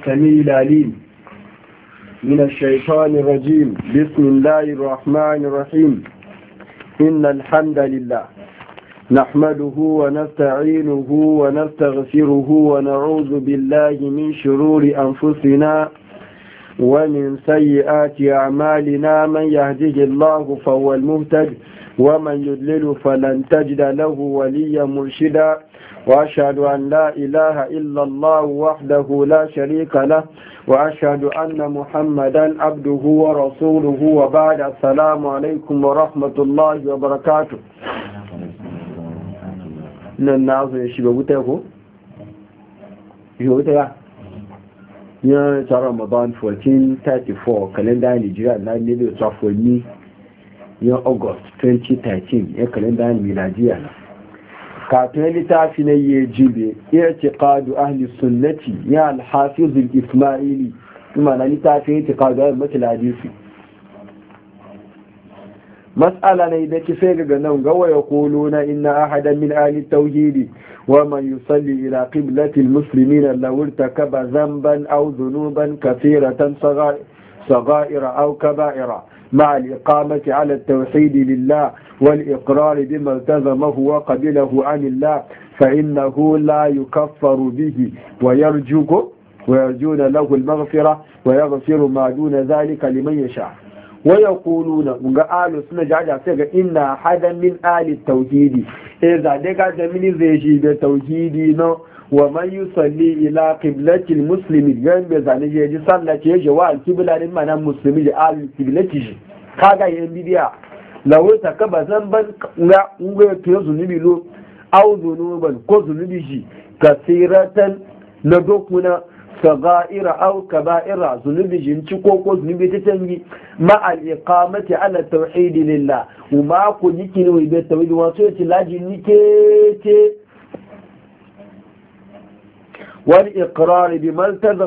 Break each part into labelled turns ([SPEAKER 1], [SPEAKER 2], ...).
[SPEAKER 1] السميع العليم من الشيطان الرجيم بسم الله الرحمن الرحيم إن الحمد لله نحمده ونستعينه ونستغفره ونعوذ بالله من شرور أنفسنا ومن سيئات أعمالنا من يهده الله فهو المهتد ومن يدلل فلن تجد له وليا مرشدا وأشهد أن لا إله إلا الله وحده لا شريك له وأشهد أن محمدا عبده ورسوله وبعد السلام عليكم ورحمة الله وبركاته nan na zo shi shiga wuta ko? yo wuta ya? ya tsara ramadan 1434 kalenda nigeria na nile tsafoni ya august 2013 ya kalenda miladiya na كاتولي تافيني جيبي اعتقاد اهل السنة يا الحافظ الاسماعيلي ثم انا لتافي اعتقاد اهل مثل عديسي مسألة نيدك سيغة نونغا ويقولون ان احدا من اهل التوحيد ومن يصلي الى قبلة المسلمين لو ارتكب ذنبا
[SPEAKER 2] او ذنوبا كثيرة صغائر او كبائر مع
[SPEAKER 1] الاقامة على التوحيد لله والإقرار بما التزمه وقبله عن الله فإنه لا يكفر به ويرجوك ويرجون له المغفرة ويغفر ما دون ذلك لمن يشاء ويقولون قالوا سنة جعجة سيغة إن أحدا من آل التوحيد إذا دقا من زيجي بتوحيدي نو ومن يصلي إلى قبلة المسلمين جنب زاني جيجي صلى جيجي والكبلة قبلة من المسلمين آل قبلة كاغا بيها lawon saka ba zan ban ga ngwe to zunubi lo au zunuban ko zunubi shi kasiratan na dokuna sagaira au kaba'ira zunubi shi ci ko ko zunubi ta tangi ma al iqamati ala tauhid lillah wa ma ku yiki ne bi tauhid wa so ci laji ni ke ce wani ikirari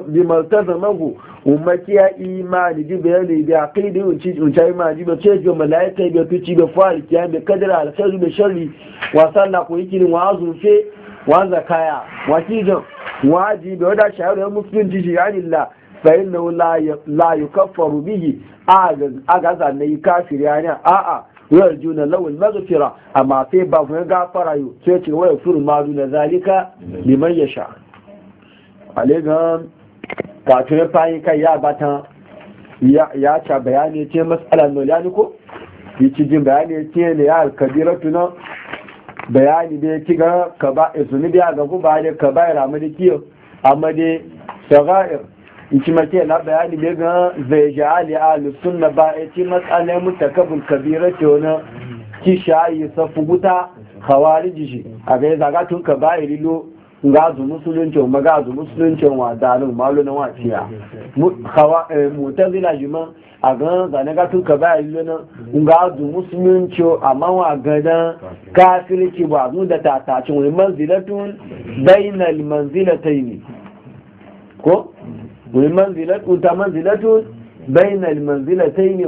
[SPEAKER 1] bi maltaza mahu umarci ya imani ji bayani bi a kai da yunca imani ba ce ga mala'ika bi tuci bi fari kiya bi kadira alkhairu bi sharri wa sallah ko yiki wa azufe wa zakaya wa kijan wa ji bi wada shahara ya musulunci shi ya lillah fa innahu la yukaffaru bihi aga zanne kafir yana a'a yarjuna lawal maghfira amma sai ba mu gafara yo sai ce wa yafuru ma na, zalika liman yasha alegan kafin fayin kai ya batan ya ca bayani ce matsalar nolani ko yi ci jin bayani ce ne ya alkabira tuna bayani da ya ci ga kaba isuni biya ga ku ba da kaba ya ramu da kiyo amma da saga'ir in ci mace la bayani da ga zai ja ali alu sunna ba ya ci matsalar mutakabul kabira ce wani ki shayi safu wuta khawariji shi a ga ya zaga tun kaba irilo gazu musulunci ma gazu musulunci wa dalin malu na waciya kawa eh, mutan zila jima a gan zane ga tun ka bayan lona gazu musulunci amma wa gadan kafirci ba mu da tatacin wani manzilatun bainal manzilatai ne ko wani manzilatun ta manzilatun bainal manzilatai ne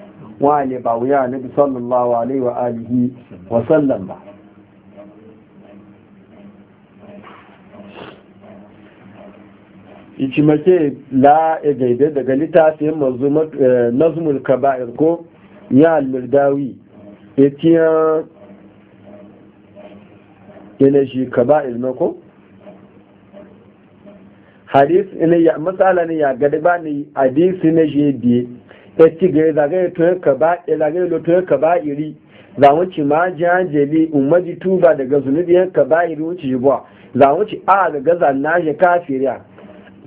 [SPEAKER 1] wale ba wuya bi sallallahu alaihi wa alihi wa sallam ba ici make la e gaide daga littafin eh, nazmul kaba'ir ko ya al-mirdawi etiyan yana shi kaba'ir na ko hadis ina ya matsala ne ya gadi ba ne hadis ne shi biye etti ga zagaye tun kaba ba zagaye lo tun ka ba iri e za mu ci ma janjeli umaji tuba daga zunubi yan ka ba iri wuce jibwa za mu ci e a ga gaza na je kafiriya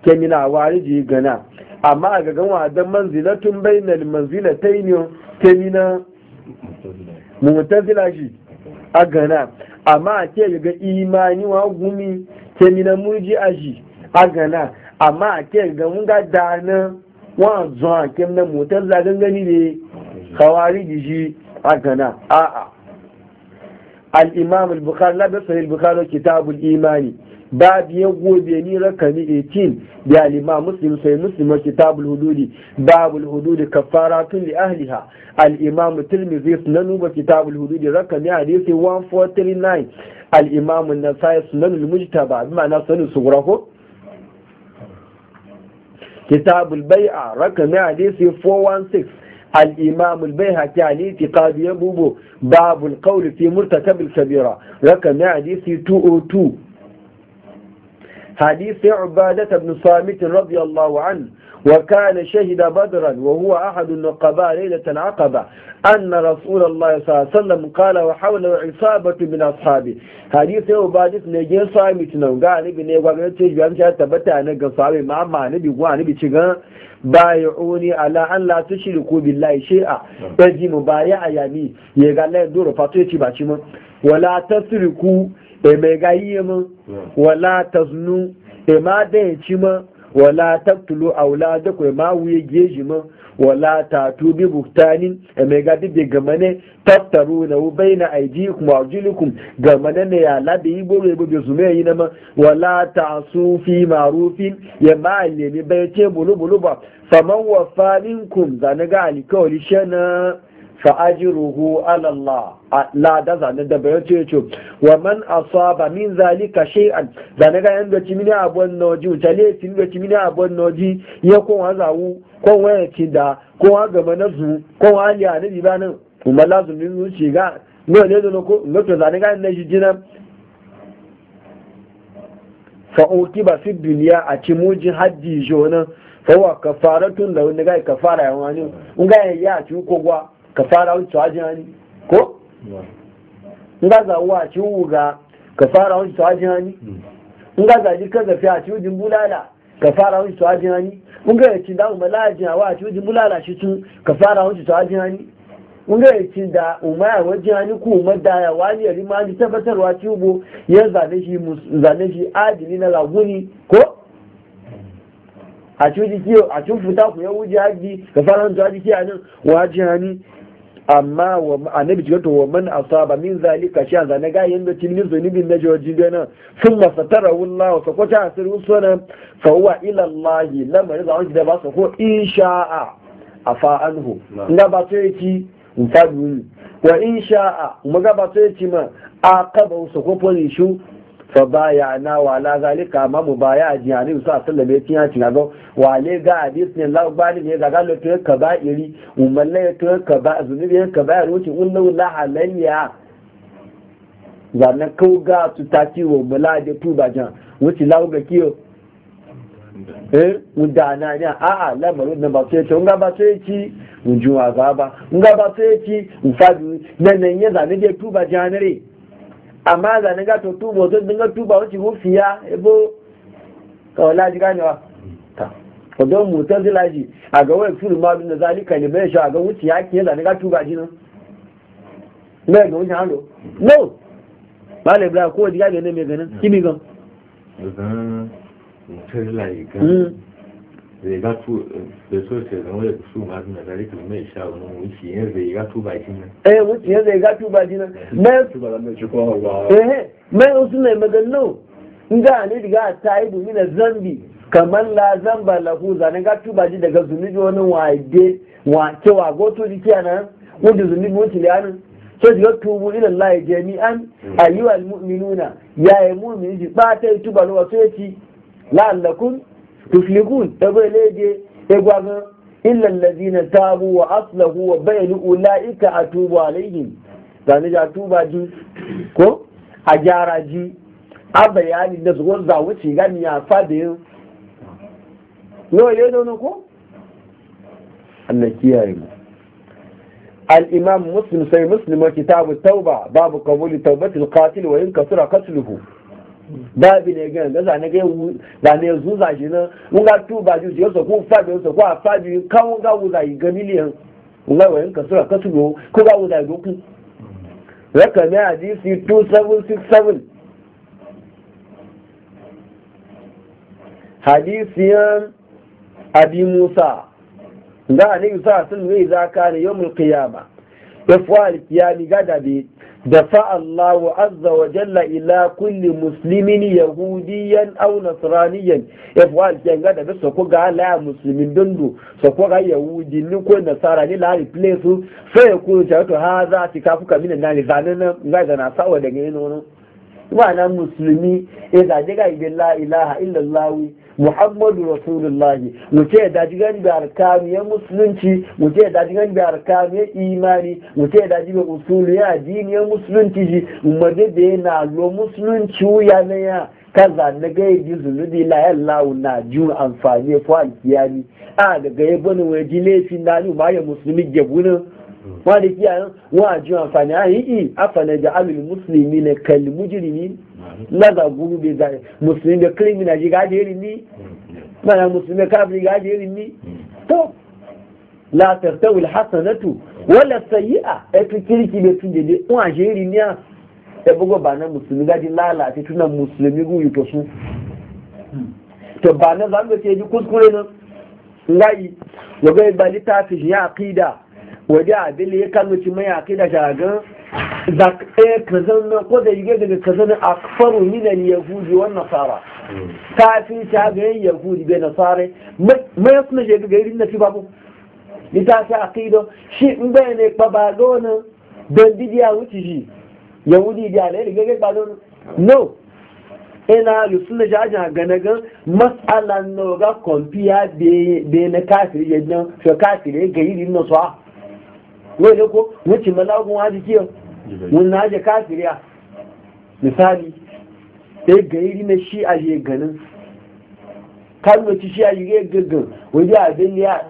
[SPEAKER 1] ke mina wariji gana amma a gagan wadan manzilatun bainal manzilatayn ke mina mu'tazila shi a gana amma ke ga imani wa gumi ke mina murji aji a gana amma ke ga mun ga dana wọn zọn akẹ́ mẹ́ mú tẹ́lẹ̀ agangani le kawari jìjì agana a al-imam al-bukhari labẹ́ sọ al-bukhari kitabu imani baabi ya gobe ni rakami 18 bi al-imam muslim sai muslim wa kitabu al-hududi baabu al-hududi kafara tun li ahliha al-imam tirmidhi sunanu wa kitabu hududi rakami hadisi 1439 al-imam an-nasai sunan al-mujtaba bi ma'ana sunan sughra كتاب البيعة رقم حديث 416 الإمام البيعة عن اعتقاد يبوبو باب القول في مرتكب الكبيرة رقم حديث 202 حديث عبادة بن صامت رضي الله عنه وكان شهد بدرا وهو أحد النقباء ليلة العقبة أن رسول الله صلى الله عليه وسلم قال وحول عصابة من أصحابه حديث يو بادث نجين صاحب تنو قال ابن يقوى قال تيجي بامشا تبتع نجا صاحبي مع ما نبي قوان نبي تيجي بايعوني على أن لا تشركوا بالله شيئا يجي مبايع يعني يقال لا يدور فاتيتي باتشي ولا تسركوا إما يقايم ولا تزنوا إما دينشي wala da auladakum ma wuye geji man wala tatu bi buktani mai ga bibi gamane taftaru na baina aidikum wa arjulikum gamane ne ya labi iboro ibo bi zume yi nama wala ta su fi ma'rufin ya ma lemi bai ce bulubuluba faman wafa minkum zanaga alikawli shana fa ajiruhu ala Allah la da zane da bayan ce ce wa man asaba min zalika shay'an da ne ga yan da kimini abun noji ta ne tin da kimini abun noji ya ko wa zawu ko wa ci da ko wa ga manazu ko wa ali anabi banan kuma lazum min su ci ga ne ne da ko ne to zane ga ne jijina fa ba su duniya a ci mujin hajji jona fa wa kafaratun da wani ga kafara yawani ungaye ya ci ko gwa ka fara wuce hajjani ko? nga za wa ci wuga ka fara wuce hannu? nga za ji kada fi a ci wujin bulala ka fara wuce hannu? nga ya ci da umarajin wa a ci wujin bulala shi tun ka fara wuce hannu? nga ya ci da umar wajen hannu ku umar da ya wani ya ma ni tabbatarwa ci wubo ya zane shi adini na laguni ko? a ci wuji kiyo a cin futa ku ya wuji haji ka fara wuce hajji kiyanin wa hajji hannu amma annabi to wa man asaba min zalika shi an zane gayen da tilmin zunubin na jawaji nan. sun masa tara wulla wa sako ta asiri usuna fa huwa ila allahi lamarin da ba sako insha'a afa anhu nga ba to yaki in yi. wa insha'a mu ga ba to yaki ma aqaba sako polishu fa na wa la zalika ma mu baya ji ani su sallam ya tinya tinya go wa le ga hadis ne la ba ne ga ga lo to ka ba iri umalle to ka ba zunubi ka ba ruci unnu la halaliya zanen kau ga su ta ciwo de tu ba jan wuce la ga kiyo eh na ne a a lamarin ne ba ce to nga ba sai ci mun azaba ga ba nga ba sai ci in fadu nan ne ya zane da tuba janare amma zane ga to dinga tuba wace hufiya ebo kawala ji ganewa ta wadda mutar zilaji a ga wani furu ma da zalika ne bai shi a ga wuce ya ke zane ga tuba ji nan bai ga wuce hannu no malai ko ji ne mai ganin kimi gan
[SPEAKER 2] zilaji riga tu da so se da su ma na dari kuma mai sha wani wuce yin riga tu ba jina
[SPEAKER 1] eh wuce yin riga tu ba jina eh,
[SPEAKER 2] mai tu ba eh, mai ci ko ba
[SPEAKER 1] mai usu ne maganno inda ne diga ta yi domin zambi kamar la zamba lahu zanen ga tu ba ji daga zunubi wani wade wa cewa go to ji kenan wanda zunubi wuce liyanin sai ga tubu ila Allah jami'an mm. ayyuhal mu'minuna ya yi mu'mini ji ba ta yi tuba lo wato yaci la'allakum tuflihun ebe leje egwagan illal ladina tabu wa aslahu wa bayanu ulaika atubu alaihim zane ja tuba ji ko a gyara ji a bayani da zuwa za wuce gani ya fada yin nawa ne da ko
[SPEAKER 2] Allah kiyaye mu
[SPEAKER 1] al-imam muslim sai muslim kitabu tauba babu qabuli tawbatil qatil wa in kasura qatluhu báàbí ni ẹgbẹ́ ẹ̀gbẹ́ sàn nígbà ewu lànà ẹ̀sùn sàṣẹ náà wọn ká tú bàjú ṣe ọ̀sọ̀ kó fàbí ọ̀sọ̀ kó àfàbí káwọn ká wùdà ìgan nílé hàn wọn ká wẹ̀yìn kàṣọ́ àkọ́sùgbò kó ká wùdà ìdókù. rẹ́kànnì àdìsí seven six seven abi musa ga a nabi sa sun wai zaka ne yawmul qiyama ya fuwa alkiyami ga bi da Allah azza wa jalla ila kulli muslimin yahudiyan aw nasraniyan if wa alken ga da ko ga la muslimin dundu so ko ga yahudi ni ko nasara ni la ri place so ya ku ta ha za ti ka fuka min nan nan ga da na daga ni no wa Musulmi! muslimi e da daga ila ilaha muhammadu rasulullahi mu ce da jigan musulunci mu ce da jigan imani mu ce da jigan usulu ya diniyar musulunci da yana lo musulunci ya na ya kaza na ga ji zunubi la na amfani a ga laifin na ni ya musulmi wani wa lada guru bai zai musulmi da krimina ji gaji irin ni mana musulmi da kafin gaji irin ni to la tattawi alhasanatu wala sayi'a e tu kirki be tun dede un ajeri ni a e bugo na musulmi gaji lalace tunan musulmi gu to su to na zan e ga ji kuskure nan ngai wa ga ta fi ya aqida waje abin da ya kanu ci mai aki da shagan da ɗaya kazan na ko da yige daga kazan a faru minan yahudi wa nasara kafin shagayen yahudi bai nasara mai suna shiga ga irin na fi babu ni ta a shi akido shi in bai ne ba ba ga wani don bidiya wuce shi yahudi da alayhi gaga ba don no ina lusun da jajin ganagan matsalan na ga kwamfiya bai na kafiri yadda shi kafin ya ga irin na su'a wai ne ko mace malagun waji kiyo mun na je kafiriya misali sai gairi na shi a je ganin kalmaci shi a yi gaggan wajen abin ya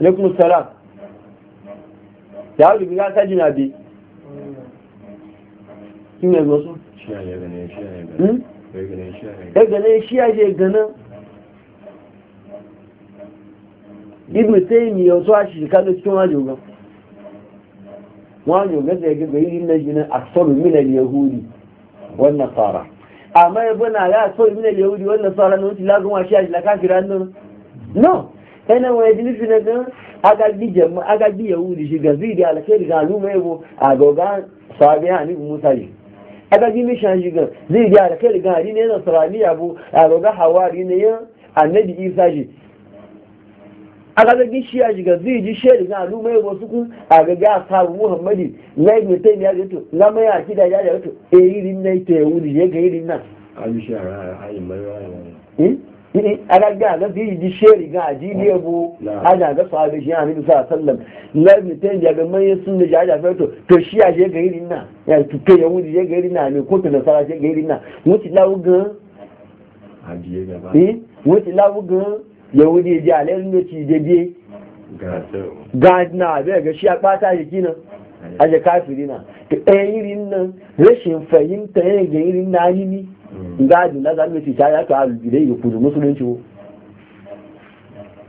[SPEAKER 1] alaikum salam ya wuce bi ka sajin bi shi ne zo su
[SPEAKER 2] shi a je ganin
[SPEAKER 1] shi a je ganin ibn taymiyya yau a shi kalmaci cikin wajen gan wani gaza ya gaza yi na jinin aksaru minal yahudi wannan tsara amma ya bana ya aksaru minal yahudi wannan tsara na wuce lagun washe a kafira nan no yana wani jini fi na gan agagbi jama yahudi shi gazi da alkhairi ga al'umma yabo a goga sabi musa ne agagbi mishan shi gan zai da alkhairi ga hari ne na sarani yabo hawa goga hawari ne annabi isa shi a aka gishi ya shiga zai ji shaidu na alu mai wasu kun a gaga a sabu muhammadi na yi mai taimiya da yato na mai a kida ya zato e irin na ita ya wuri ya ga irin nan a gaga a gaza zai ji shaidu na ne bu a na ga sahabi shi a eh? eh, nabi sa sallam na yi mai taimiya ga mai sun da jaja fato to shi ya ga irin nan ya tuke ya wuri ya ga irin nan ne ko ta nasara ya ga irin nan wuce lawugan wuce eh? lawugan yahudi ya ji alayin ya ci da biye gadina bai ga shi a ɓata jiki nan a da kafiri na ta ɗaya irin nan rashin fahimta yana ga irin na nini mm. gadi na zaɓe ci ta yaka alubidai ya kudu musulunci ko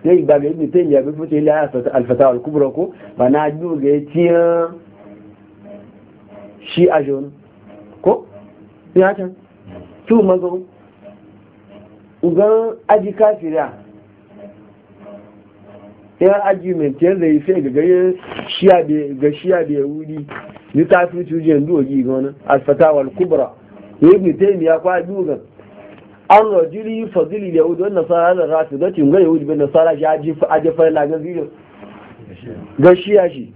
[SPEAKER 1] sai ba ga ibn tayyiya bi fute la al-fatawa al-kubra ko ba na ju ga tiya shi a jon ko ya ta mm. tu mazo ugan aji kafira yan argument yan zai sai ga gare ga shiya da yahudi tuje ndu dogi gona alfatawar kubra ya yi britain ya kwa duga an rajuli fadili da yahudi wannan sara da rasu da cin ga yahudi bin nasara fa ajefar fa la ga shiya shi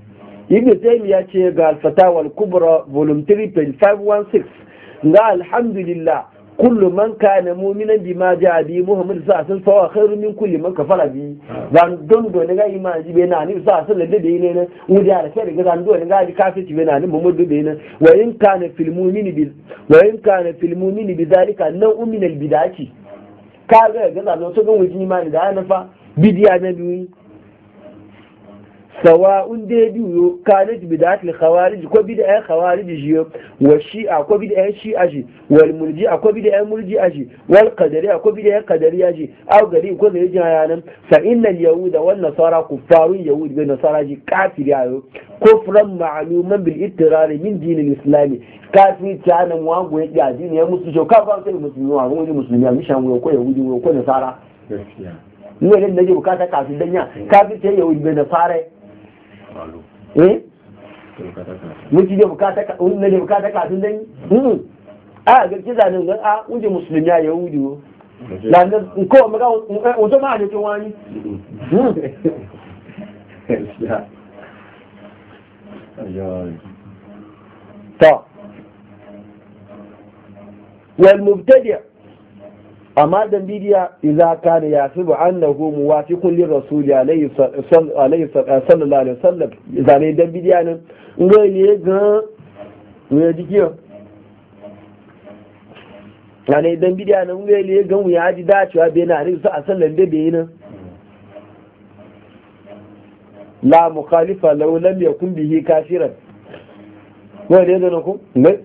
[SPEAKER 1] ibn tayyib ya ce ga alfatawar kubra volume 3.516 ga alhamdulillah kullu man kana mu'minan bima ja'a bi muhammad sallallahu alaihi wasallam khairu min kulli man kafara bi dan don do ne ga imanji be na ni sallallahu alaihi wasallam de ne ne wuri ala sai ga dan do ne ga kafi kafirci be na ni muhammad be ne wa in kana fil mu'mini bi wa in kana fil mu'mini bi zalika naw'un umminal bid'ati ka ga ga zan to ga wujin imani da ana fa bidiya ne bi sawa'un daidai yo kanat bidatul khawarij ko bid'a khawarij shi wa ko bid'a shi'a shi wal murji'a ko bid'a murji'a shi wal qadariya ko bid'a shi aw gari ko zai jin hayanan fa innal yahuda wan nasara kuffarun yahud bin nasara shi kafiri ayo kufran ma'luman bil min dinil islami kafiri tana wango ya ji addini ya musu shi ka ba sai musulmi wa wani musulmi ne bukata kafin danya kafin sai yahudi bin nasara eh miki da bukata ka unna bukata ka a ga kiza nan ga a unje musulmi ya yahudi wo la nan ko maga wato ma ne tun wani wal mubtadi' amma dan bidiya idza kana yasibu annahu muwafiqun lir alayhi eh, sallallahu alaihi wasallam idza ne dan bidiya nan ngai ne ga ne dikiyo ne dan bidiya nan ngai ne ga mu ya ji dacewa bai na su a sallan da bai nan la mukhalifa law lam yakun bihi kafiran ngai ne da ku ngai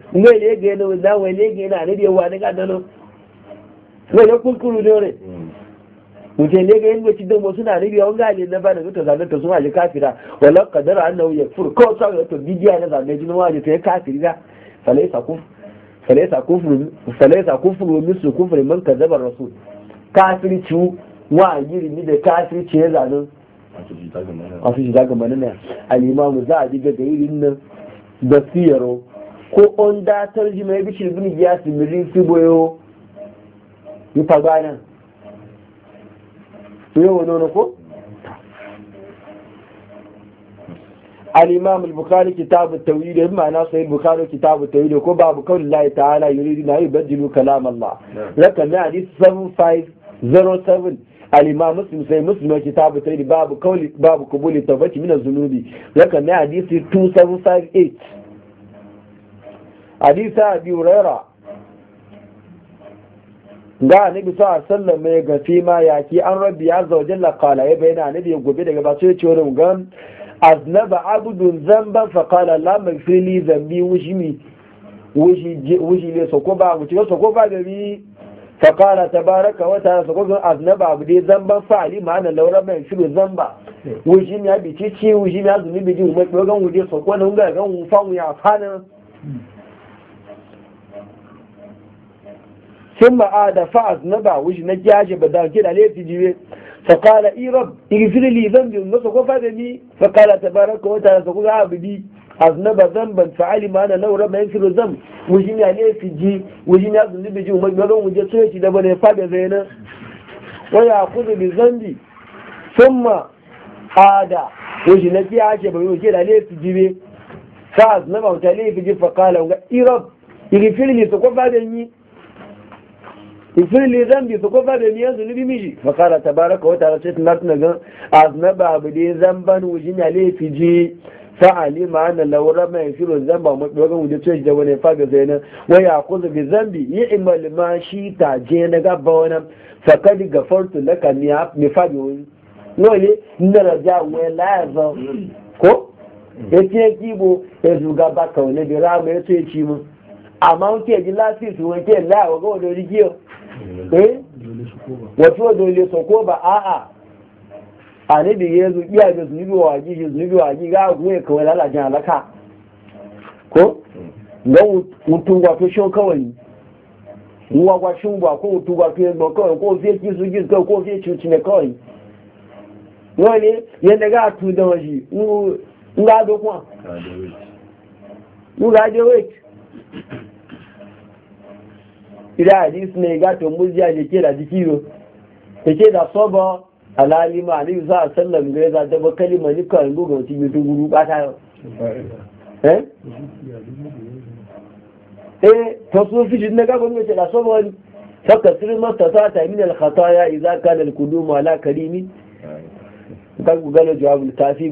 [SPEAKER 1] ne ga ne da wai ne ga na ne da yawa ne ga da nan mai da kuskuru ne wane mm. mutum ne ga yin gaci don wasu na nabi yawon ne na bada zuta zane ta suna ji kafira wala kadara an na wuya furu kawai sa wata bidiyar na zane jini wani ta yi kafiri na falaisa kufuru misu kufuru man ka zabar rasu ci wa yi ni da kafirci ya zanen a su shiga ga manana alimamu za a ji daga irin nan da siyaro ko on datar ya mai bishir su mirin su boyo yi fagbanin yau ko? al’imam al-bukhari kitabu tawhid da yi ma'ana sai bukhari kitabu tawhid ko babu kawai layi ta ala yuri na yi bajinu kalam Allah raka na hadis 7507 al’imam muslim sai muslim ya kitabu tawhid babu kawai babu kubuli tabbaci minar zunubi raka na hadis 2758 hadisa abi ga annabi sa sallan mai ga fima yaki an rabbi ya zaujin qala ya bayyana annabi ya gobe daga ba sai ce wurin gan aznaba abdun zamba fa qala la magfili zambi wujimi wuji wuji so ko ba mu ci ko ba da bi fa qala tabaraka wa ta'ala so ko aznaba abdi zamba fa ali ma na laura mai shiru zamba wuji ya abi ci ci wuji mi azumi bi ji mu ko gan wuje soko nan ga gan fa mu ya fana ثم عاد فعز نبع وجنا جاجة بدان كده عليه تجيبه فقال اي رب اغفر لي ذنبي ونصف وفادني فقال تبارك وتعالى تقول عبدي أذنب ذنبا فعلم انا لو رب يغفر الذنب وجنا عليه تجي وجنا ذنبي جو مجمعون وجنا سويتي دبنا يفاد زينا ويأخذ بذنبي ثم عاد وجنا جاجة بدان كده عليه تجيبه نبع وتعالى تجي فقال اي رب اغفر لي ذنبي ifin li zambi fa kofa da miyan zunubi miji fakara ta tabaraka wa ta'ala sai tunatu na gan ba aznaba abdi zamban wujin alefi ji fa alima anna law rama yafiru zamba mu dogon wuje ce da wani fa ga zainan wa yaquzu bi zambi yi'mal ma shi ta je na gaba wannan fa kad gafartu laka mi mi fa bi wani no ye nara ja wa lazo ko etiye kibo ezuga baka ne bi rama yace ci mu amma wuce ji lafi su wuce lawa ga wani rigiyo eh wato dole so ko ba a'a anabi ya zo iya da zunubi wa ji shi zunubi wa ji ga kuma ya kawai lalacin alaka ko ga mutum wato shon kawai wa wa shi ba ko mutum wato ya zo kawai ko zai ki su gizo ko zai cuci ne kawai wani yadda ga tu da washi in ga kuma, in ga dewek ila hadisi ne ga to muziya ne ke da dikiyo da ke da soba alalima ne za a sallam ga za da kalima ni kan gogo ti yi tunguru kata eh eh to so fi jin ga gongo ce da soba wani saka sirri mastata ta min al khataya idza kana al qudum ala karimi kan galo jawabul al tafi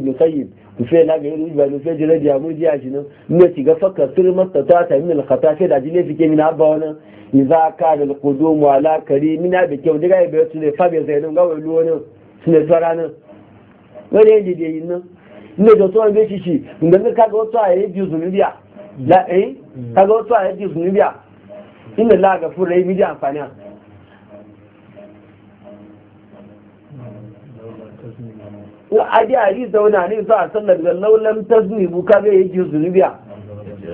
[SPEAKER 1] nufe la ga yuru ba nufe jira biya mu jiya shi nan ne ci ga fakka sir mastata ta min alkhata sai da jile fike min abba wannan idza ka da alqudum ala karimina bi kyau diga e be su ne fa be zai nan ga wai luwo nan su ne tsara nan wani ji da yin nan ne da tsawon be shi shi inda ka ga wasu a yi e biyu zunubiya la eh mm. ka ga wasu a yi e biyu zunubiya inda la ga fura yi bidiya amfani adi ali zauna ne za a sallar da laulan ta zuni buka zai yi zunubiya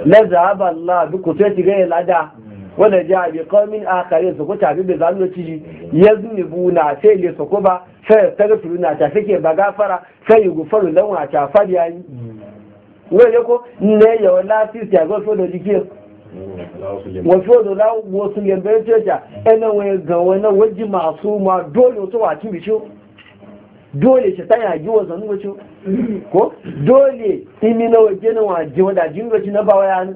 [SPEAKER 1] na zaba Allah duk ku sai shiga ya lada wanda ja bi qaumin akharin su ko tabi bi zanu ci ya zuni buna sai le su ko ba sai ta gafiru na ta sake ba gafara sai yi gufaru dan wa ta fadi yayi wai ko ne ya wala ya da jike wasu wasu wani ga wani masu ma dole wasu wa cin dole shi tanya ji wa zanu wacin ko dole imi na waje na waje wada jingoci na bawa yana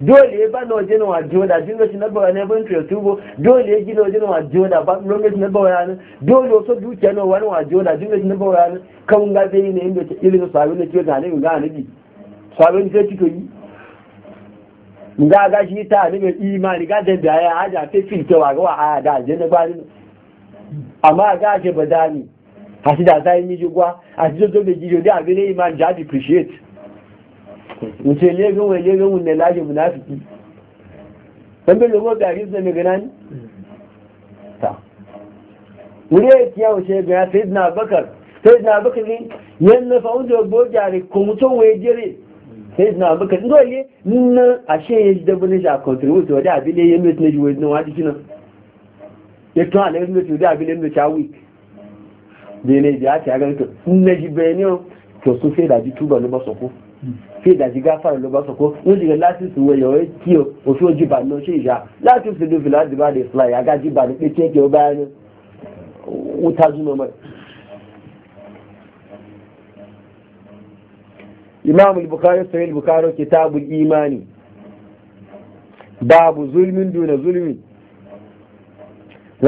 [SPEAKER 1] dole ya ba na waje na waje wada jingoci na bawa yana bin tubo dole ya gina waje na waje wada ba jingoci na bawa yana dole wasu dukiya na wani waje wada jingoci na bawa yana kan ga zai ne inda ta ilimin sabon da ke gane ga anabi sabon da ke yi ga ga shi ta ne mai imani ga da ya haja ta fi wa ga wa a da aljanna ba amma ga shi badani àti dàtà ẹni jogwá àti tó tó lè jíjò dé àgbélé ìmá jà depreciate ǹtẹ̀ eléròhun eléròhun nẹ̀ láyé mùnáfìkì pẹ̀lú owó bí àríṣẹ́ mẹ́gànán ta wuri ètí yà òṣèré gbẹ̀rẹ̀ fẹ́dìnà abakar fẹ́dìnà abakar ní yẹn na fàúndì ọgbọ́jàrí kòmútó wọ́n jẹ́rẹ̀ fẹ́dìnà abakar ní òye nínú àṣẹyẹ dẹ́gbẹ́ ní ṣàkọ̀ntìrìwòsì ọdẹ àbílẹ̀ yẹn mẹ́tìnà ìwé náà wájú kí náà ètò àlẹ́ mẹ́tìnà àbílẹ̀ mẹ́tìnà wíkì dele bi a ti aga to neji be o to sun fe daji tuba ló bá sọ kó fe daji gáfàrà ló bá sọ kó wọn jìgẹ láti sùn wẹyọ ẹ tí o òfin ojú bà ní oṣù ìyá láti fi lófi láti bá lè fly agájí bà ní pé tí ẹ jẹ ọba ẹni ó imam sahih kitabu imani babu zulmin duna zulmin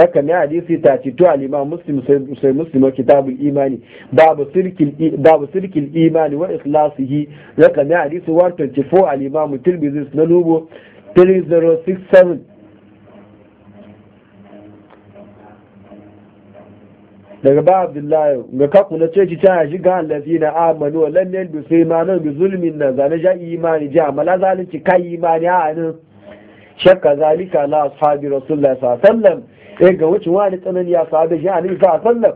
[SPEAKER 1] haka ne hadisi ta ci to al-imam muslim sai muslim kitabul imani babu sirkil babu sirkil imani wa ikhlasihi haka ne hadisi 124 al-imam tirmidhi na lubo 3067 daga ba abdullahi ga kaku na ceci ta shi ga allazi na amanu wa lam yalbi sai ma nan bi zulmin nan zane ja imani ja mala zalunci kai imani a nan shakka zalika la ashabi rasulullahi sallallahu alaihi wasallam sai ga wacce wani tsanani ya da shi a nan sa sallam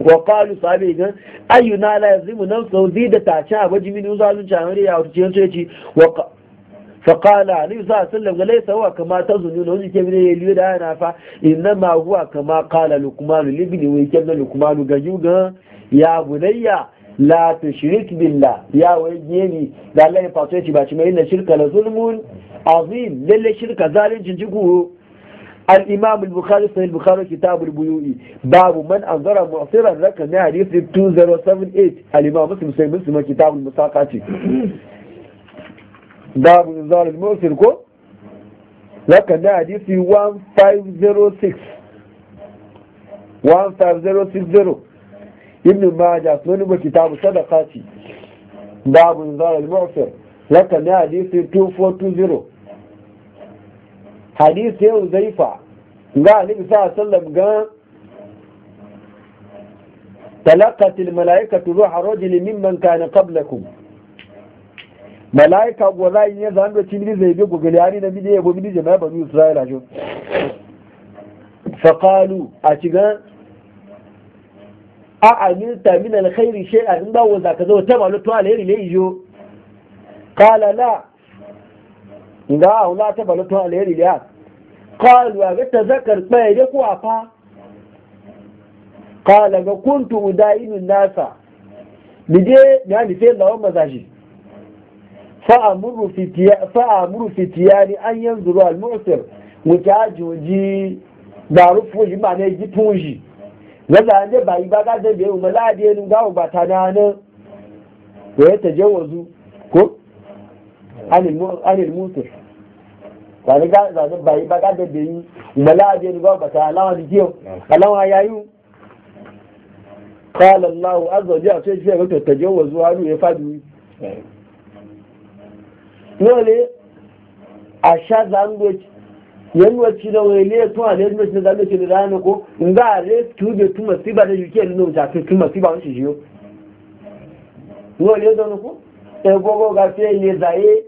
[SPEAKER 1] wa qalu sahabe ga ayyuna la yazimu da zida a cha mini min azun chamari ya wuce yace ci wa faƙala qala ali a sallam ga laisa wa kama na wani ke ya liyo da ya na fa ma huwa kama kala lukumanu libini wa kana lukumanu ga juga ya bunayya la shirik billah ya waje ni da Allah ya fato ci ba ci mai inna shirka la zulmun azim lalle shirka zalincin jigu الإمام البخاري صحيح البخاري كتاب البيوء باب من أنظر معصرا رقم حديث 2078 الإمام مسلم صحيح مسلم كتاب المساقات باب إنظار المعصر كو رقم حديث 1506 15060 ابن ماجه سنن كتاب الصدقات باب إنظار المعصر رقم حديث 2420 hadisi ya zaifa ga annabi sa sallam ga talaqat al malaikatu ruha rajul mimman kana qablakum malaika gwarai ya zan da cin zai bi gugali na bidiye bo bidiye ma banu isra'ila jo fa qalu a ciga a amilta min al khairi shay'an ba wanda zaka zo ta malu to alheri ne yo. qala la Nga a wula ta bala tun alayar iliyar ƙalwa ga ta zakar ɓaya da kuwa fa ƙala ga kuntu uda inin nasa nije ya nufe lawan mazashi fa'amuru fitiya ni an yin zuru al-mursir wuce ajiyoji da rufu shi ma ne tun shi gaza ne ba yi ba ga zai biyu ma ladi ya nunga ba ta na nan ko ya ta je wazu ko anil mursir zane ga zane bai baka da bai mala aje ni ba ta alawa ni kiyo alawa yayu qala allah azza wa jalla sai ga to tajawazu haru ya fadi dole a sha zangoci yanwaci na wani ne tun a lagos na da rana ko nga a re tube tun masiba da yuke nuna tun masiba wani shi yiwu dole ya zaune ko ɗaya e gogo ga ne zaye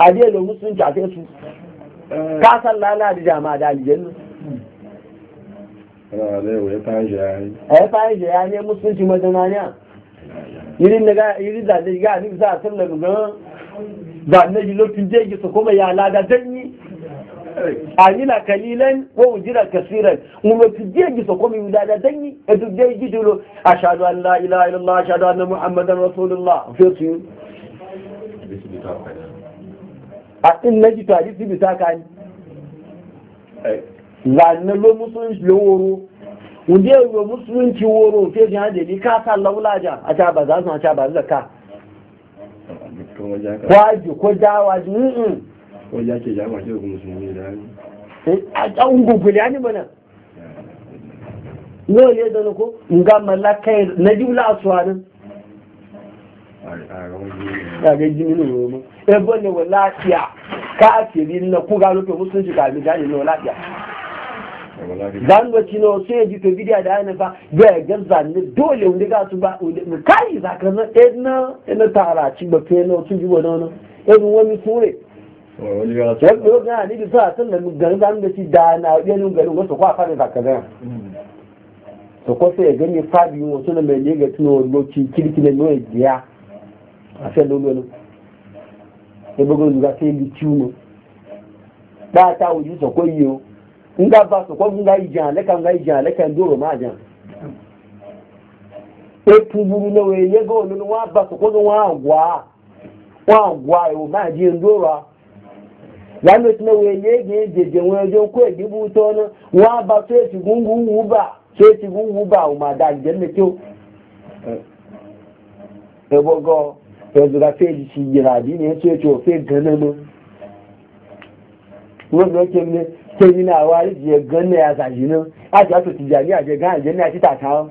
[SPEAKER 1] adiyar da musulun jafe su eh. kasar lana da jama'a da aljannu ya fahimta ya ne musulunci majananiya irin da irin da zai ga nufi za a sallar gan ba na yi lokacin jirgi su kuma ya lada don yi eh. amina kalilan ko ujira kasiran kuma fi jirgi su kuma yi lada don yi a duk jirgi dole a shaɗu an la a shaɗu an na muhammadan rasulullah fi su yi a ɗin na ji tari su bisa ka ni na lo musulunci lo woro wunde lo musulunci woro ke jihar da ni ka sa laulaja a ca ba za su a ca ba zaka kwaji ko dawa ji n'in wajen ake jama'a ke kuma musulmi da hannu eh, a ɗan gugule hannu mana yau ne da ko nga malaka na jula a suwanin daga jini ne yau ebo ne na kuga rufe musulunci kafin gani ne wa lafiya dan wacce na sai ya ji da yana ga gaza ne dole wanda su ba kai za ka na ina ina tara ci ba kai na su ji wa nan irin wani ni bi sa san da garin zan da shi da na yan garin wasu kwa fara za ka ga àfẹ́ lólólo ẹgbẹ́gbẹ́ olùgbà fẹ́ lè tí wọn dáadáa ojú sọ̀kọ́ yìí o nga ba sọ̀kọ́ nga ìjà lẹ́ka nga ìjà lẹ́ka ndóró máa jà etu buru náà wọ́n gbọ́ olólo wọ́n ba sọ̀kọ́ ní wọ́n àgwà wọ́n àgwà ẹ̀wọ̀ máa di ndóró a lánàá tí wọ́n yẹ gẹ́ jẹjẹ wọn ẹjọ́ kó ẹ̀dínwó tọ́ náà wọ́n ba tó ètù gúngún wù bá tó ètù gúngún wù bá ọ̀ yanzu ga feji ci giradi ne ya ce ce fe gana mu wanda yake ne ke nina wa rijiye gana ya zaji nan a ji aso tijani a je gana jani a ta tatawa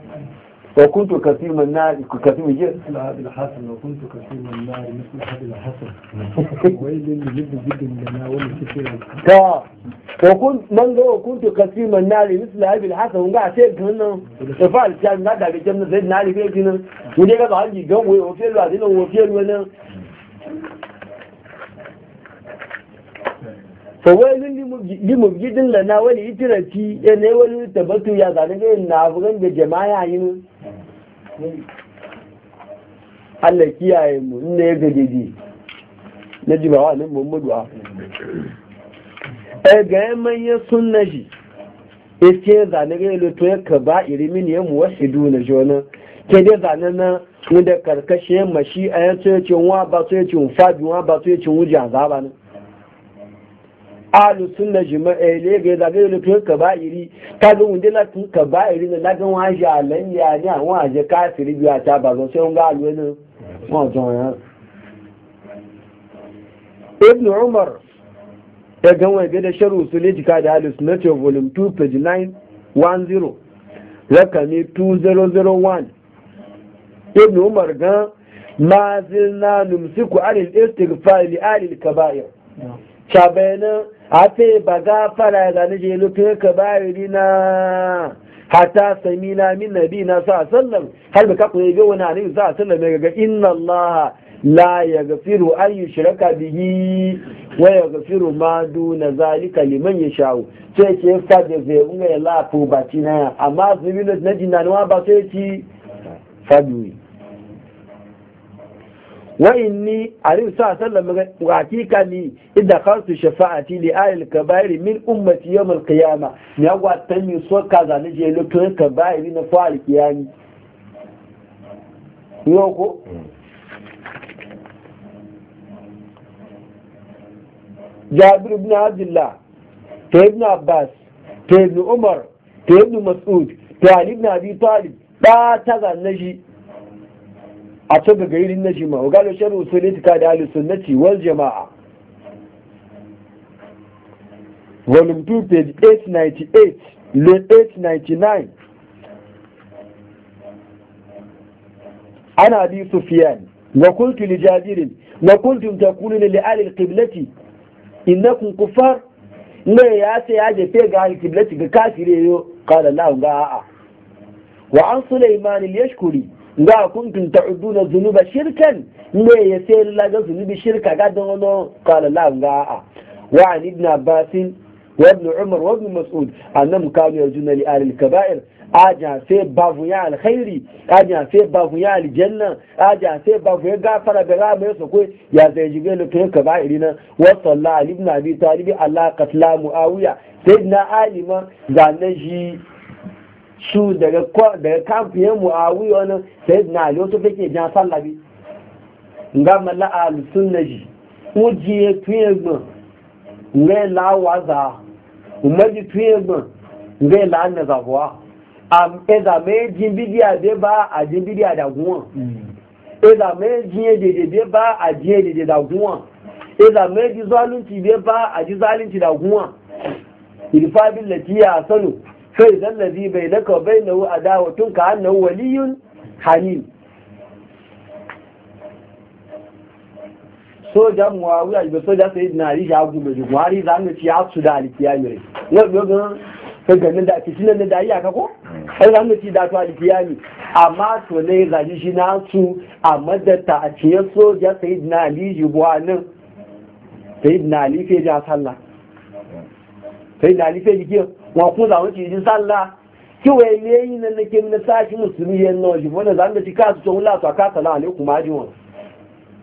[SPEAKER 1] وكنت كثير من النار كثير من جهة مثل عبد الحسن وكنت كثير من النار مثل عبد الحسن
[SPEAKER 2] ويل جد جد
[SPEAKER 1] لنا ومكثير تا وكنت من لو كنت كثير من النار مثل عبد الحسن ونقع شيء هنا فعل كان نقع بجمع سيدنا علي بيك هنا ودي قد عندي جم وفيل وعدين وفيل ونا fawalin limugidin lana wani itirati yanayi wani tabbatu ya zane ga yin na abuwan da jama'a yin Allah kiyaye mu inda ya gajeji na ji ba wa nan muhammadu a e eh, ga manyan sunna shi iske zane ga loto ya ka ba irimin ya mu wasu duna jona ke dai zane na wanda karkashin mashi a yanzu ya ce wa ba su ya ce fabi wa ba su ya ce wuji azaba ne alu sunna jima'a le eh, ga da ga lokacin iri ka ga wanda la tun kaba'iri na la ga wa ja lan ya ni àwọn aje kafiri biya ta ba zo sai on ga alu ne mo jo ya ibn umar ya ga wa ga da sharu sulaji ka da alu sunna ce volume 2 page 910 rakami 2001 ibn umar ga ma zilna numsiku alil istighfar li alil kaba'ir shabayanan afe ba gafara ga nije lufe ka bayari na hata samina min nabi na sa sallam har bi kaku wani annabi sa sallam ya ga inna allah la gafiru an yushraka bihi wa gafiru ma duna zalika liman ya sai ce fa da zai unga ci na ya amma zubinu na nawa ba sai ci fadu وإني عليه الصلاة والسلام وعتيك لي ادخلت شفاعتي لآل الكبائر من أمة يوم القيامة نعوى التنمي صوت كذا نجي لكل الكبائر نفعلك يعني يوكو جابر بن عبد الله في ابن عباس في ابن عمر في ابن مسعود في علي بن أبي طالب ba ta zanaji a ta ga gairin na jima wa galo shan usulin ta da ahli na wal jama'a volume 2 page 898 le 899 ana bi sufyan wa kultu li jabir wa ta taquluna li ahli kiblati ina kun kufar ne ya sai ya jefe ga ahli al ga kafire yo kada na ga a'a wa an sulaiman liyashkuri ga kuntum ta'uduna zunuba shirkan ne ya sai laga zunubi shirka ga don wani kala la ga a wa an ibn abbas wa ibn umar wa ibn mas'ud annam kanu yarjuna li al-kaba'ir aja sai babu ya alkhairi aja sai babu ya aljanna aja sai babu ya gafara da rama ya sokoi ya zai jige kai kaba'iri na wa sallallahu ibn abi talib ala qatla muawiya sayyidina ali ma zanan shi su daga a mu'awiyu wani sai na ali wasu fake jan sallabi ga mala alu sunna ji uji ye tuye gbọn nga za a umarji tuye gbọn nga la'an na zabuwa a eza mai jin bidi bai ba a jin bidi da guwa hmm. eza mai jin ye dede bai ba a jin ye dede da guwa eza mai ji zalunci bai ba a ji zalunci da guwa ilfa lati ya sanu kai zallazi bai laka bai na adawa tun ka hannun waliyun hamim Sojan muwawi a jibe soja sai na a shagu mai buhari za mu ci ya su da alikiya mai na gogon gagganin da ake shinan da yi aka ko sai za mu ci da to alikiya ne. amma to ne zaji shi na su a madatta a ciyar soja sai na rishi jibuwa nan sai na ali sai ja sallah sai na ali sai jikiyar wọn kún làwọn ti di sálá kí wọ́n ilé yìí nínú kí ní sáàkì mùsùlùmí yẹn náà ṣùgbọ́n náà zàmì ti káàtù tó ń látọ̀ àkátàlá àlékún máa jí wọn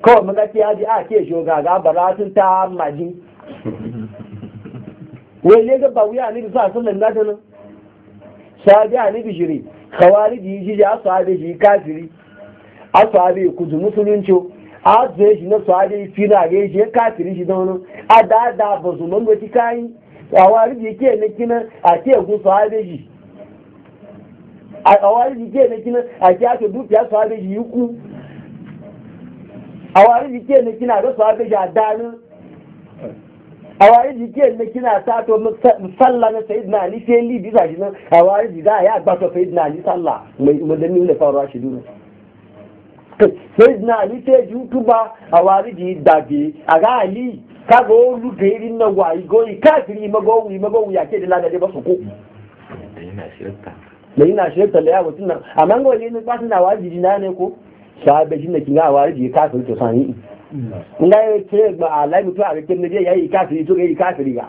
[SPEAKER 1] kawai maza ke yaji a ke shoga ga ga baratun ta maji wai ne ga wuya ya nabi sa sallan da nan sahabi a nabi shiri khawariji ji ya sahabi shi kafiri a sahabi kuzu musulunci a zai shi na sahabi fira ga shi kafiri shi da wani a da da ba su man wata kayi àwárí yìí kí ẹni kíná àti ẹ̀gún sọ ábẹ́yì àwárí yìí kí ẹni kíná àti aṣòdúkìá sọ ábẹ́yì yìí kú àwárí yìí kí ẹni kíná àdọ́sọ ábẹ́yì àdáná àwárí yìí kí ẹni kíná àtàtọ̀ sálà ní sẹ́yìn náà ní fẹ́ẹ́ lì bísà jù náà àwárí yìí dáa yà àgbàtọ̀ sẹ́yìn náà ní sálà Ka ga olu da irin nan wayi goyi kafiri magowi magowi ya ke da lagade ba su ko da ina shirka da yawo tunan amma ga wani ne kwatin na wajibi na ne ko sahabe shi ne kin ga wajibi kafiri to sani nga ya ce ba alai mutu a rikin ne ya yi kafiri to yi kafiri ga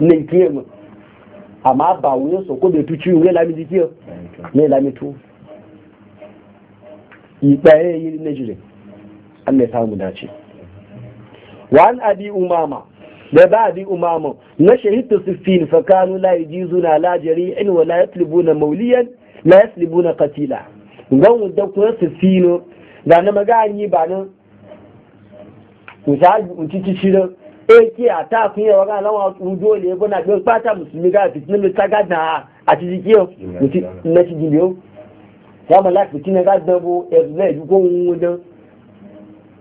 [SPEAKER 1] ne kiye mu amma ba wuyan so ko da tuci ne lami dikiyo ne lami tu yi tsaye yi ne jire Allah ya samu dace وعن أبي أمامة لبعض أمامة نشهد سفين فكانوا لا يجيزون على جريء ولا يطلبون موليا لا يطلبون قتيلا وقوم الدكتور سفين لأن ما قاعدني بعنا misali mutum ci shi don ak a ta kun yawa ga alama wasu ujo ne ya gona biyar fata musulmi ga fi sinimi ta gada a cikin kiyo na cikin biyu ya mala fi tinaga dabo ya zai ju ko wunwunan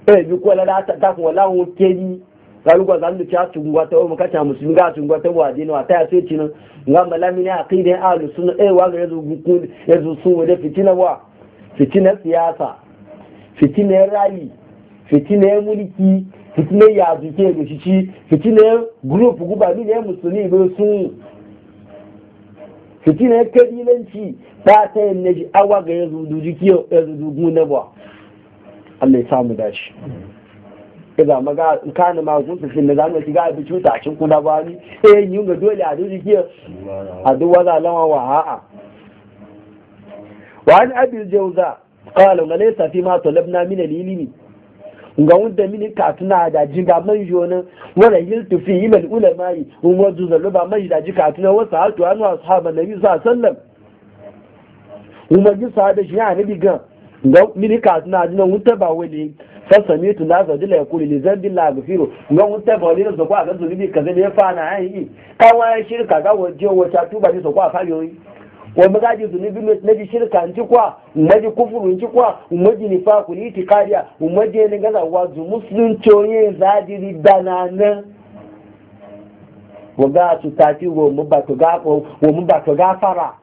[SPEAKER 1] eh bi ko la ta ko la hu keji galugo zan da ta tungwa ta mu kacha musulmi ga tungwa ta wa dinawa ta ya sai cinan nga malami ne aqidin ahlus sunna eh wa ga yazo gukun yazo sun wa da fitina wa fitina siyasa fitina rali fitina mulki fitina ya zuke da shi fitina group ba ni ne musulmi ba sun fitina kabilanci ba ta yin naji awa ga yazo duji kiyo yazo dugun ne ba Allah ya samu dashi iza maga kana ma kun su shin da shiga a cuta a cikin kuna ba ni eh yin ga dole a duri ki a duk za lawa wa ha'a wa an abi jawza qala ma laysa fi ma talabna min al-ilmi ga wanda mini katuna da jiga man jonin wala yiltu fi ilal ulamai um wazu ba man da jika tuna wasu hatu anu ashaban nabi sallallahu alaihi wasallam umma gisa da shi ya nabi gan ga mini ka suna jinan wuta ba wani sassa ne tun nasa jila ya kuli lizan bin lagafiro ga wuta ba wani su kwa ga ni ka zai fa na an yi kawai shirka ga waje wata tuba ne su kwa yoyi wa maza ji zunubi na ji shirka in ci kwa na ji kufuru in ci kwa ma ji nifa ku ni tikariya ma ji ni gaza wa zu musulunci onye zadiri danana wa ga su tafi wa mu ba ta gafara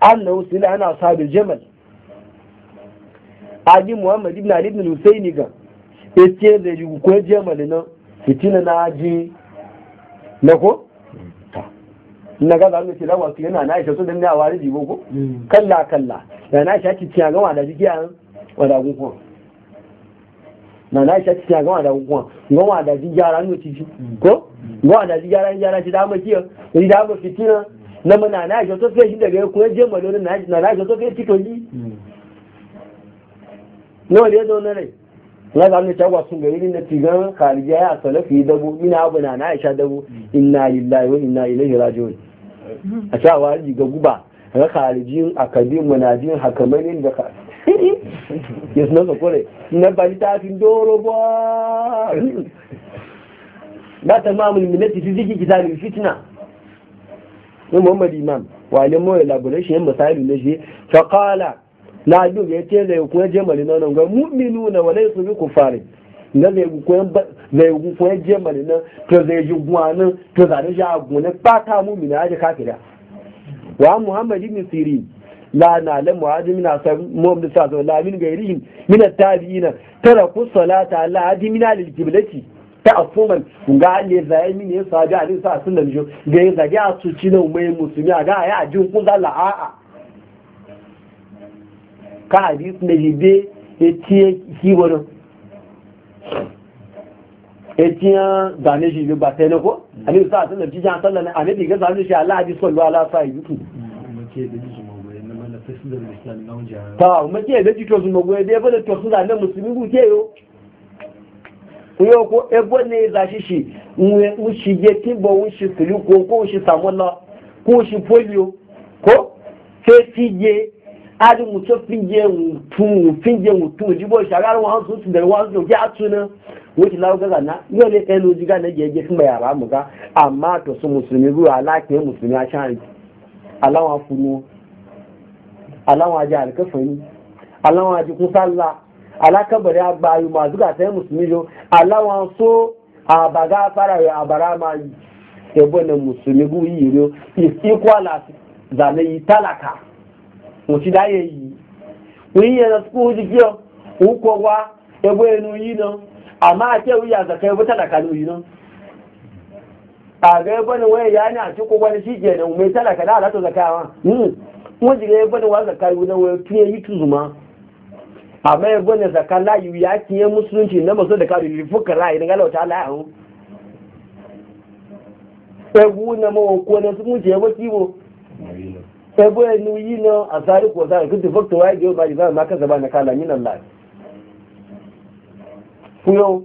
[SPEAKER 1] annahu sila ana sabil jamal aji muhammad ibn ali ibn husayn ga yace da yugo ko jamal nan fitina na aji na ko na ga zan ce lawa su yana na isa so dan ne a wari jibo ko kalla kalla da na aisha ci a wanda jiki an wanda gun na na aisha ci a wanda gun ko wanda jiki yaran no ci ko wanda jiki yaran yaran ci da mu ci da mu fitina na muna na ajo to fe shi daga kuma je malo na na ajo to tito yi no le do na rai na ga mu tagwa sun ga irin na tigan khalijiya ya salafi dabo ina abu na na aisha dabo inna lillahi wa inna ilaihi raji'un a sha wari ga guba ga khalijin akadin munajin hakamanin da ka ya suna ka kore na bari ta fi doro ba ba ta mamul minati fi ziki kitabin fitina. ni muhammad imam wa ni mo elaboration misali ne shi fa qala la du ye tele da ku je mali nan ga mu'minuna wa laysu bi kufari nga zai gu kwen le gu kwen je mali na? to zai ji gwana to za da ja gwana pata mu'mina aje kira wa muhammad ibn sirin la na la mu'adimi na sa mu'min sa la min gairihim min at-tabi'ina ku salata la adimina lil qiblati ta asuman ga ne zai mini ya sabi a sa a sunan jo ga ya zage a su na umar musulmi a ga ya jin kuza la'a'a ka hadis na jibe ya tiye kiwon ya tiye zane shi ba sai na ko a sa a sunan jijan sallan a nabi ga zane shi ala ji sallu ala sa yi yutu ta umarci ya zaji to su magoya da ya bada to su zane musulmi buke yau kuyo ko ebo ne za shi shi mu shi je timbo mu shi tulu ko ko samola ko shi polio ko fe je fi je mu tu fi je mu tu ji bo shagar wa su su da wa su ja tu na wo ti lawo na yo le kai lo jiga na je je kin bayara mu ga amma to su musulmi ruwa alaƙe musulmi a shan alawa funu alawa ji alkafani sallah alákàbẹ̀rẹ̀ agbáyò máa dúkà sẹ́yìn mùsùlùmí yó aláwọn só àbàgá afárá yọ àbàrá máa yìí ẹgbẹ́ ní mùsùlùmí gún yi rí ó ìsìnkú àlàsì zàmẹ́ yìí tálàkà wọ́n ti dáyé yìí wọ́n yẹn lọ sukúù di kí ọ wọ́n kọ wá ẹgbẹ́ inú yìí náà ya àti ẹ̀wù yà zàkẹ́ yi tálàkà ló yìí náà àgbẹ̀ ẹgbẹ́ ni wọ́n yà ní àti kọ́kọ́ ní síjẹ̀ ní òun mẹ́ tálàkà náà látọ̀ zàkẹ́ àwọn wọ́n jìgẹ̀ ẹgbẹ́ ni wọ́n zàkẹ́ ìwé náà wọ́n tún yẹ amma ya bane zakar layu ya kiye musulunci na masu da kawai lifuka ra'ayi daga lauta layu ebu na mawa ko na sun wuce ya wasi bo ebu ya nuyi na a tsari ko tsari kudu fakta wa ya ge ba ma kasa ba na kala min layu kuyo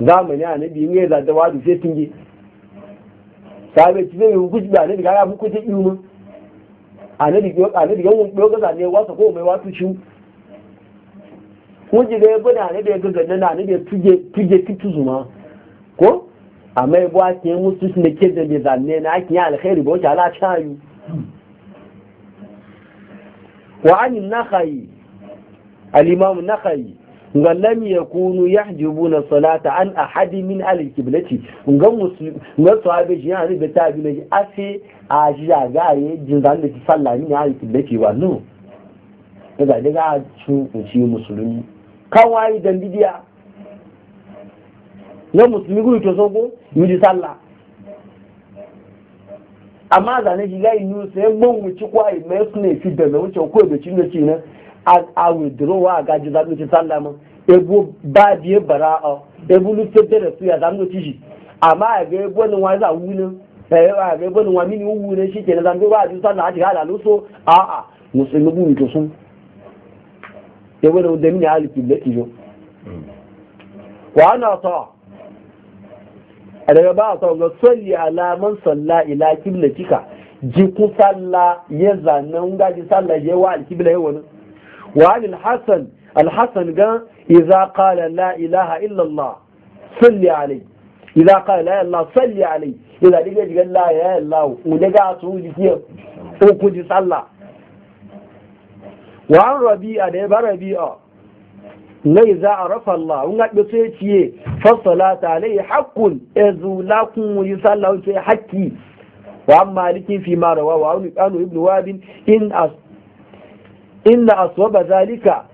[SPEAKER 1] zamani a nabi ne za ta wadu sai sun ge sabe ci zai hukunci da ne daga ya hukunci anabi biyo yawon biyo gaza ne wasa ko mai watu shi kun ji da ya gwada anabi ya gaza na anabi ya tuge tutu zuma ko amma ya buwa ke musu su ne ke da bai zanne na ake yi alkhairi ba wata ala cayu wa ani nakhayi al-imam nakhayi ga lam yakunu yahjibuna salata an ahadi min al-qiblati ga muslim ga sahabi ji yana da tabi ne afi a shi a ga yi jin zan da ki sallah mini a yi ki ba no daga daga cin kuci musulmi kan wayi dan bidiya na musulmi guri to sogo yi ji sallah amma zane shi gai nu sai gbon wuci kwa yi mai suna fi da na wuce ko da cin da cin a withdraw a gaji zan da ki sallah ma ebo ba biye bara'a ebo lu federe su ya zan da ci shi amma a ga ebo ni wani za ne. ẹ̀rọ rẹ̀ bọ́nu wọn mí ni ó wú ní ṣíkẹ̀ a tó sọ́nà àti hàdà ló sọ àà mùsùlùmí bú mi tó sún ẹwẹ́ ní ọdẹ mi ní àlùkù lẹ́kì yọ. wàá náà tọ́ ẹ̀rẹ̀gbẹ́ bá àtọ̀ ọ̀gọ́ sọ́ọ̀lì aláàmọ́sọ̀lá ìlà kíbìlẹ̀ kíkà jikun sálà yẹ zànà ń sálà yẹ wà àlùkíbìlẹ̀ yẹ wọnú. wàá ní alhassan ní ìdàdí bí ẹ̀jìgẹ́ ya ẹ̀ ńlá ò fún lẹ́gà di kí ó kú di sálà wà ń rọ̀bí àdẹ́bà rọ̀bí ọ̀ za a rafa Allah wọ́n ga ɓeso ya ciye e fasalata alai haƙƙun ezu lakun yi sallah wọ́n ce haƙƙi wa an maliki fi ma rawa wa wani ƙanu ibn wabin in na aswaba zalika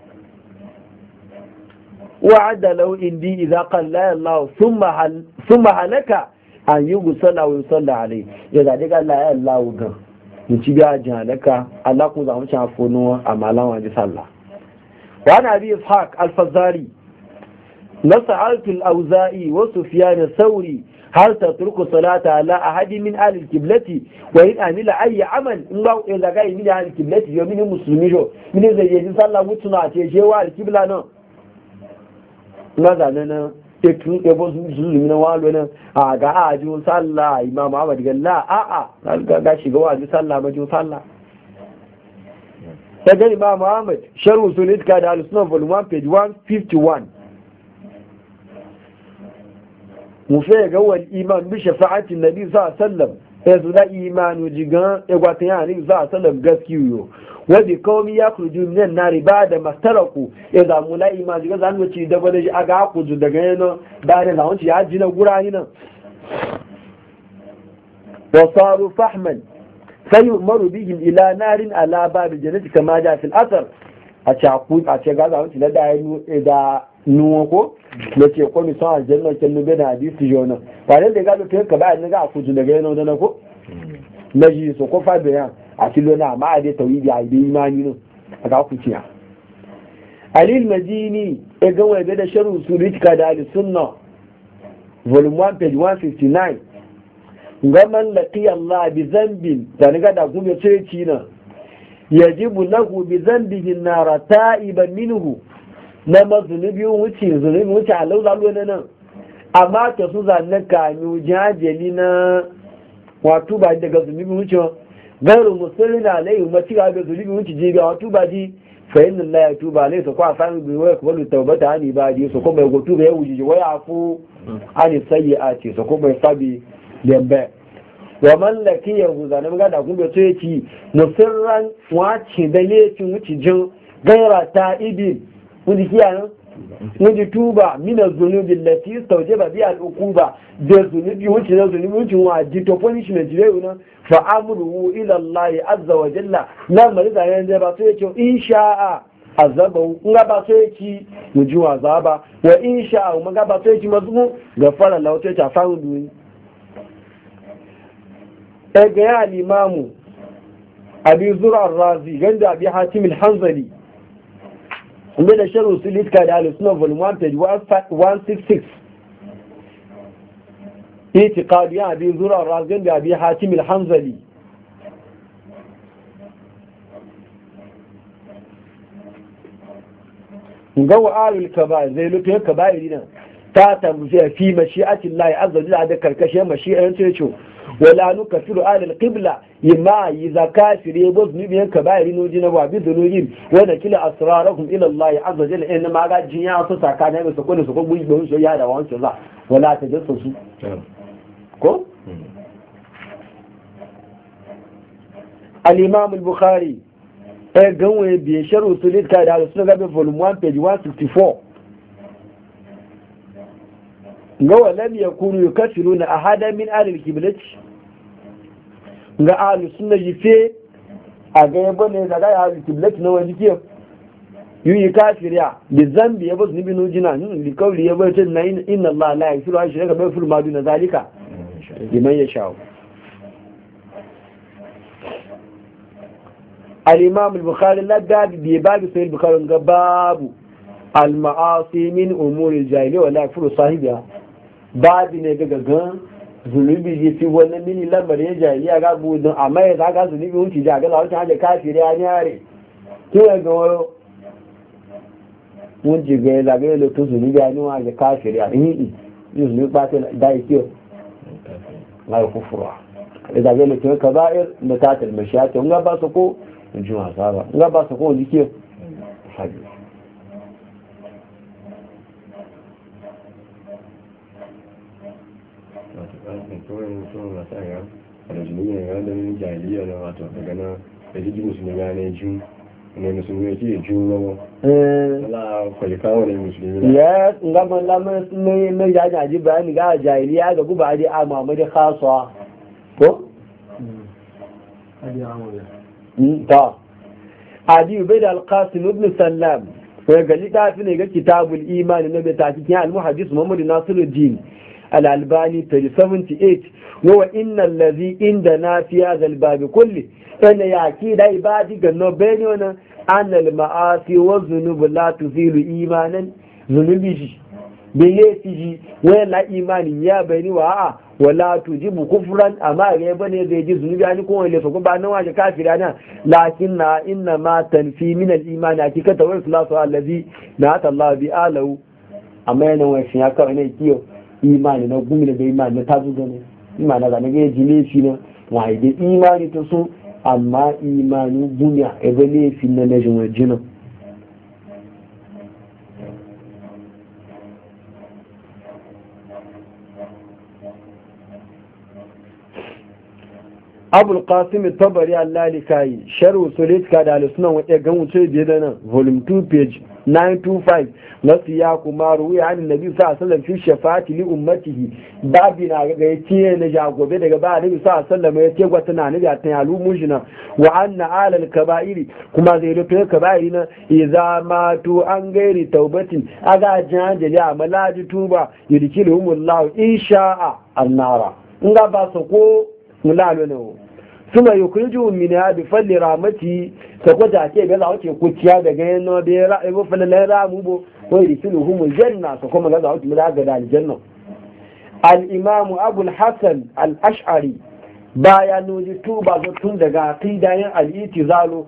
[SPEAKER 1] wa adda lau indi idza qalla Allah an yi gusala wa yusalla alai ya zaɗi ga Allah ya Allah mu ci biya jihalaka Allah ku za mu ci a malama ji sallah wa na bi ishaq al na sa'altu al-auza'i wa sufyan sauri har ta turku salata ala ahadi min ahli kiblati wa in amila ayi amal in ba in daga yi min ahli kiblati yo min muslimi yo min zai yi sallah mutuna ce shewa al-kibla nan na ke tun ke ba su zulumi na walo nan a ga a ji sallah imam ahmad ga la a a ga shiga wa ji sallah ba ji sallah ta gani imam ahmad sharu sunnit itka da al volume 1 page 151 mufe ga wani iman bishe shafa'ati nabi sallallahu alaihi wasallam sai e, su da imanu jigan egwatin ya nabi sallallahu alaihi wasallam gaskiyo wabi kawai ya kurju minan na ba da mastaraku ya zamu la ima jiga zamu ci da bada shi aga kuzu daga yana ba da zamu ci ya ji na gura ni nan wa saru fahman sai umaru bihim ila narin ala babi jannati kama da fil asar a ci aku a ce ga zamu ci da da e da nuwo ko da ce ko mi sa aljanna kan nube da hadisi jona ba da ga da ka ba ni ga kuzu daga yana da na ko mm. naji so ko fa bayan àti lọ́nà àmá àdé tàwídì àìdé imá nínú àkàkùnkìyà alil majini e wa be da sharu su ritika da alisunna volume 1 page 159 gaman laqiya Allah bi zambin da ni gada kun bi sai na yajibu lahu bi zambihi nar ta'iban minhu na mazunubi wuce zunubi wuce alau zalo nan amma ta su zanne kanu jajeli na wato ba daga zunubi wuce gairu musulmi na alayhi mace ga ga zulubi wuce je ga tuba ji fa inna la ya tuba alayhi to kwa san bi waya kuma tawbata ani ba ji so kuma go tuba ya wuce waya afu ani sayyi'ati so kuma sabi lembe wa man lakiya guzana ga da kuma to yaci musirran wace da yake wuce jin gaira ta ibin tuba zunubi وجتوبة من الذنوب التي استوجب da zunubi بالذنوب وجه zunubi وجه wa jito punishment ليونا فأمره إلى الله عز وجل لما رضا ينزل إن شاء azabahu in gabato yake mu ji azaba wa in sha'a mu yake mazugu ga fara lauta ta faru duni e ga ya limamu abi zura razi ganda abi hatim al-hanzali inda da shirin su litka da alisunan volume 1 page 166 itiqadu ya abi zura razgan da abi hakim al-hanzali alul kaba zai lutu kaba'iri nan ta tamfiya fi mashi'ati Allah azza jalla da karkashin mashi'ar ce wala nu kafiru alal qibla imma yi zakafire bo zunubiyan kabairi no na wa bidunujin wala kila asrarahum ila allah azza jalla in ma ga jinya su sakana ne su kone su ko gbe su ya da wancin za wala ta jassa su ko al-imam al-bukhari e eh, ganwe bi sharu sulit ka da sunan gabe volume 1 page 164 ga walam ya kunu ya kafiru na ahada min alil kibilaci ga alu suna yi a ga yabo ne daga ya alil kibilaci na wani kiyo yi yi kafiriya da zambi ya basu nibinu jina yin likauli ya bai na inna Allah la ya firu a shirya bai firu madu na zalika liman ya shawo al-imam al-bukhari ladabi bi babu sayyid al-bukhari ga babu al-ma'asi min umuri jahiliya wala ya firu sahibiya babu ne ga gagan zunubi ya fi wani mini lambar ya jari jariya ga gudun amma ya zaga zunubi wuce ji a gaza wuce hajji kafiri ya yare tun ya ga wayo wun jiga ya zaga ya lokacin zunubi ya nuna hajji kafiri ya yi yi zunubi ba ta da ya kiyo na ya kufurwa ya zaga ya lokacin ka za'ir da ta talmashi ya ce nga ba su ko in ji masu ba nga ba su ko in ji kiyo
[SPEAKER 2] sauran sauran masu aya a da jini ne ya da ni jahiliya na wato daga na da jiji musulmi ya ne ju ne musulmi ya ke ju rawa
[SPEAKER 1] eh. ala
[SPEAKER 2] kwalika wani musulmi ya
[SPEAKER 1] ngama lamar ne ne ya na ji bayani ga jahiliya ga guba dai a mamadi khaswa ko hmm, ta Adi Ubaid al-Qasim ibn Sallam, wani gali ta fi ne ga kitabul imani na bai tafi cikin al-muhaddis Muhammad Nasiruddin al'albani 378 yawa innan lazi inda na fiya zalbabi kulle yana yaki da ibadi ga nobeni wani annal ma'asi wa zunubu la tuzilu imanin zunubi shi bin laifi shi wani la imanin ya bayani wa a'a wala tujibu kufran amma ga yaba ne zai ji zunubi ani ko wani laifin ba nan waje kafira na lakin na inna ma tanfi min al-iman hakikata wa islasu allazi na ta Allah bi alau amma yana wani shi ya kawai ne kiyo imani na gumi da imani na tazu gane imani da nage jini shi na wai da imani ta so amma imani gumiya ebe lefi na na jin wajina abul qasim tabari allah likayi sharu sulit ka da alisunan wadda gan wuce biye da nan volume 2 page 925 na siya kuma ruwa hannun nabi sa sallam fi shafati li ummatihi babi na ga ya na jagobe daga ba nabi sa sallam ya ce gwata na nabi a tan yalu mujina wa anna alal kaba'iri kuma zai rufe kaba'iri na idza matu an gairi taubatin aga janje ya malaji tuba yudkiluhumullahu insha'a annara in ga ba su ko mulalo ne suna yukurju min ya bi falli ramati ta kwata ke ga zawo ke kuciya daga yana da ya ra'ayi falalai ramu bo ko yirkilu humu janna ta kuma ga zawo mu da ga aljanna al imamu abul hassan al-ash'ari baya nuni tuba zo tun daga aqidayen aliti zalo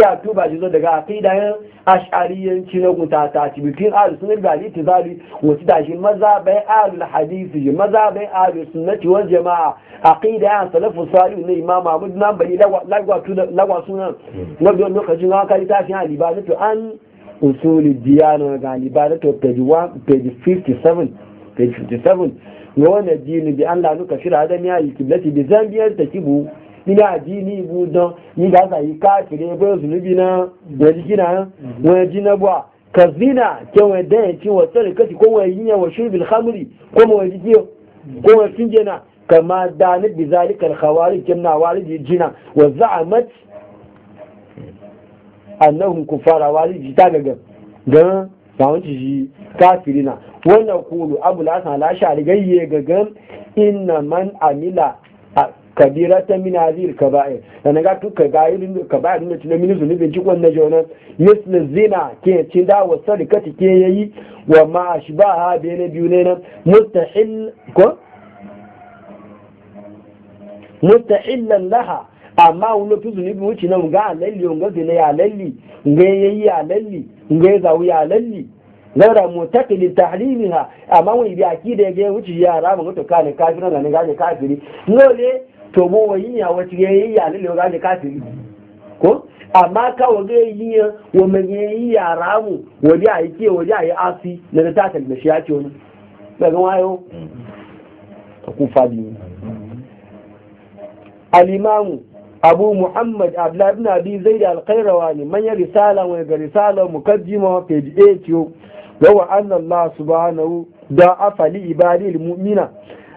[SPEAKER 1] a tuba zo daga aqidayen ash'ariyanci na gutata ci bikin ahli sunna da aliti zalo wuti da shi maza bai ahli hadisi maza bai ahli sunnati wal jamaa aqidayen salafu salih ne imam ahmad nan bari lagwa lagwa sunan na don lokacin haka ta fi ali ba to an usuli diyana ga ali ba to page 1 page 57 page 57 wani jini bi an lanu ka da miya yi kiblati bi zan biyar ta kibu ina jini bu don ni ga sa yi kafire bai zunubi na wani jina wani jina buwa ka wani dan ya ci wa kashi ko wani yinya wa shirbil hamri ko wani jiyo ko wani finjena kama da ni bi wa fara kufara walidi ta ga ba wani kafirina wannan kulu abu lasan lashari gayye gagan inna man amila kabira ta min azir kaba'ir da na gatu ka gayirin kaba'ir na tunan min zunubin cikon na jona yasna zina ke cin da wa sarikati ke yayi wa ma ashbaha bi na biyu mustahil ko mustahillan laha amma wani fi zunubi wuce nan ga alalli ga zina ya alalli ga yayi ya alalli ga zawu ya alalli gaura mutakili tahlimiha amma wani bi akida ya gaya wuce yara mu to kane kafin nan gaje kafiri nole to bo wani ya wace yi ya ne gaje kafiri ko amma ka waje yi wa mun yayi yara mu waje ayi ke waje ayi asi da ta kalma shi ya ce wani ga wayo ta ku fadi al-imamu abu muhammad abdullahi ibn abi zaid al-qayrawani man ya risala wa ga risala mukaddima page 8 yawa anna Allah subhanahu da afali ibadi mu'mina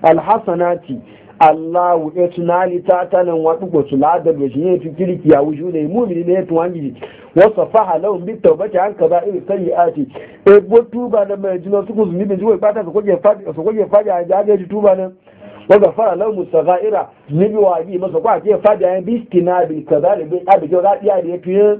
[SPEAKER 1] alhasanati Allah wuɗe tunani ta tanan waɗu ko tuna da doshi ne fi kirki ya wuju ne mumini ne tuwan gidi wasu faha lawan bi taubata an kaza iri sanyi ya ce e bo tuba da mai jina su ku zunubi ji wai fata su kwaje fadi su kwaje fadi a jaje ji tuba nan fara gafara lawan musagaira zunubi wa bi masa kwa ke fadi a bi istinabil kaza da bi abi ga ya da ya tuye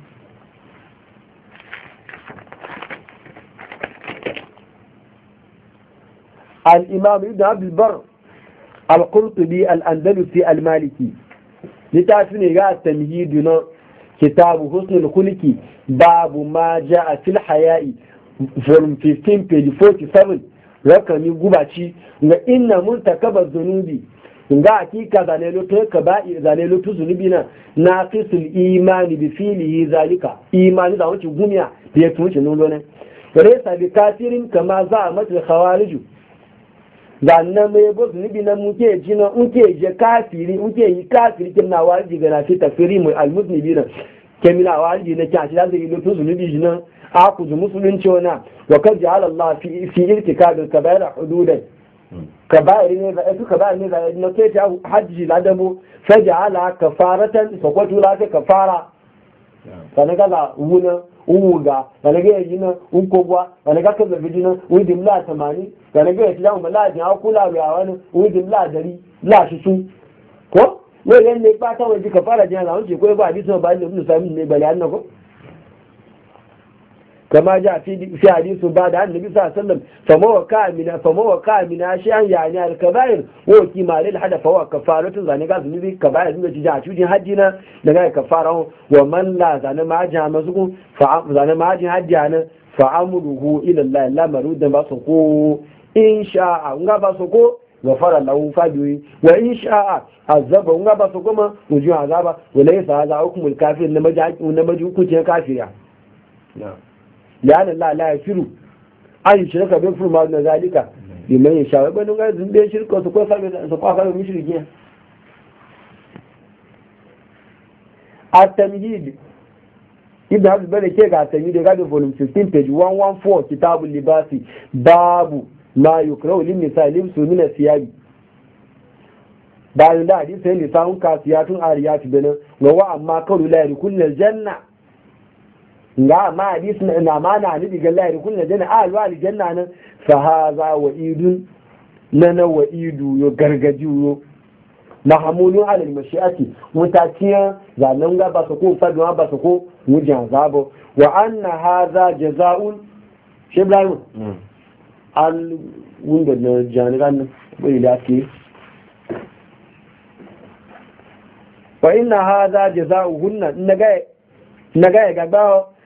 [SPEAKER 1] الإمام ابن عبد البر القرطبي الأندلسي المالكي لتعرفني قاعد تمهيدنا كتاب حسن الخلق باب ما جاء في الحياء فولم 15 page 47 rakami gubaci ga inna muntakaba zunubi ga hakika zane lutu kaba'ir zane lutu zunubi na naqisul imani bi filihi zalika imani da wuce gumiya da ya tuce nuno ne kare sabi kafirin kama za a matul khawariju zanna mai bo ni na muke jina muke je kafiri muke yi kafiri kin na waji ga na fi tafiri mu almuznibi na kemin na waji na kyashi da zai lutun zunubi ji na a ku zu musulunci wana wa kan ja'ala Allah fi fi irtikabin kabaira hududan hmm. kabairi ne da su kabairi ne da na ke ta hajji ladabu fa ja'ala kafaratan fa kwatu la ka kafara sanan kaza wuna uwuga gane ga yaji nan un kogwa gane ga kaza biji nan un dim la tamani gane ga yaji lamu la jin aku la ya wani un dim la dari la shi su ko ne ne ba ta wani ka fara jin la wuce ko ba bi so ba ne mun sami ne bale an ko كما جاء في في حديث بعد عن النبي صلى الله عليه وسلم فما وقع من فما وقع من شيئا يعني الكبائر وكي وكما الحد فهو كفاره زاني قال ذنبي كبائر ذنبي جاء تشوجي حدنا نغاي كفاره ومن لا زاني ما جاء مزقو زاني ما جاء حدنا فعمله الى الله لا مرود ما بسقو ان شاء نغا بسقو غفر الله فجوي وان شاء عذبه نغا بسقو ما وجوه عذاب وليس هذا حكم الكافر إنما جاء إنما جاء كافر نعم an yi bin liman ya shawai banin gari zun bai shirka ibn ke ga ga da volume 16 page 114 kitabul libasi babu la yukrahu lin nisa limsu min asiyabi bayan da hadisi ne sa'un kasiyatun ariyatu bana wa amma kaulu la yadkhulul janna nga ma hadis na ma na ni diga la rikun na jana al wal janna nan fa hadha wa idun na wa idu yo gargaji yo na hamulu ala mashiati mutatiya zanan ga ba su ko fadwa ba su ko wujan zabo wa anna hadha jazaa'un shiblan hmm. al wunda na janiran bai da ke fa inna hadha jazaa'uhunna naga na ga ba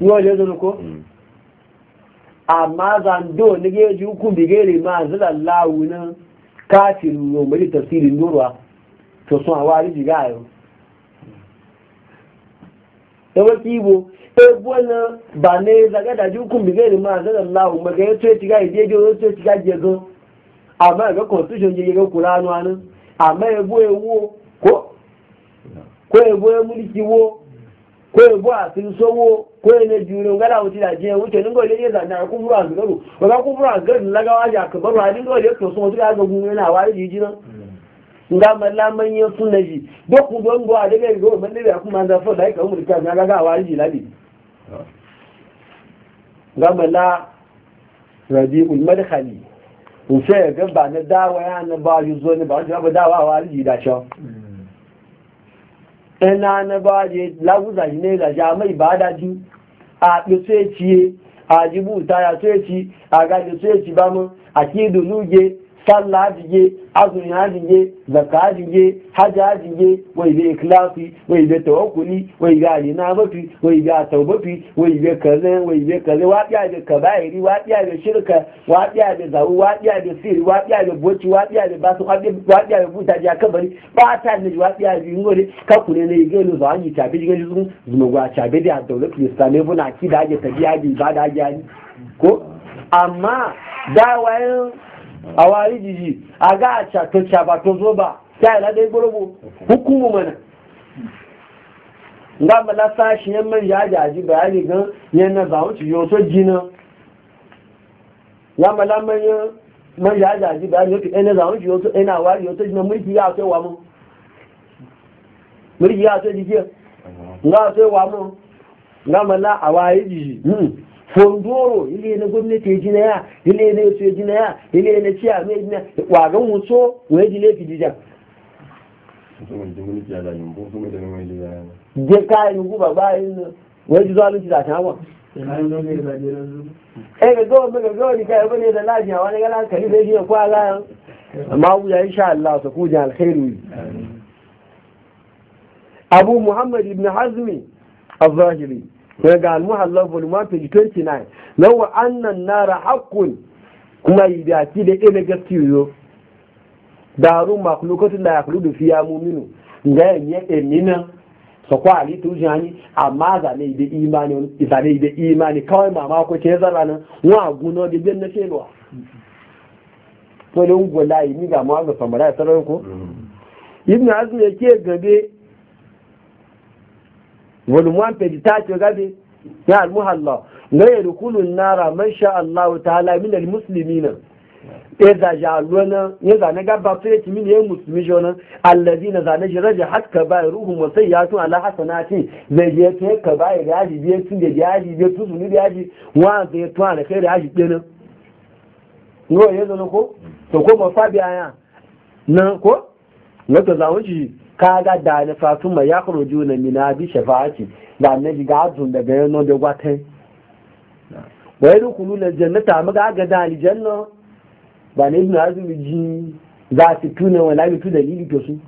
[SPEAKER 1] yóò lè zuru ko mm. Amaza Ndo ni ga yaji hukun bi ma lawu na kafin yau mai siri durwa to sun e hawa riji ga yau da waki ibo ebo na ba ne zaga da hukun bi ma lawu e ga yato ya tiga ide ga yato ya jego amma ga ga amma ebo ewo ko ko ebo e ko ya buwa sun sowo ko ya ne jurin gada wuce da jiya wuce nin gole ne zanna a bura su garu ba za ku bura garu lagawa ja ka baro hadin gole to sun wuce ga gun yana wari jiji nan nga malla manyan sunna ji duk ku don buwa daga go man da kuma da fa dai ka umur ka ga ga wari ji labi nga malla rabiul madkhali ku sai ga ba na dawa ya na ba yuzo ne ba ba dawa wari ji da shaw hmm. ina na ba je laguza shi ne ga mai ba da ji a ɗi sai ciye a jibuta ya sai ci a gaji sai ci ba mu a ki duluge sallah jige azumi hajije zakka hajije hajji hajije wai ga ikhlasi wai ga tawakkuli wai ga alina mafi wai ga taubafi wai ga kaza wai ga kaza waɗiya da kabairi waɗiya da shirka waɗiya da zawu waɗiya da siri waɗiya da boci waɗiya da basu waɗiya da buta ja kabari ba ta ne waɗiya da yin gole kaku ne ne ga lu zawani tafi ga sun zumugwa tafi da daular ne buna ki da ake ba da ibada ga ko amma da wayan awari jiji a ga a cato caba to zo ba ta yana dai gurbu hukumu mana nga mala sashi yan man ya jaji bayani gan yan na zawon ci yoso jina nga mala man man ya jaji bayani yoto yan na ci yoso na yoso jina mulki ya sai wa mu mulki ya sai dikiya nga sai wa mu nga mala awari jiji hmm. fondoro ile na gwamnati ji ya ile na yasu ji ya ile na ciya mai ji na wagan wuto wani ji laifi ji jan je kayan yungu ba bayan nan wani ji zalunci da ta hawa eh ga gawa ga gawa ni kai bane da lafiya wani gana kali sai ji kwa ga amma ku ya insha Allah ta ku ji alkhairu Abu Muhammad ibn Hazmi al-Zahiri daga al-muhallal volume 1 page 29 lawa annan nara haqqun kuma yidaki da ina gaskiyo daru makhluqatun la yakhludu fiya mu'minu ga yanye emina so kwa ali tujani amma za ne da imani za ne da imani kawai mama ko ce zara nan wa guno da bin na shelwa to ne ungwala yi ni ga ma ga samara sarar mm. ibn azmi yake gabe volume 1 page 30 gabe ya almuhalla na ya rukunun nara man sha Allah ta'ala min almuslimina ya zaje alwana ya zane gaba sai ki min yayin musulmi jona allazina zane ji raja hatta ba ruhu wa sayyatu ala hasanati zai je ta ka ba ya biye tun da gaji biye tun sunu gaji ko ko na ta kaga da na fatuma ya kuma juna mina bi shafa'ati da na shiga azun daga na da gwatan wai rukunu na jannata maga ga da aljanna ba ne ibn azumi ji za su tuna wala bi tu lili to su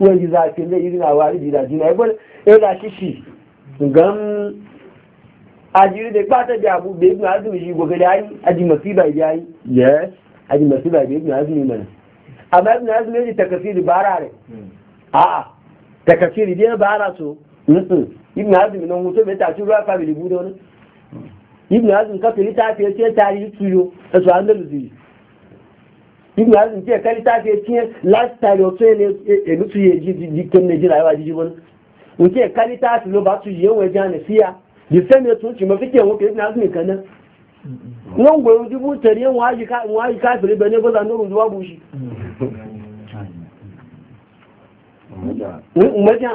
[SPEAKER 1] wai ji za su ne irin awari da jina ai bol eh da shi shi gam ajiri da kwata da abu be ibn azumi ji goga da yi aji masiba yayi yes aji masiba be ibn azumi mana amma ibn azumi ji takasiri barare hmm. a'a ta kafiri dai ba ara so ibn hazm nan mutum bai tashi ruwa fa bilibu da wani ibn hazm ka fili ta fiye ce tarihi tuyo ta su an da lusi ibn hazm ce kali ta fiye ce last o ce ne e lusu ye ji ji kan ne ji rayuwa ji ji wani o ce kali ta fi lo ba su ye wa jani siya ji sai ne tun ci ma fike wo ke ibn hazm kan nan nan goyo dubu tare waji ka waji kafiri bane ba zan nuru zuwa bushi ní ìmọ̀já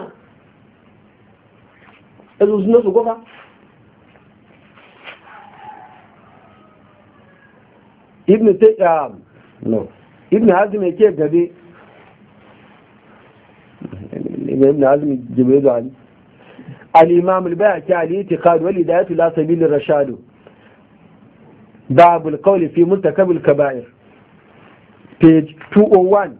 [SPEAKER 1] ẹ̀sùn sínú oṣù gọ́fà ibn tayyam no ibn hazm yake gabe ibn hazm jibril ali al-imam al-bayhaqi al-i'tiqad wal hidayatu la sabil ar-rashad bab al-qawl fi muntakab kabair page 201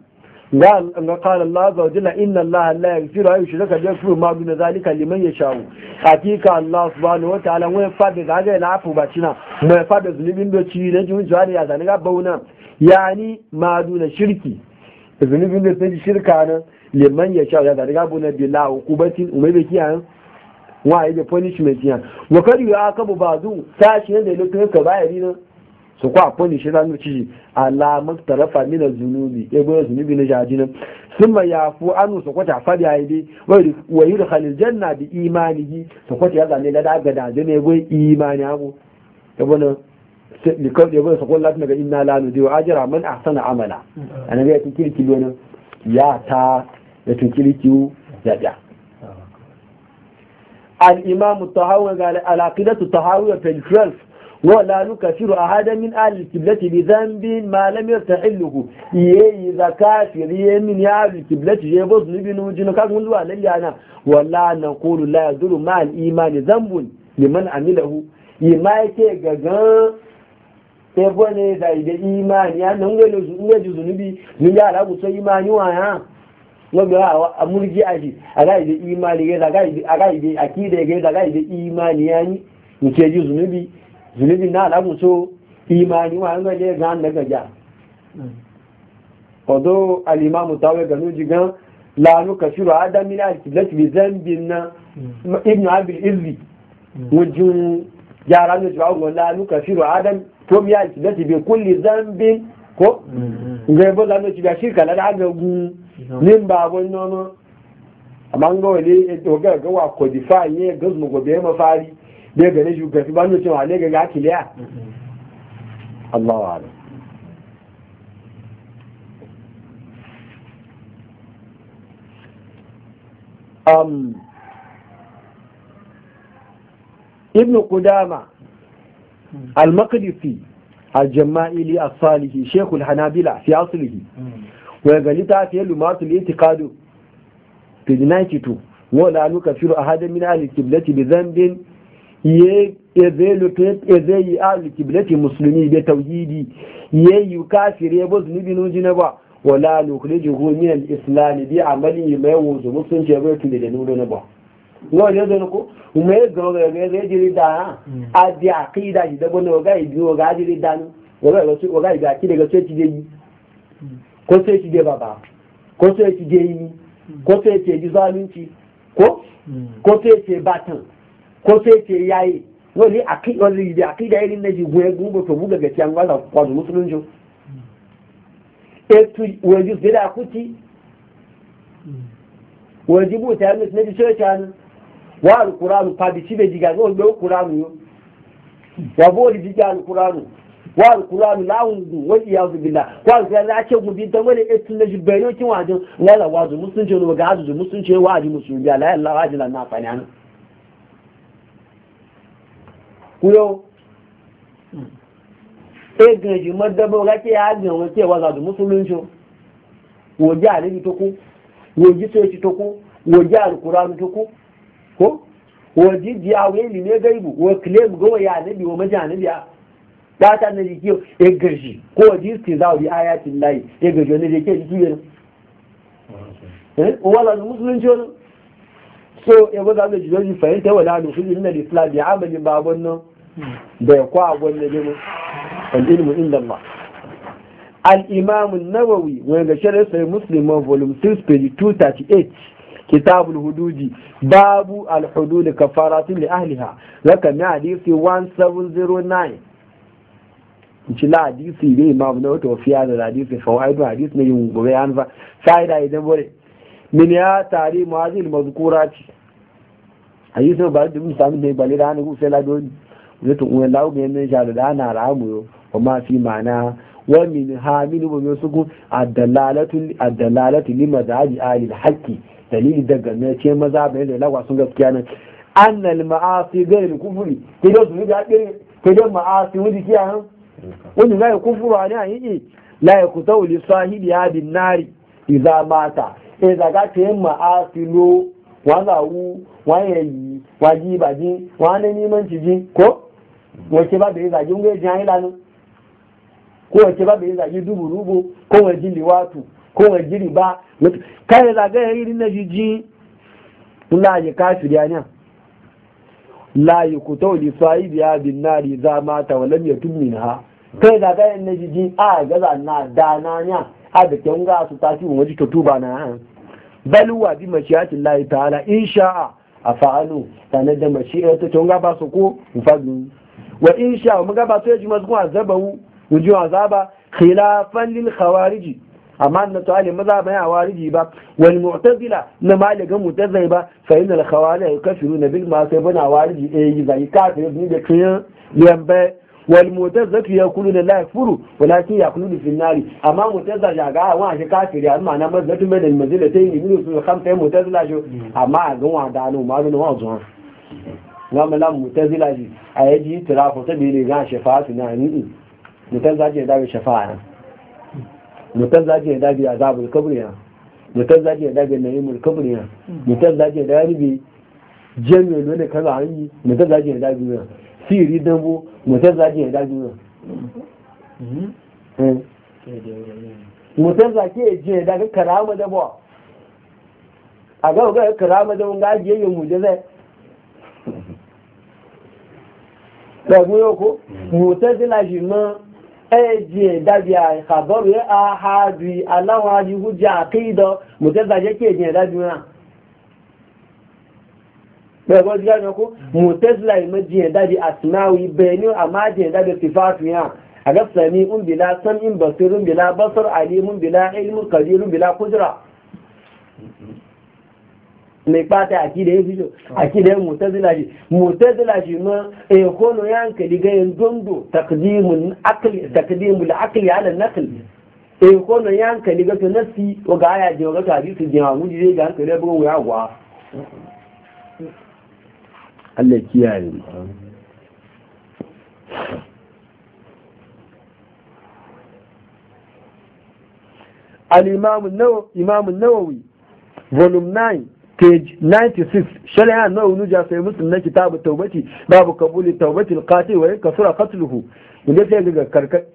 [SPEAKER 1] ga kala Allah azza wa jalla inna Allah la yaghfiru an yushraka bihi wa ma duna zalika liman yasha'u hakika Allah subhanahu wa ta'ala wa fadi ga ga lafu bacina mai fadi zulubin ci na jin jari ya zani ga bauna yani ma duna shirki zulubin da sai shirka nan liman yasha'u ya zani ga bauna billahi hukubatin umai be kiyan wa da punishment yan wa kar yu akabu ta shi ne da lokacin ka bayari nan su kwa kuni shi zanu ci alamun tarafa mina zunubi ya gwada zunubi na jajinin sun ma yafu anu su kwata fadi a yi wa yi rikhalin janna bi imanihi su kwata ya zane da daga dajin ya gwai imani abu ya gwada likar ya gwada su naga latin daga inna lanu da ajira man ahsana amala a nan ya tunkiri kilo nan ya ta ya tunkiri kiwo ya ja al-imamu tahawi ga al-aqidatu tahawi fil 12 wala a ahadan min ahli kiblati bi dhanbin ma lam yastahilhu yayi zakafir yayi min ya ahli kiblati je bo zunubi nu jinu a gundu alayana wala na naqulu la yaduru ma al iman dhanbun liman amilahu yima yake gagan ya ne da ide iman ya nan ngelo ngeju zunubi ni ya rabu so imani wa ya wanda ya a mulki aji a ga ide imani ga ga ide akida ga ga ide imani yani nke ji zunubi zunubi na alamu so imani wa an gaje ga an daga ja odo al-imamu tawe ga nuji gan la nu kashiru adam min al-qiblat bi dhanbin na hmm. ibn abil izzi wajin hmm. yara ne jawo ga la nu kashiru adam to bi al-qiblat bi kulli dhanbin ko hmm. ngai bo la nu ci ga shirka la da ga gu nin ba won nono amma ngawale to ga ga wa kodify ne gazmu gobe mafari ne ga ne shugafi ba nuna cewa ne ga ga kiliya Allah wa um ibn qudama al-maqdisi al-jama'ili as-salihi shaykh al-hanabila fi aslihi wa galita fi lumat al-i'tiqad fi 92 wala a zan ye eze yi ahlu kiblati musulmi da tauhidi ye yi kafir ya bozu ni binu jina ba wala nukhrijuhu hu min islam bi amali mai wuzu musulunci ya bai tun da nuna na ba yau ne zai ko kuma ya ga ga ga zai jiri da hmm. a bi aqida shi e da bono ga ibi ga jiri da ni wala ga su ga ibi aqida ga sai ci je yi hmm. ko sai e ci je baba ko sai e ci je yi hmm. ko sai ci je zalunci ko ko sai ci batan ko sai ce yayi wani akida wani da akida irin na jigo ya gubo to buga gaci an gwada kwazo musulunci etu wani zai da kuti wani jibo ta yi na jiso ta ni wa alkuranu fadi shi bai jiga ga wani kuranu yo wa bori jiga alkuranu wa alkuranu lawun wani ya zubi na wa alkuranu na ce gubi don wani etu na jibayokin wajen lalawa zu musulunci wani ga azu musulunci wa aji musulunci la yalla wa aji na na fani kúrò egan jù mọ́ dẹ́bọ́ láti àgbẹ̀ wọn tí ẹwà zàdù mùsùlùmí jọ wòjá àlejò tó kú wòjí tó ti tó kú wòjá àlùkùránù tó kú wò jí di àwọn èlì ní ẹgbẹ́ ìbò wò kìlẹ̀ ìbò gọ́wọ́ yà ànẹ́bí wọn mẹ́jẹ ànẹ́bí a pátá ní ẹjì kí egan jì kó wòjí sì zá òdi ayá ti láyé egan jù ní ẹjì kí ẹjì kí yẹn wọ́n zàdù so ya ba za mu jiyo ji fahimta wala da shi inna islam ya amali ba wannan da ya kwa gwanne ne mu al ilmu inda Allah al imam an-nawawi wani ga sharh sai muslim volume 6 page 238 kitabul hududi babu al hudud kafaratun li ahliha rakam hadisi 1709 ci la hadisi ne imam na wato fiya da hadisi fawaidu hadisi ne yi gobe an fa sai da idan bore min ya tare muhazil mazkura ci a yi sau ba da mun sami mai bali rana ku sai ladoni wani tun wani lawo mai mai shaɗu da ana ramu yau kuma fi mana wa min ha min ba mai suku addalalatu ni da haji alil haƙƙi dalili daga mai ce maza bai da lagwa sun gaskiya nan annal ma'asi gairin kufuri kai da su ne ɗin kai da ma'asi wani kiya han wani ga ya kufuru a ne a yi la ya kusa wuli sahibi ya bin nari iza mata ìdàgá tí ń mà á fi ló wọ́n gà wú wọ́n yẹ yìí wọ́n jí ìbàjí wọ́n ní ní mọ́ǹtì jí kó wọ́n ṣe bá bèrè ìdàjí ń gbé jẹ́ ayé lánàá ko wace ba bai zagi dubu rubu ko waje liwatu ko waje riba kai zaga ya irin na jiji la ya kafir ya nan la ya kuto li sahibi ya bin nari za mata wa lam yatub minha kai zaga ya na jiji a ga za na dana nya a da kyan ga su tafi waje to tuba na bal wa bi mashiyati Allah ta'ala in sha'a fa'alu sanar da mashiyar ta tunga ba su ko fadu wa in sha'a mun ba su yaji mazgun azabahu wujin azaba khilafan lil khawarij amma na to ali maza bayan awariji ba wal mu'tazila na malaga mu'tazai ba fa inna al khawarij yakfiruna bil ma'asi bana awariji eh yi zai kafir ni da kiyan yambe wal mutazzatu yaquluna la yakfuru walakin yaquluna fi da nar amma mutazza ja ga wa shi kafiri amma na mazzatu mai da manzilatayn min su khamsa mutazza jo amma ga wa da no ma no wa zo na mala mutazila ji a yaji tirafo ta bele ga shafa'atu na ni mutazza ji da shafa'a mutazza ji da bi azabul kabriya mutazza ji da bi nayimul kabriya mutazza ji da bi jami'u ne kaza an yi mutazza ji da bi siri dambo mutum za ke yarda juna mutum za ke je yarda karama da ba a ga ga karama da wanga je yin mujizai da guyo ko mutum zila shi ma ẹ̀jẹ̀ dábí àkàbọ̀rẹ̀ àhàbì aláwọ̀ àdìgújà àkídọ̀ mutum za ke je yarda juna ẹ̀kọ́ ti gáàmì yìí mọ̀tẹ́sílà ìmọ̀jìyàn dájú àtìmáwì bẹ̀ẹ̀ ní àmájìyàn dájú ti fáàtù yàn àgẹ́sàmí ń bìlá sán ń ń bìlá bọ́sọ̀r ń bìlá ilmù kàdírù bìlá kúdúrà mai fata a kida ya fito a kida ya ma dondo ala ya nasi ga aya hankali
[SPEAKER 2] Allah kiyaye mu
[SPEAKER 1] al-imam an-nawawi volume 9 page 96 shari'a nawawi nuja sai muslim na kitabu taubati babu kabuli taubati al qati wa kasura qatluhu inda sai ga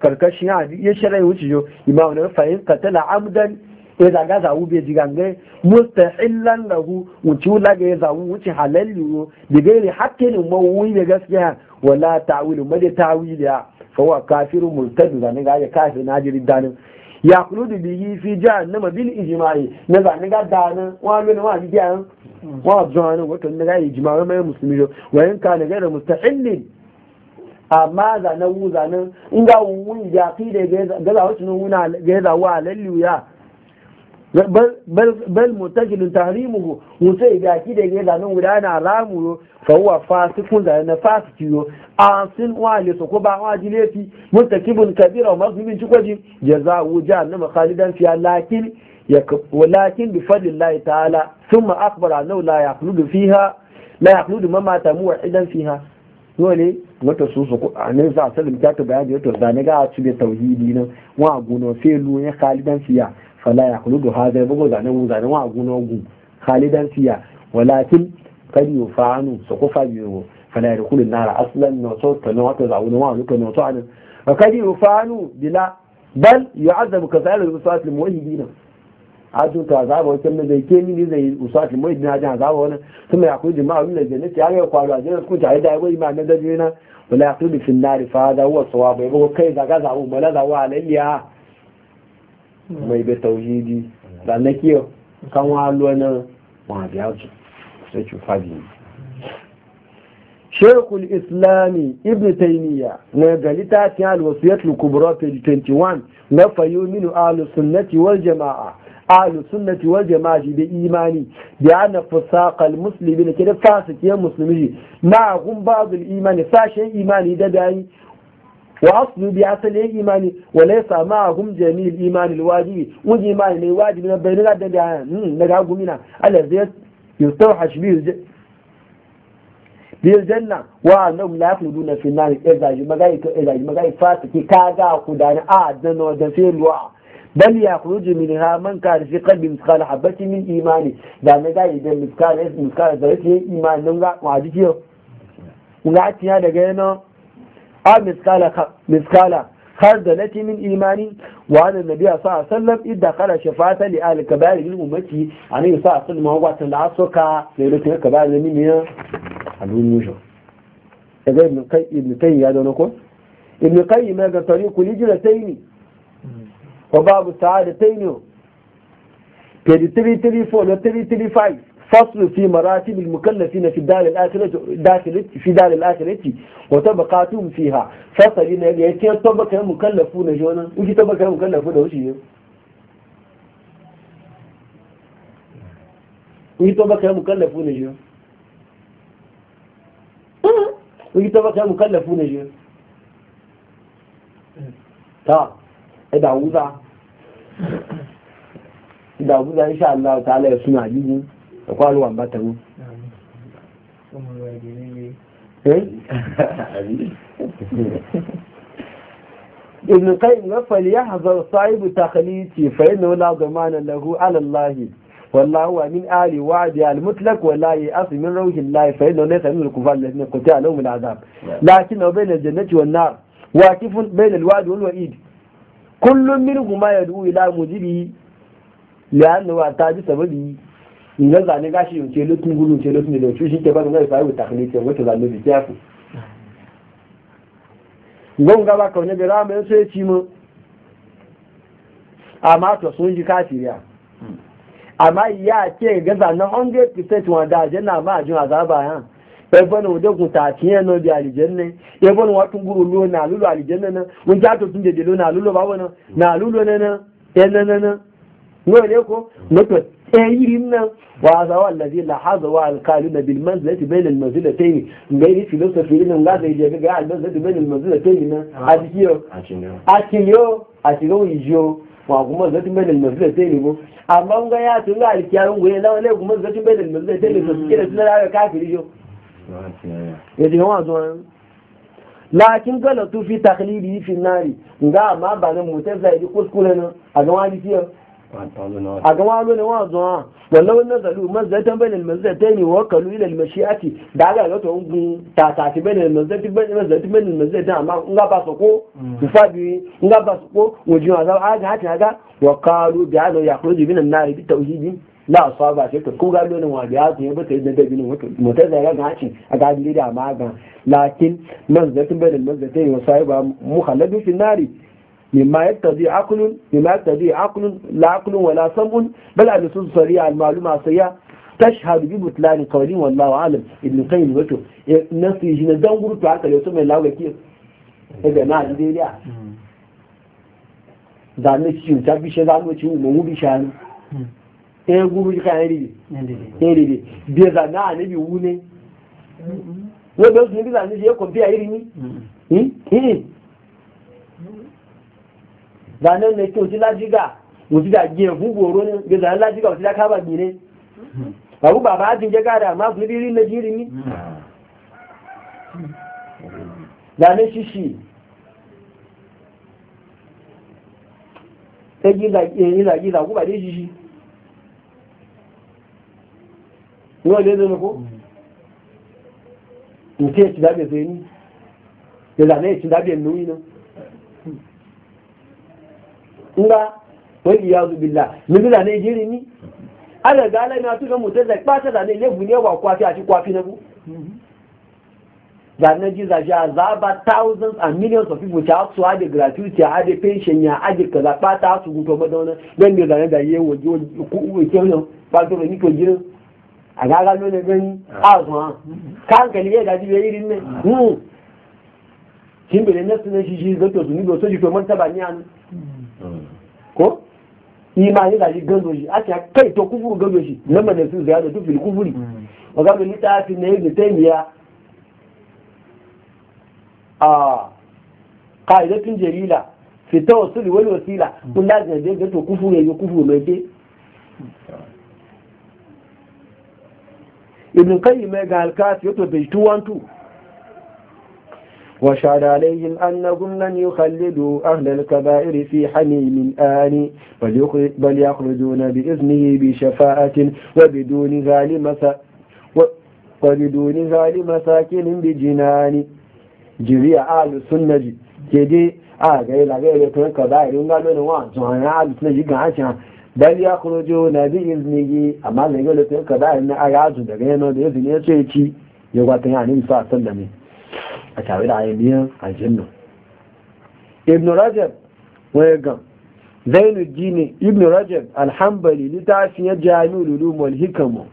[SPEAKER 1] karkashin ya shari'a wuce yo imam na fahimta tala amdan ya zanga zawu bai ji gange mustahillan lahu wuce wula ga ya zawu wuce halalli yo da gairi hakkin mawuyi da gaskiya wala ta'wil ma da ya fa wa kafirun murtad ne ga ya kafir na jiri danin ya bi yi fi jahannam bil ijma'i na ne ga danin wa ne wa bi yan wa zuwa wato na ga ijma'i mai musulmi yo wa in ka ne da mustahillin amma zanen wu zanen in ga wuyi ya fi da ga zawo sunan wuna ga zawo halalli bal mutakilin tahrimuhu musa iga ki da ya zanen guda na ramu fawwa fasikun da na fasiki yo asin wale so ko ba waji lefi muntakibun kabira wa mazlumin ci kwaji jazaa'u jahannam khalidan fiha lakin walakin bi fadlillahi ta'ala thumma akhbara annahu la yakhludu fiha la yakhludu ma mata muwahidan fiha dole wata su su ne za a salim ta bayani tauhidi na. wa felu ya fala ya kulu da hazai bugu zanen mu zanen wa guna gu khalidan fiya walakin kan yi fa'anu su kufa biyu fala ya kulu nara aslan na so ta na wata zawo na wani kan wato anan wa kan yi fa'anu bila bal yu'azzabu ka sa'ir al-musat al-muwahhidin ajun ta azaba wa kemin da ke ni zai usat al-muwahhidin ajun azaba wani kuma ya kulu jama'a min jannati ya ga kwaro ajin da na wala fa kai zaga a mala a alayya mai bai tauhidi da na kiyo kan walo na wabiyazu sai ci fadi shekul islami ibn taymiya na yi alwasu ya kubra page 21 na fayuminu minu alusunnati wal jama'a alusunnati wal jama'a shi da imani da fusakal musulmi da ke da fasikiyar musulmi ma gun babul imani sashen imani da dayi. واصلوا باصل الايمان وليس معهم جميع الايمان الواجب وجي ما ني واجب من بين غد نغا الذي يستوحش به bil janna wa annahum la yakhluduna fi an-nar idza magai to idza magai fatiki kaga ku da a dan wajen sai ruwa bal yakhruju minha man kana fi qalbi mithqal habati min imani da na ga idan mithqal mithqal da yake imanin ga ga tiya daga yana a miskala har da nati min imani wa da nabi sa sallam idda kala shafata li al kabair min ummati anin sa sallam wa ta da soka da lokacin kabair min ne abun musho ibn kai ibn kai ya da ko ibn kai ma ga tariqu lijlataini wa 33 34 فصل في مراتب المكلفين في الدار الآخرة داخل في دار الآخرة وطبقاتهم فيها فصل إن يأتي طبقة مكلفون جونا وش طبقة مكلفون وش هي وش طبقة مكلفون جونا وش طبقة مكلفون جونا تا إذا وضع إذا وضع إن شاء الله تعالى يسمع جيجي ẹ̀kọ́ ba ta tẹ̀wọ́. Eh? ibn qayyim na ya hazar sahibu takhaliti fa inna la zamana lahu ala allah wallahu wa min ali wa'di al mutlaq wa la ya'as min rawhi allah fa inna laysa min al kufar alladhina qutila lahum al adab lakin bayna al jannati wan nar بين الوعد والوعيد كل منهما يدعو إلى موجبه لأنه أتى بسببه nga zane gashi yunce lutun gulu yunce lutun da yunce shi ke bazan zai fa'i takhlitin wata zane bi kyafu ngon ga ba kaune bira mai sai ci mu amma to sun ji kafiriya amma ya ce ga zane 100% wanda na ma ajin azaba yan ebon wo de kun ta tiyan no bi alijanna ebon wa tun guru lo na lulu alijanna na won ja to tun de lo na lulu ba na. na lulu na na e na na no ne ko no to tsayirin nan wa za wa allazi la haza wa alqaluna bil manzilati bayna al manzilatayn gairi filosofi nan ga zai je ga al manzilati bayna al manzilatayn nan ah. a ciyo a ciyo a ciyo ijo wa kuma zati bayna al manzilatayn mu amma ga ya tun ga alkiyarun goye lawa ne kuma zati bayna al manzilatayn to hmm. kike da tunan ga kafiri jo ya ji hawa zuwa lakin galatu fi taqlidi fi nari nga ma ba nan mutazza ji kuskure nan a ga wani ciyo
[SPEAKER 2] a
[SPEAKER 1] ga walo ne wa zuwa wallahu nazalu mazzatan bainal mazzatayn wa kalu ila al mashi'ati da ga ga to ngun ta ta ti bainal mazzati bainal mazzati bainal mazzati amma in ga ba su ko su mm. fadi in ga ba su ko wajin wa za ga ta ga wa qalu bi hadu yakhruju min an nar bi tawhidin la ko ga wa bi da ga a ga da lakin mazzatin bainal wa sahiba fi nari مما يقتضي عقل مما يقتضي عقل لا عقل ولا سمع بل النصوص الصريحة المعلومة الصحيحة تشهد ببطلان قولي والله أعلم ابن القيم وتو نفسي جنا دنبر تعالى اللي يسمى الله كثير هذا ما عندي لا دعنا na cikin ta دعنا za مو ci ايه bi shanu eh guru ايه yari eh dede bi za na ne bi wune wo be su ni bi za ni je zanen ne ke wuce lajiga wuce da giye gugoro ne ga zanen lajiga wuce da kaba bi babu ba ba ajin jaga ma kuli birin na jiri zanen shishi ta eh, giza giza giza ku ba dai shishi ni wa lezo ne ko mutum ya ci dabe zai ni ya zane ya ci dabe nuni nga wani ya zubi la mimi da ne jiri ni ala ga ala na tuka mutar da kpata da ne lebu ne wa kwafi a ci kwafi na bu da na ji za sha za ba thousands and millions of people ta su a hade gratuity a hade pension ya aje ka za kpata su ba guto madauna don ne zane da yi yewo ko uwe kyau fato da niko jirin a gaga nuna gani a zuwa kan kalibiyar da ji bai irin ne kin mm. hmm. bere nasu na shi shi zato su ni doso ji to martaba ni anu ko yi da shi gano shi ake kai to kufuru gano shi na mana su ziyara da fil kufuri mm. wa ga bin litafi ne ibn taymiya a jerila fita wasu da wani wasila mm. kun da ga da to kufuru ya kufuru mai ke ibn mai ga al-kafi to 212 وشعر عليهم أنهم لن يخلدوا أهل الكبائر في حميم آن بل يخرجون بإذنه بشفاءة وبدون وبدونها وبدون وبدونها لمساكن بجنان جريع آل السنة جدي آه غير غير الكبائر قالوا نوع جوانا آل السنة جدي bal ya kurojo na bi iznihi amma zai yi da tun ka da na a yaju daga yana da izini ya a tare da ayyamiyan aljanna ibn rajab wani zainu zainuddin ibn rajab alhambali littafin ya jami'ul ulum wal hikamu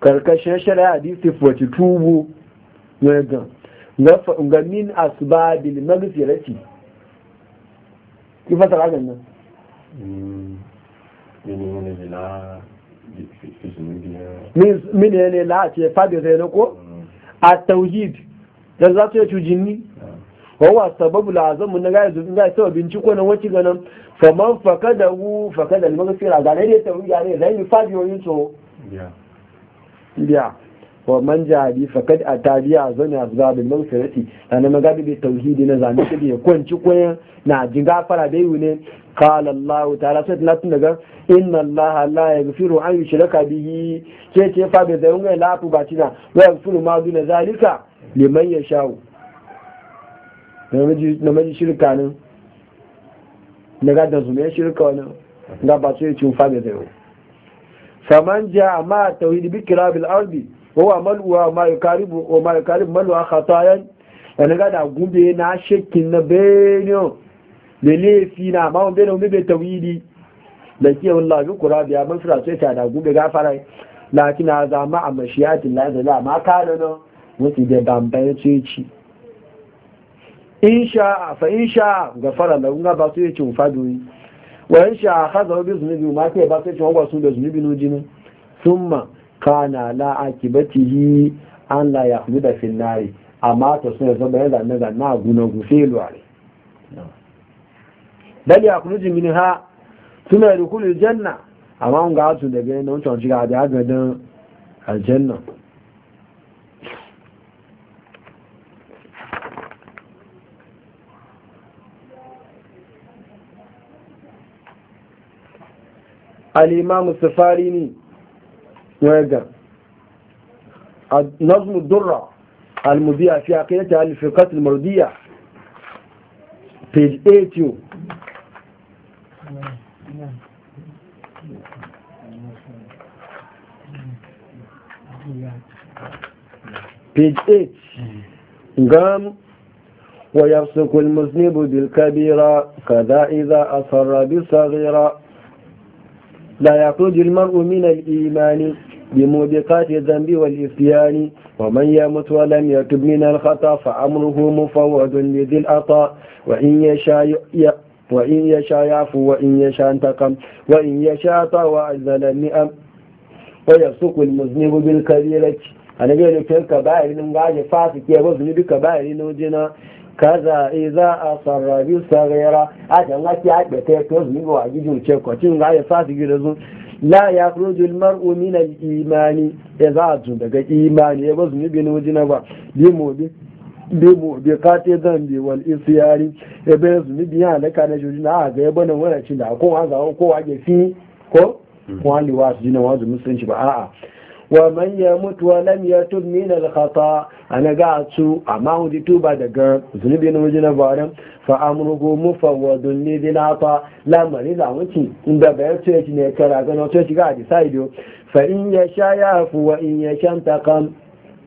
[SPEAKER 1] karkashin shari'a hadisi 42 wani gan ga min asbabil magfirati ki fasara ganin min ne la ce fadi zai ko A tauhid da za su yacu jinni wa huwa sababu la'azam na ga yanzu ga sai binciko nan wace ganan faman fakada hu fakada al-maghfira ga ne da tauhid ga ne zai mi fadi yoyin so ya wa man jahadi fakad atabiya zani azgab al mawsirati ana magadi bi tauhidi na zani kidi ya kwanci koyan na jinga fara da yune qala allah ta'ala sai na tun daga inna allah la yaghfiru an yushraka bihi ke ce fa da zai ngai lafu cina. wa yaghfiru ma duna zalika liman yasha namaji shirka nan na gadon zume shirka wani ga ba su yi cin fa da zai faman ja ma tauhidi bi kirabil ardi wa maluwa ma yukaribu wa ma yukaribu maluwa khatayan yana gada gube na shekin na benyo da lefi na ma wanda yana bai tawili da ke wani lafi kura biya man sura sai ta da gube gafara lakin na zama a mashiyatin na zala ma kada nan wasu da bambaye su ci in sha fa in sha gafara da kunga ba su yi cin fadoyi wa in sha a kaza wabi zunubi ma ke ba su yi cin wagwasu da zunubi Sun ma. kana la akibatihi an la yakhluda fi nari amma to sun zo bayan zanne zanne a gunan gufe luware dan ya kuluji min ha suna da kulul janna amma an ga su daga yana wancan shiga da haka don aljanna al-imam safarini ويقر نظم الدرة المذيع في عقيدتها للفرقات المردية page 80 page 8 قام ويرسك المذنب بالكبيرة كذا إذا أصر بالصغيرة لا يخرج المرء من الإيمان بموبقات الذنب والإسيان ومن يمت ولم يتب من الخطأ فأمره مفوض لذي الأطاء وإن يشاء وإن يشاء يعفو وإن يشاء انتقم وإن يشاء طوى أجزل النئم ويفسق المذنب بالكبيرة أنا قال لك كبائر من قاعد فاسك يا وزن بكبائر نوجنا kaza iza a sarrabi sarera a can ake haɗe ta yato su wa gijin ce kwacin ga ya sa su gida zu la ya furujul mar'u min al-imani ya za a tun daga imani ya ba su bin wajina ba bi mu bi bi mu bi kate zan bi wal isyari ya bai su nubi ya ka na joji na a ga ya bana wani cin da ko an zawo ko wa ke fi ko an liwa su jina wa su musulunci ba a'a wa man ya mutu wa lam yatub min al khata ana ga su amma mu ji tuba daga zunubi na mujina baran fa amruhu mufawwadun li dilata la mari da wuci inda bayan ce ne kara ga no ce ga di sai do fa in ya sha ya fu wa in ya shan taqam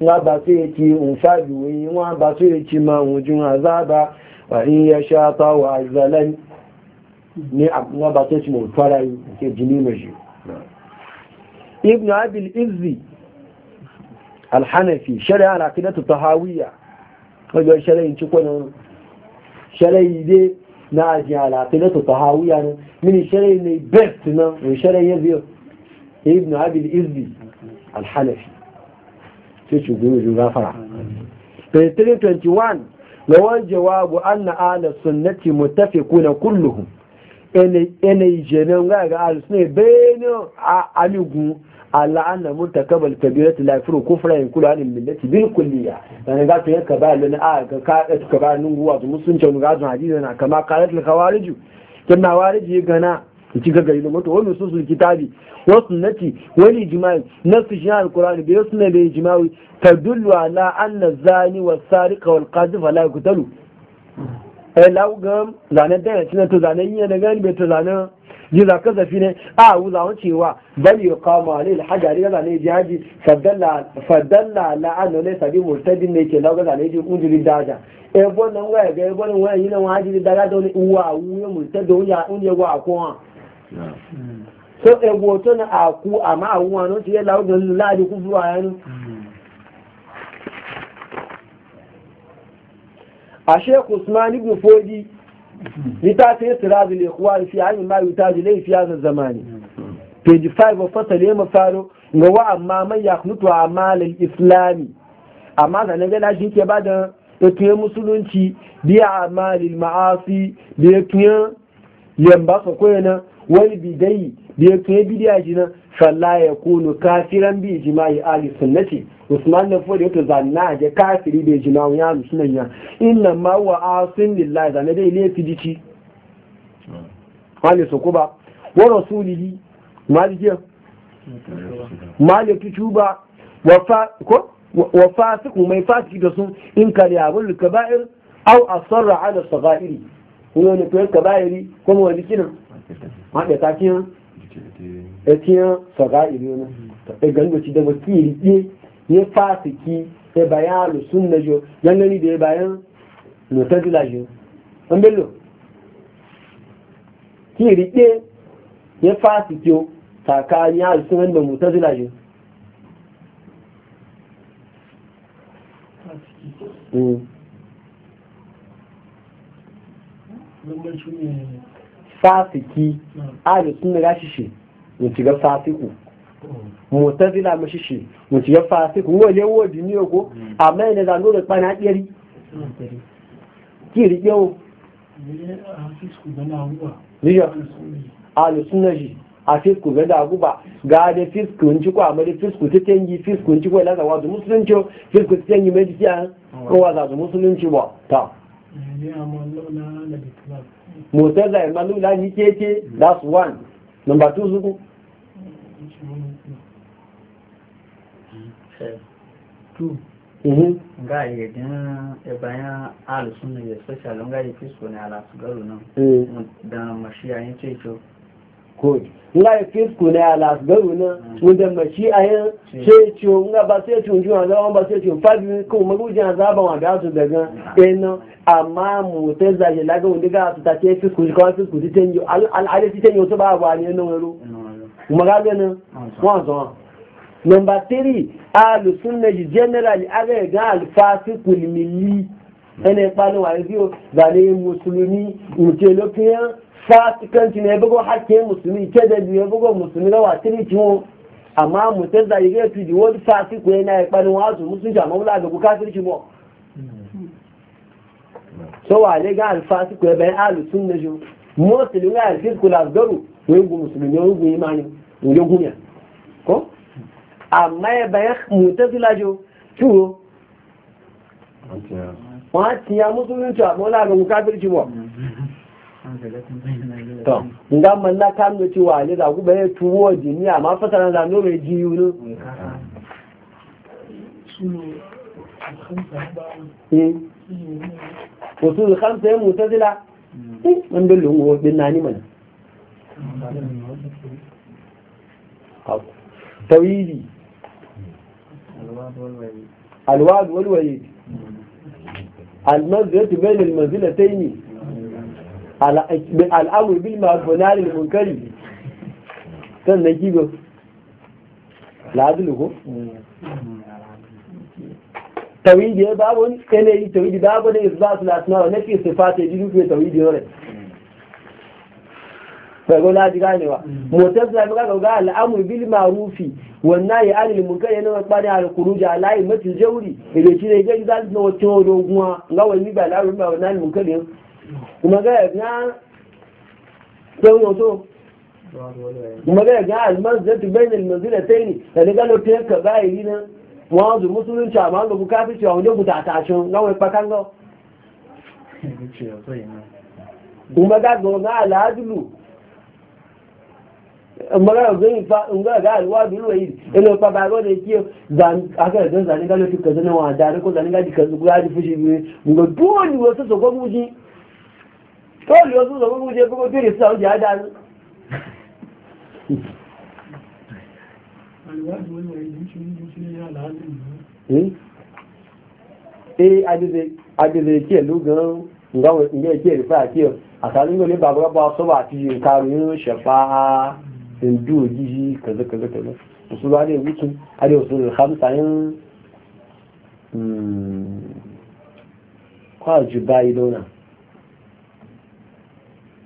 [SPEAKER 1] wa ba su ya ci un fa duwi wa ba su ya ci ma wujun azaba wa in ya sha ta wa azalan ni abun ba su ya ci mu fara yi ke jini mai ibn abil izzi alhanafi shari'a al'aqidatu tahawiyya wajen shari'in cikon shari'i dai na ajiyar al'aqidatu tahawiyya ne mini shari'i ne best na mai shari'i ya biyo ibn abil izzi alhanafi sai ci guru jura fara 321 ga jawabu an na ala sunnati mutafikuna kulluhum yanayi jenon ga ga alusunai a amigun. ala anna murtakabal kabiratu la ko kufra in kula anil millati bil kulliya dan ga ta yanka ba lana a ga ka da ka ba nun guwa to musun ce ga zan hadisi na kama qalat al khawarij kin na wariji gana ci ga gari mutu wani susul kitabi wa sunnati wal ijma'i fi shi al qur'ani bi sunna bi ijma'i tadullu ala anna zani was sariq wal qadhif la yuqtalu eh law gam zanen da ya cinna to zanen yin da gani bai to zanen jiza kasafi ne a wuza wancewa bal yi kama ne da hajjari gaza ne jihaji fadalla la'anu ne sabi murtadin ne ke laugaza ne ji kunjirin daja ebo nan waya ga ebo nan waya yi nan wajiri daga da wani uwa wuye murtadin ya unje wa akowa so ebo to na aku amma awuwa no ti ya laugaza ladi kufuwa yanu a shekhu usman ibn fodi littafin sirazu ne kuwa fi hanyar ma yi taji lai fi yasa zamani page 5 of fasal ya mafaro ga wa amma mai ya kunutu a malin islami amma nan gana shi ke ba da ya musulunci biya a malin ma'afi da ya tuye yamba ka koya nan wani bidayi da ya tuye bidiya shi na falla ya kunu kafiran bi jima'i ahli sunnati usman na fodi to zanna a je kafiri be jina yaro musulman ya inna ma wa asin lillahi zanna dai ne fidici wani so ko ba wa rasulihi malikiya maliki tuba wa fa ko wa fasik mai fasik da sun in kare abul kaba'ir aw asarra ala sagairi kuma ne to kaba'iri kuma wani kina ma da ta kiyan etiyan sagairi ne ta gangaci da wakili eh. ya fasiki ya bayan alusun na jo yan gani da ya bayan mutazila jo an bello ki rike ya fasiki yo tsakanin alusun da mutazila jo fasiki mm. alusun na gashi shi shi. ya shiga fasiku mutazila mashishi mutu ya fasi kun wale wo bi ni ogo amma ina da ngoro pa na kiri kiri yo niyo alu sunaji a fisku ga da guba ga da fisku in ci ko amma fisku ta tangi fisku in ci kwa laza wazu musulunci fisku ta tangi mai jiya kowa za su musulunci ba ta mutazila malula ni keke that's one number two zuku tu
[SPEAKER 2] nga ye gan e bayan alusun ne special nga ye fisko ne ala sugaru nan da mashiya yin ce
[SPEAKER 1] nga ye fisko ne ala sugaru nan mun da mashiya yin nga ba sai to juwa da ba sai to fadi ko maguji an zaba wa da su daga eno amma mu ta zaje laga wanda ga su ta ce fisko ko fisko ti tenyo yi al ti tenyo to ba a ne no wani ru. ga ganin wa number three alùsùnà yìí generally arẹ́gán alifásitì nìlí ẹni ìpanu àìsí o gbàlẹ́ mùsùlùmí mùtẹ̀lópin fásikẹ́ntì ní ẹgbẹ́gbọ́ hakẹ́ mùsùlùmí ìkẹ́dẹ̀bì ẹgbẹ́gbọ́ mùsùlùmí lọ́wọ́ àtìrí tí wọ́n àmọ́ mùtẹ́sà yìí rẹ̀ fìdí wọ́n fásikù ẹ̀ náà ìpanu wọn àtún mùsùlùmí àmọ́ wọn àgbẹ̀kú káṣírí tí wọ́n. sọ́wọ́ àlẹ́gán alifásitì ẹ̀bẹ̀ alùsùnà yìí mùsùlùmí àìsí kùlà gbọ́rù wọ́n amma ya bayan mutazila jo tuwo wọ́n ti ya musulunci a mọ́lá ga mukafirci mọ́ to nga manna kan da cewa ne da ku bayan tuwo jini amma fasara da nore jiyu ne wasu eh. khamsa ya mutazila hmm. eh, wanda lungu bin ni mana hmm. tawili الوعد والوعيد المنزلة بين المنزلتين الأمر نار والنهي كان نجيبه لا العدل هو توحيد كان يجي توحيد باب اثبات الأسماء ونفي الصفات يجي في توحيد هنا fago na ji ganewa motar zabi ga ga al'amur bil ma'rufi wannan ya anil munkar yana wa kwani al khuruj ala imatil jawri ile shi ne ga na wato doguwa ga wani ba la'amur ba wannan munkar ne kuma ga na sai wato kuma ga ga al manzilatu bain al manzilatayn da ga lote ka bayiri nan wazu musulunci amma ga bukafi cewa wanda gutatashin ga wani pakan ga kuma ga al'adulu mọ́ra ọ̀gbẹ́ ìfà ǹgbẹ́ ọ̀gá àríwá ìlú èyí ẹni ọ̀pá bá rọ́ lè kí ọ akẹ́kọ̀ọ́ zanigá ló fi kẹsẹ̀ náà àdáre kó zanigá di kẹsẹ̀ kúrò àti fúnṣe ìwé ǹgbẹ́ bóòlù ọ̀sọ̀ sọ̀kọ́ mú jí bóòlù ọ̀sọ̀ sọ̀kọ́ mú jí kókó bèrè sí àwọn jàdá ní. ee adìrẹ kí ẹ ló gan ǹgbà ǹgbà kí ẹ rí fà kí ọ àtàlùmọ̀ ní bàbá bá sọ́wọ́ àti nǹkan ìrìn ṣẹ̀fà á. sun hindu jiji kaza kaza kaza wasu ba da ya wucin har yau sun hamsa yin hmm, kwaji bayi dauna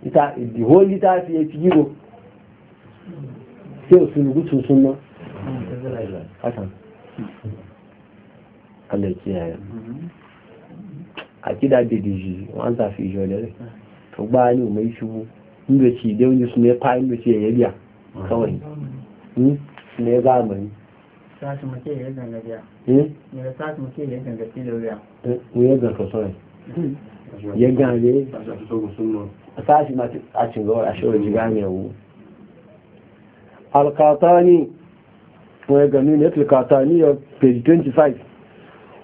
[SPEAKER 1] ita di holi ta fi ya fi giro sai sun gutu sun nan hakan Allah kiyaye a kida da diji wani tafi ijiyar da rai to ba ni mai shubu inda ci dai wani su ne fa inda ci ya yabiya kawai ne zamani
[SPEAKER 2] sashi ya gangafiya ne sashi eh, ya gangafi da wuya ya
[SPEAKER 1] ya sashi ma a cin gawar a shirin jiga ne wu alkatani wai gani ne alkatani ya 25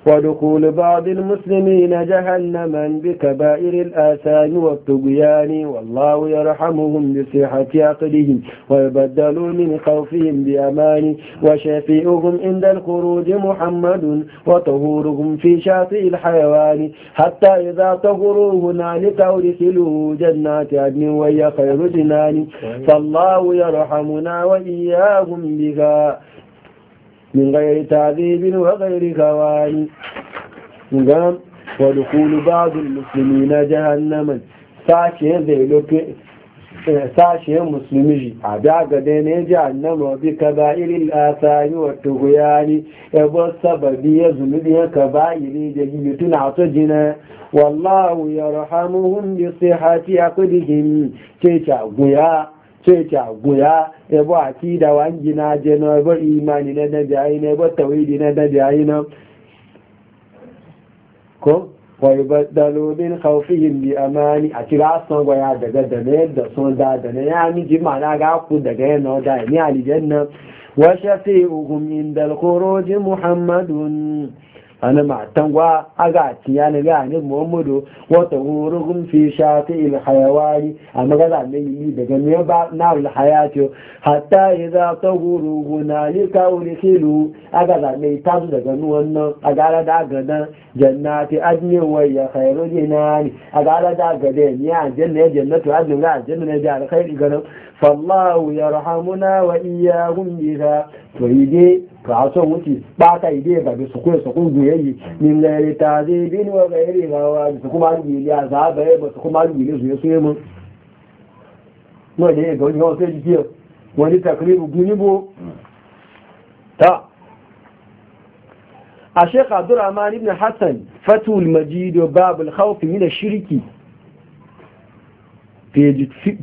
[SPEAKER 1] ودخول بعض المسلمين جهنما بكبائر الآثام والطغيان والله يرحمهم بصحة عقلهم ويبدلوا من خوفهم بأمان وشفيئهم عند الخروج محمد وطهورهم في شاطئ الحيوان حتى إذا طهروا هنالك أرسلوا جنات عدن وهي خير جنان فالله يرحمنا وإياهم بها min gairi tazibin wa gairi kawani gam wa dukulu ba'dul muslimina jahannaman sashen zai loke sashen musulmi ji a daga da ne ji annama bi ka ba'irin asani wa tuhuyani ebo sababi ya zunubi ya ka ba'iri da yi tuna su jina wallahu ya rahamuhun bi sihati a kudihim ce ta guya sai ta guya ebo da wangi na je na ebo imani na da jayi na ebo tawidi na da jayi na ko wa yubaddalu min khawfihim bi amani akira san guya daga da ne da sun da da ne ya mi ji mana ga ku daga no da ni janna wa shafi'uhum indal khuruj muhammadun ana matangwa aga tiya ne ga ne muhammadu wata hurugun fi shati il hayawani amma da ne yi daga ne ba na il hayati hatta idza tahuru hunalika ulkhilu aga da ne ta daga wannan aga da daga da jannati ajiye wa ya khairu dinani aga da ga da ne a janna jannatu adni ga janna ne da alkhairi garan fallahu yarhamuna wa iyyakum biha to ide kàásọ̀ wọ́n ti pátá ilé ìgbàgbé sùkú ìsùkú gùn èyí nílẹ̀ ìta àti ibi ní ọgbà eré ìràwà ìsùkú máa ń gbé ilé àzá abẹ́rẹ́ ìbọn sùkú máa ń gbé ilé sùn yẹn súnmọ́ náà ní ìgbà oníhàn sí ìdí ẹ̀ wọ́n ní tàkìrí gùn níbo ta àṣẹ́kà abdulrahman ibn hassan fatul majid bab al-khawf min ash-shirki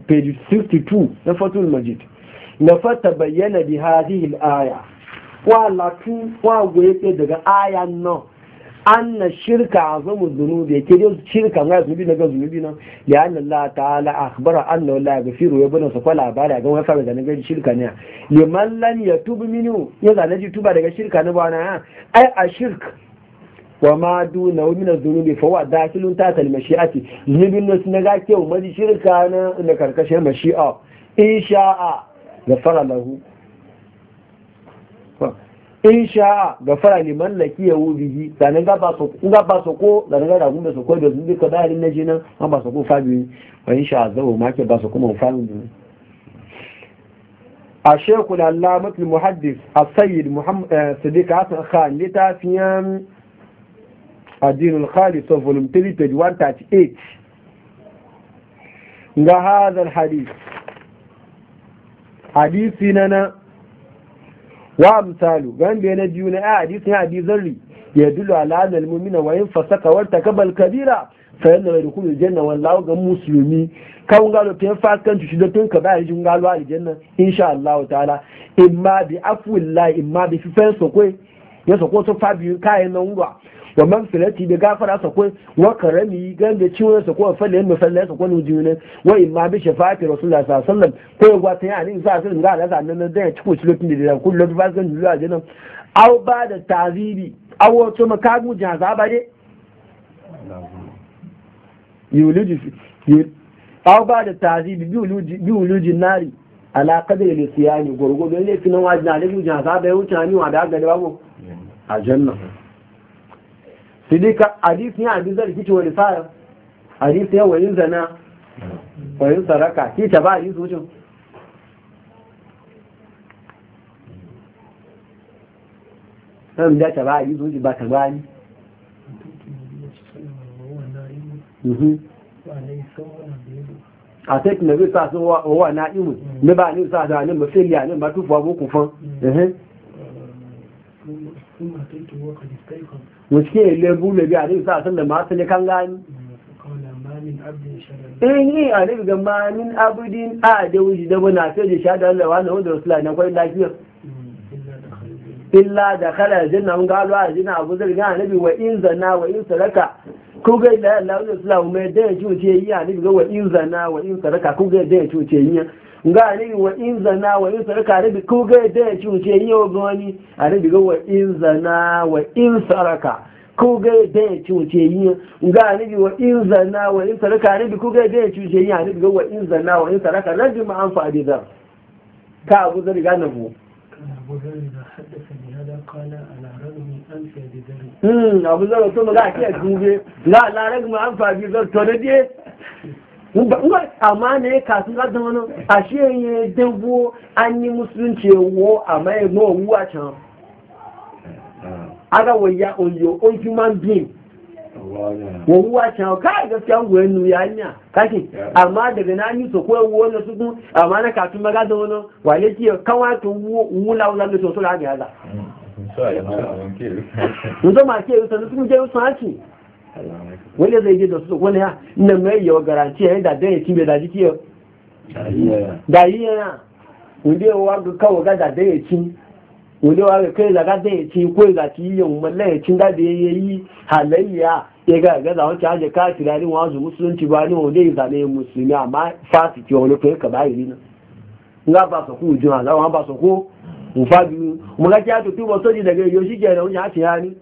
[SPEAKER 1] page 52 na fatul majid na fata bayyana bi hadhihi al-aya wa latu wa goye daga ayan na. anna shirka azamu zunubi ke dai shirka ga zunubi na zunubi na ya anna Allah ta'ala akhbara anna la yaghfiru ya bana sakwa labari ga wani fara ga shirka ne liman lam yatub minhu ya zana ji tuba daga shirka na bana ai a shirka. wa ma duna min az fa ta al-mashi'ati zunubin nasu na ga ke umma shirka na karkashin mashi'a insha'a ghafara lahu in sha'a ga fara liman laki ya wubi da sanin ga ba su ko da na ragun da su ko da sun duka darin na jinan an ba su ko fabi wa in sha'a zau ma ke ba su kuma fabi ne a shekul allah mutul muhaddis a sayyid eh, sadiqa hassan khan littafiyan addinul khalid of volume 3 page 138 ga hadar hadis hadisi na na wa misalu gambe na biyu na hadisi ya bi zarri ya dulu ala annal mu'mina wa in fasaka wa takabal kabira fa yanna wa yadkhulu janna wallahu ga muslimi kan galo to faskan tu shida tun ka ba jin galo aljanna insha Allah ta'ala imma bi afwillahi imma bi fifansa koi ya sako fabi kayan nan ruwa wa man filati da gafara sa kun wa karami gan da ciwon sa ko fa da yamma sallai sa kun juna wa imma bi shafati rasulullah sallallahu alaihi wasallam ko gwa ta yani sa sun ga Allah sannan da ya ciku cilotin da kullum ba zan jula jinan aw ba da tazibi aw wato makagu jaza ba dai yuliji aw ba da tazibi bi yuliji nari ala kadar lisiyani gurgurdo ne finan wajin alifin jaza ba ya wuce hannu a da aka da babu a jannan sidika hadisi ya hadisi da kici wani fara hadisi ya wani zana wani saraka kita ba hadisi wucin sai da ta ba hadisi wucin ba ta gani a mhm. sai ki nabi sa su wa na imu mm. ne ba ni sa da ne mafiliya ne ma tufuwa boko fan muske lebu ne bi sa san da masu ne kan gani in eh, yi alaihi ga mamin abudin a da wuji da bana sai da shaɗa da wani wanda lai na kwai lafiyar illa da kala janna mun galo a jina abu zai ga nabi wa in zana wa in saraka ku ga da Allah wa mu mai da ya ci wuce yi annabi ga wa in zana wa in saraka ku ga da ya ci yi ga wa in zana wa in saraka ne ko ga da ya ci yi yau ga wani a ga wa in zana wa in saraka ko ga da ya ci yi wa inza wa ko ga da ci yi a ga wa in zana wa in saraka na ma an fa'adi da ka abu zari hmm, ga na mu abu zari to ma ga ya gube la la ragma an ngai na ya e kasu za ta wani a shi yanye dabo an yi musulunci wo a mai e mo wuwa can aga waya on on human being wo wuwa can ka gaskiya wo nu ya nya kake amma daga na ni so ko wo na su amma na kasu maga da wani wale ki kawa to wu la wala so so la ga
[SPEAKER 3] mm. ala
[SPEAKER 1] ma ke je wani zai je da su wani ya na mai yawa garanti yayin da dan yakin bai daji kiyo da yi yana wani yawa ga kawo ga da dan ci wani yawa ga kai zaga dan ci ko za ki yi mallan ci da da yi halayya ya ga ga za wancan haje kawai da ni wazu musulunci ba ni wani zane musulmi amma fasiki wani kai ka bayi ni nga ba so ku jina za ba so ku mu fadi mu ga ki a tutu ba soji daga shi ke da wani ya ci ni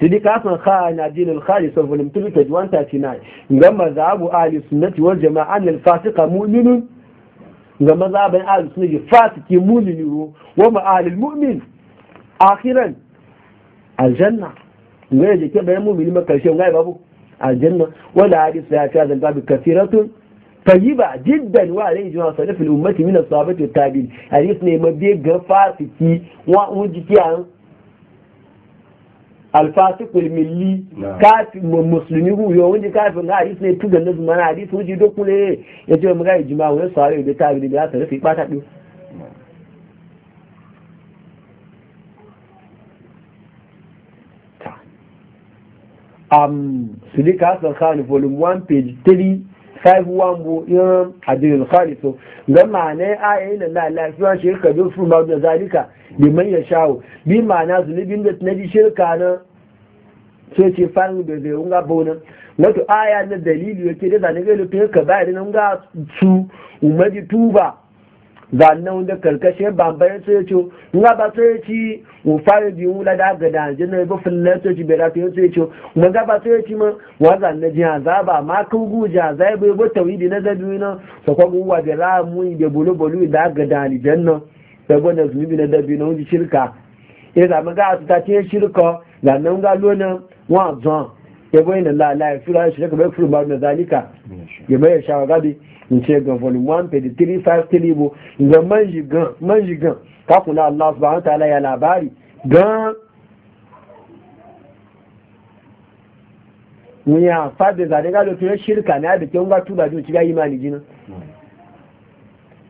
[SPEAKER 1] sidi kafin kha na khali ta tulu 139 ga mazhabu ahli sunnati wal jamaa an al fasiqa mu'minun ga mazhabu ahli suna fasiqi fasiki wa ma ahli al mu'min akhiran al janna ga je ke bayan mu'min ma karshe ga babu al janna wal hadis ya ta zan babu yi ba jiddan wa alayhi jama'a salaf al ummati min as-sahabati wat tabi'in hadis ne mabbe ga fasiqi wa mujtiyan alfasikul milli kafi musulmi ku ruyo wani kafin ga hadisi ne tuga na zumana hadisi wuce duk kule ya ce muga ijma wani sarai da ta bi da ta rufe bata ɗin am silika hasan khani volume 1 page 3 five one bo yan adilul khalifu ga ma'anai ayi na la lafiya shirka bin su ma da zalika liman ya shawo bi ma'ana zunubin da na ji shirka na. sai ce faru da zai runga bona wato aya na dalili yake da zane gai lufin ka bayar nan ga su umaji tuba na wanda karkashin bambayin sai ce nga ba sai ce u fara bi wula da ga da jinna ba fulla sai ci bera to sai ce mun ga ba sai ce ma wa na ji azaba ma kan guja zai bai ba tawidi na zabi na ta ko guwa da ramu da bulu bulu da ga da aljanna da gwanin zubi na zabi na wani shirka ya zama ga su ta ce shirka ga nan ga wa ya e bai na la la fura shi bai ba na zalika ya e bai shawa gabi in ce ga volume bo ga manji ga manji ga ka kuna Allah subhanahu ta'ala ya labari e ga mun ya fadi shirka da kin ga tuba ji ga imani jina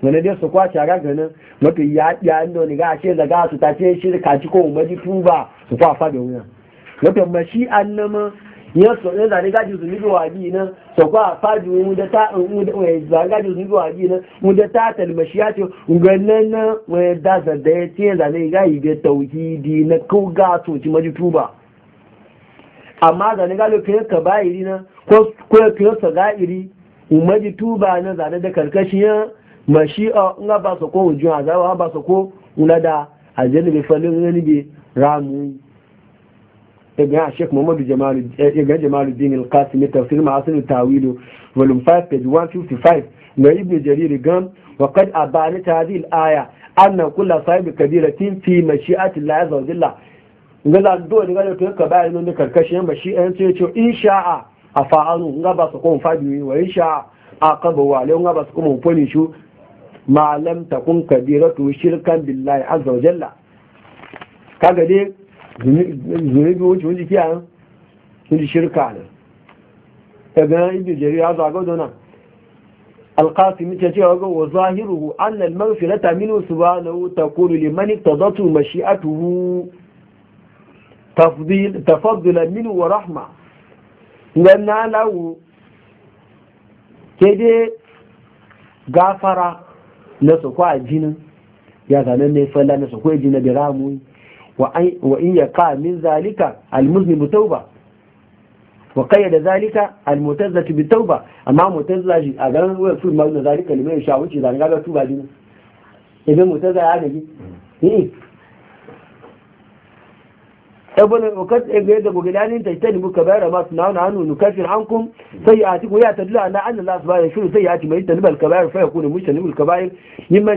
[SPEAKER 1] wani dai su kwace ga ganin mafi yaɗi ya ndo wani ga ce daga su ta ce shirka ko tuba su kwa fa da wuya wata mashi annama ya so ne zane gaji su ni wa bi nan so kwa fa da mu da ta mu da wai zane gaji su ni wa bi nan mu da ta talmashi ya ce ganan nan wai da da da ya ce zane gaji tauki tauhidi na ko ga to ci maji tuba amma zane lo kai ka ri na ko ko kai sa gairi maji tuba na zane da karkashin a in ba su ko a azaba ba su ko una da aljanna bai falin ne ramu ya Sheikh Muhammadu Jamalu eh, Jamaluddin Al-Qasim tafsir ma'asin tawilu volume 5 page 155 na Ibn Jarir gam wa qad hadhihi al-aya anna kabiratin fi mashi'ati Allah azza wa jalla ngala do ni ngala to ka mashi'an sai ce afa'alu ngaba su fadi wa wa law ngaba su shu ma lam kabiratu shirkan billahi kaga dai zunubi wuce wuce sun ji shirka ne daga ibi jarir ya zaga nan alqasim ce ce ga wa zahiruhu anna al-maghfirata mani ta taqulu liman iqtadatu mashi'atuhu tafdil tafaddala minu wa rahma lanna lawu kede gafara na su kwa jinin ya zanen ne falla na su kwa jinin da ramu وإن يقع من ذلك المذنب توبة وقيد ذلك المتزة بالتوبة أما متزة أقران ويصور ما ذلك لما يشعوش إذا ذلك قال توبة جنة إذا متزة يعني إيه ibn al-ukat ga da bugilanin ta tani muka bayar ma suna wani hannu nukafir ankum sai ya ci ya tadla ala anna Allah subhanahu shuru sai ya ci mai tanibal kabair fa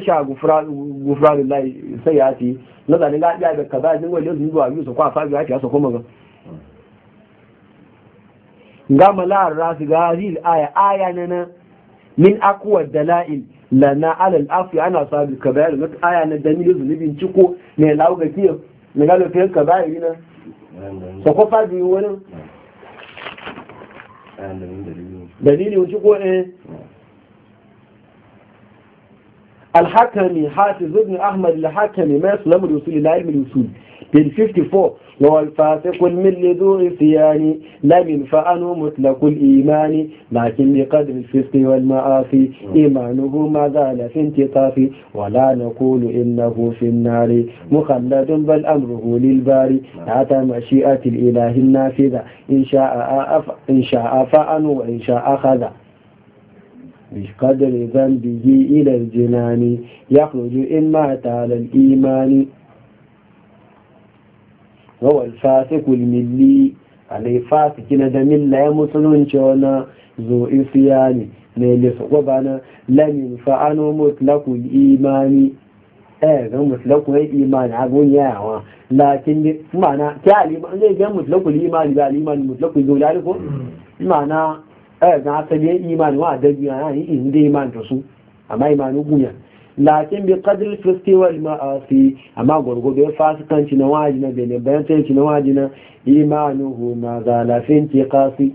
[SPEAKER 1] sha gufra gufra lillahi sai ya ci na zani ga ya ga kabair din wani zuwa yi kwa fa ya ci su kuma ga ga malar rasu ga hil aya aya na min dalail lana ala al-afi ana aya na ne ciko ne ni ga lo fi ka ba na so ko fa bi wani dalili ko الحكمي حافظ ابن احمد الحكمي ما يسلم الوصول الى علم الوصول page 54 والفاسق من ذو عصيان لم ينفعنه مطلق الإيمان لكن بقدر الفسق والمعاصي إيمانه ما زال في انتطاف ولا نقول إنه في النار مخلد بل أمره للباري اتى مشيئة الإله النافذة إن شاء أف... إن شاء فأن وإن شاء أخذ بقدر ذنبه إلى الجنان يخرج مات على الإيمان wawal fasikul milli alai fasiki na da milla ya musulunci wani zo isiya ne na ile su gwaba na lamin fa'ano mutlaku imani eh ga mutlaku ya imani abun yawa lakin mana ta aliman zai ga mutlaku imani ba aliman mutlaku zo da ko mana eh ga asali imani wa da biya ni inda iman to su amma imani gunya lakin bi qadil fiski wal ma'asi amma gurgube fasikanci na waji na bene bayan sai ci na waji na imanuhu ma zalafin ti qasi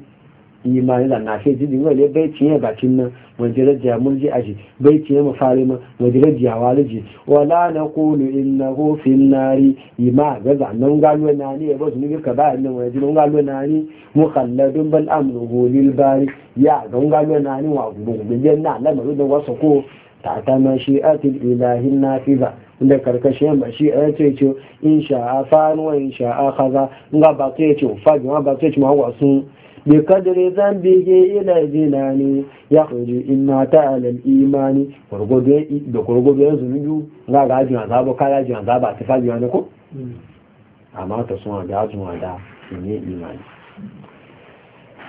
[SPEAKER 1] imani da na shi jidin wale bai ciye bakin nan wajirar jiya ji aji bai ciye mafari ma wajirar jiya waliji wala na kulu innahu fil nari ima ga da zannan galo na ni ya bazu ni ka ba nan wajirar galo na ni mukhalladun bal amruhu lil bari ya ga galo na ni wa gugu na lamarin da wasu ko Tata ta mashi'atil ilahin nafiza inda karkashin mashi'a ce ce in sha'a fanuwa in sha'a kaza in ga ba ce ce fagi ma ba ce ce ma wasu bi kadri zambihi ila zinani ya kuri in ma ta alal imani da gurgurbe zunubi ga ga ajiyar zaba kaya ajiyar zaba ta fagi wani ko amma ta suna ga ajiyar da ne imani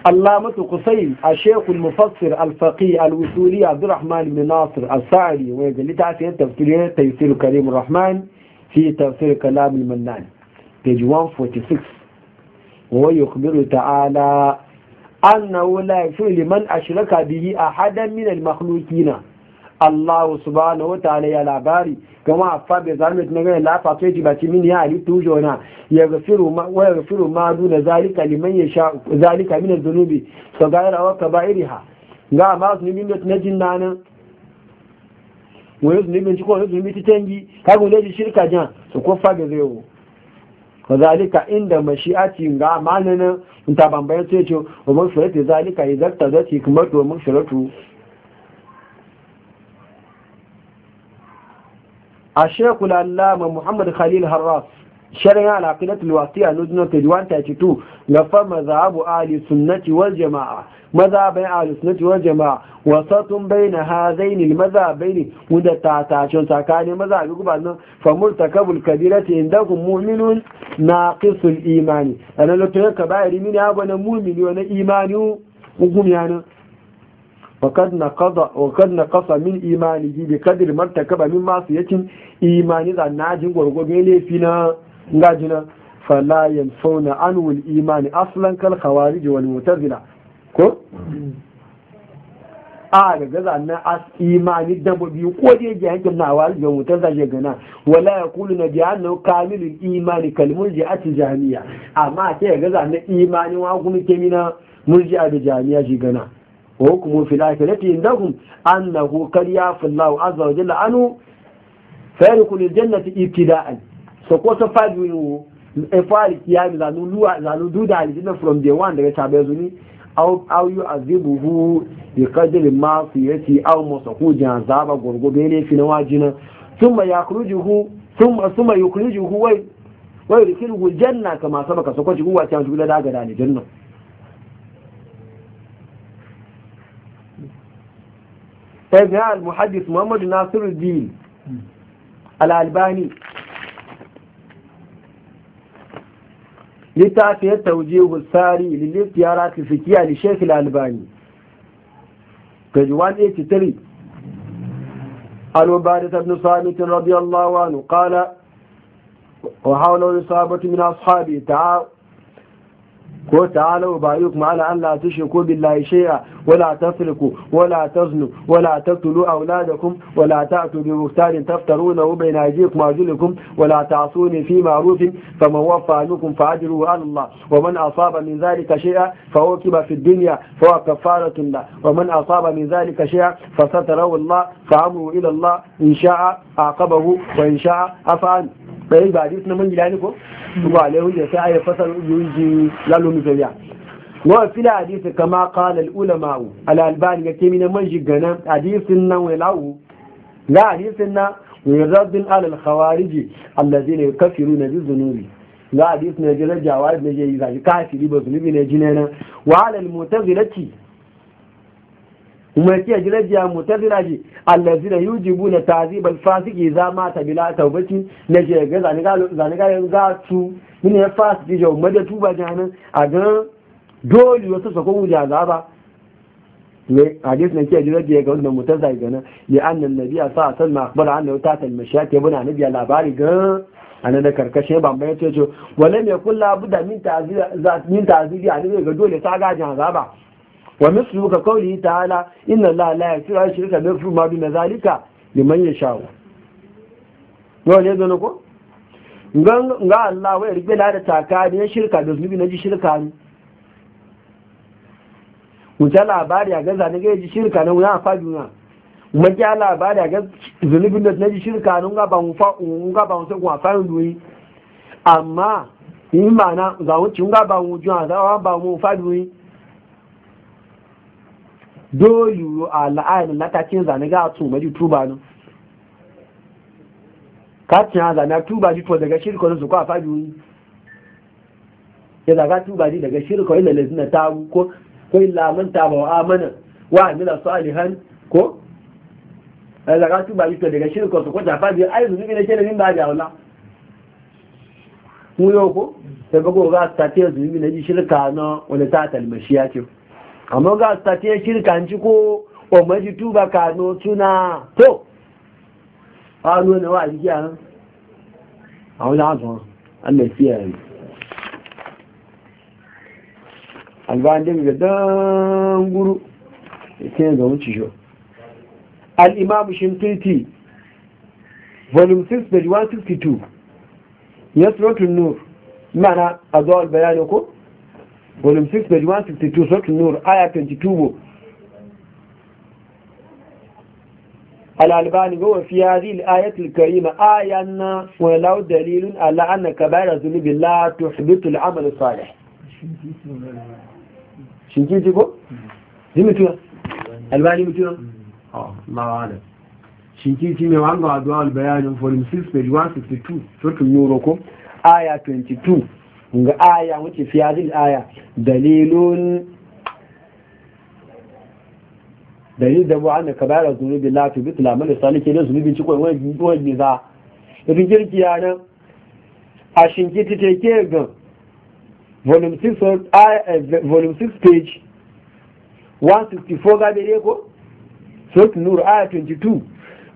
[SPEAKER 1] علامة قصيم الشيخ المفسر الفقيه الوصولي عبد الرحمن بن ناصر السعدي ويقول لتعسي تفسير تفسير كريم الرحمن في تفسير كلام المنان page 146 ويخبر تعالى أنه لا يكفر لمن أشرك به أحدا من المخلوقين Allah subhanahu wa ta'ala ya labari kuma fa bi zalmi ne ga la fa sai ba ci min ya ali tujo na ya gafiru ma wa gafiru ma duna zalika liman yasha zalika min adh-dhunubi sagaira wa kaba'iriha ga ma su min da tunajin nana wai su min ko su min tengi ka go ne shirka jan su ko fa ga zai kazalika inda mashi'ati ga malanin ta bambaye ce ce wa mun furata zalika idan ta zati kuma to mun shiratu a shekul allama muhammad khalil harras sharin alaƙinatul wasiya nudunar page 132 ga fama zahabu ahli sunnati wal jama'a mazhabai ahli sunnati wal jama'a wasatun baina hazaini mazhabaini wanda ta tashin tsakanin mazhabi gubanin famur takabul kabirati indakum mu'minun naqisul imani ana lokacin ka bayari mini abu na mu'mini wa na imani hukum yana وقد نقض وقد نقص من ايمانه بقدر ما ارتكب من معصيه ايماني ذا ناجين غورغوبي لفينا ngajina fala yanfauna anhu al-iman aslan kal khawarij a ga gaza na as imani dabobi ko dai ji hankin na wal ga mu'tazila je gana wala yaquluna na anna kamilul iman kal murji'ati jahmiya amma sai ga imani wa gumi murji'a da jami'a shi gana وحكمه في karya عندهم أنه قد يعفى الله عز وجل عنه فيدخل الجنة ابتداء سقوط فاجوه ifari kiyami zanu luwa zanu duda aljanna from day one daga tabe zuni aw aw yu'azibuhu bi qadri ma fiyati aw musaku jazaba gurgube ne fi nawajina thumma yakhrujuhu thumma thumma yukhrijuhu wa wa yudkhiluhu janna kama sabaka sokoji huwa ta jula daga da ابن المحدث محمد ناصر الدين الألباني لتعفي التوجيه الساري للاختيارات الفكية لشيخ الألباني page 183 الوبارة بن صامت رضي الله عنه قال وحاول الإصابة من أصحابه تعاو كو تعالوا بايوكم على أن لا تشركوا بالله شيئا ولا تسرقوا ولا تزنوا ولا تقتلوا أولادكم ولا تأتوا بمختار تفترونه بين ايديكم أجلكم ولا تعصوني في معروف فمن وفى عنكم فعجلوا على الله ومن أصاب من ذلك شيئا فوكب في الدنيا فهو كفارة له ومن أصاب من ذلك شيئا فستره الله فعمروا إلى الله إن شاء أعقبه وإن شاء أفعل ɗaya ba hadis na mangila ne ko kuma alaihu ya sai ayi fasar yuji lalo misaliya wa fila hadisi kama qala al ulama al albani ya kemi na manji gana hadisin nan wai lawu ga hadisin na yardin al al khawarij allazina na bi dhunubi ga hadis na jira jawaz ne je yi zaki kafiri ba zunubi ne jinena wa al mutazilati mai kiyar jirajiya mutazila ji allazi da yujibu na tazibal fasiki za ma ta bila taubaci na shi ga zanigayen za su mini ya fasiki jau mada tuba janan a ganin dole wasu sako wuja za ba hadis na kiyar jirajiya ga wanda mutazila ga nan ya annan sa a san ma akbar an da wuta talmashiya ke buna nabiya labari ga ana da karkashin bambam ya ce ce wale mai kula buda min tazili a ne ga dole ta gajin azaba wa mislu ka qawli ta'ala inna allaha la yaghfiru an yushraka bihi wa ma duna zalika liman yasha no ne don ko ga Allah wai rigbe da taka ne shirka da zunubi na ji shirka ne wuce labari a gaza na ji shirka na afa duniya. duna makiya labari a gaza zunubin da na ji shirka na nga ba wuce kuma fa duniya? amma yi mana za wuce nga ba wuce a za ba mu fa duniya? dole a la'ayin latacin zane ga su maji tuba nu katin ha zane tuba ji to daga shirka su kwa faɗi wuni ya zaga tuba ji daga shirka ila lalzina ta ko ko ila man ta ba wa amana wa amina salihan ko ya zaga tuba ji to daga shirka su kwata faɗi ai zunubi na kenan min ba ga wala mu yau ko sai bago ga ta ce zunubi na ji shirka na wani ta talmashiya ce amma ga sati shirkanci ko o tuba kano suna to ƙwano na wa a nan a wani azon allah fiye yi albayan daga don guru ikin zama cisho al'imamu shimfirti volume 6 page 162 yasrotun nur mana a zuwa bayani ko volume 6 page 162 sort nur aya 22 bo الألباني هو في هذه الآية الكريمة آية ولو دليل على أن كبائر الذنوب لا تحبط العمل الصالح شنكي تيكو دي متوى الألباني متوى آه الله أعلم شنكي تيمي وعنقى أدواء البيان فولم 6 page 162 سورة النور آية 22 ga aya wuce fi hadhihi aya dalilun dalil da bu anna kabara zunubi la tu bitla man ke da zunubi ci koyi wani wani za irin girki ya nan a shinki ta ke ga volume 6 eh, page 164 ga dai ko sura nur aya 22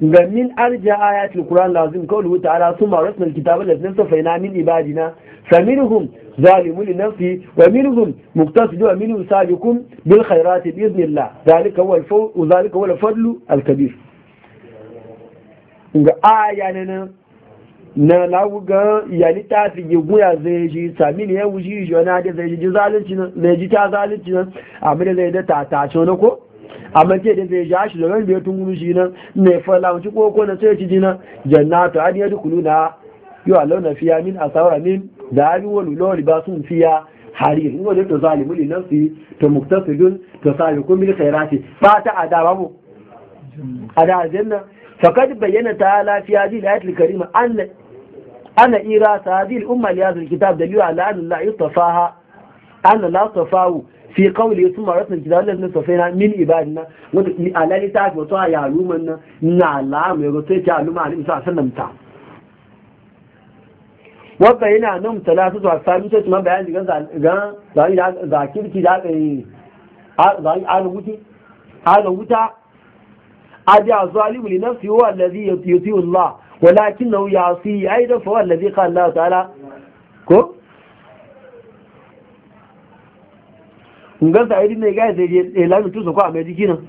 [SPEAKER 1] ga min arja ayatul qur'an lazim qawluhu ta'ala thumma rasna alkitaba alladhina safaina min ibadina faminhum zalimun li nafsi wa minhum muqtasid wa minhum sabiqun bil khairati bi idhnillah dhalika huwa al-fawz wa dhalika huwa al-fadl al-kabir ga aya nan na lawuga yani ta fi guya zai ji samini ya wuji jona da zai ji zalunci nan zai ji ta zalunci nan amma da zai da ta ta ko amma ce din zai ja shi da wani bai tunguru shi nan mai fala wuce koko na sai ci jina jannatu adiya yadda kulu na yau a launa fiya min a saura min da abin wani lori ba sun fiya harir in wajen to zalimu ne nan su yi to muktasidun to sami kun mil khairati ba ta adaba mu ada aljanna fakad bayyana ta lafiya ji da ayatul karima anna ana ira sa hadhihi umma li hadha al kitab dalilu ala anna la yutafaha anna la tafawu fi kawuli sun mara sun kidan lalata sofai na min ibadin na wanda ni alali ta ga to a yaluman na na la ya rasu, to ta aluma ni sa sannan ta wanda yana nan talatu to sai mutum ma bayani ga ga da zakirki da ga yi a rubuti a rubuta aji a zalimu li nafsi fi allazi yuti Allah walakinnahu yasi aidan fa huwa allazi qala Allah ta'ala ko ngan sa idin ne ga sai je e la mutu so ko a mai kina nan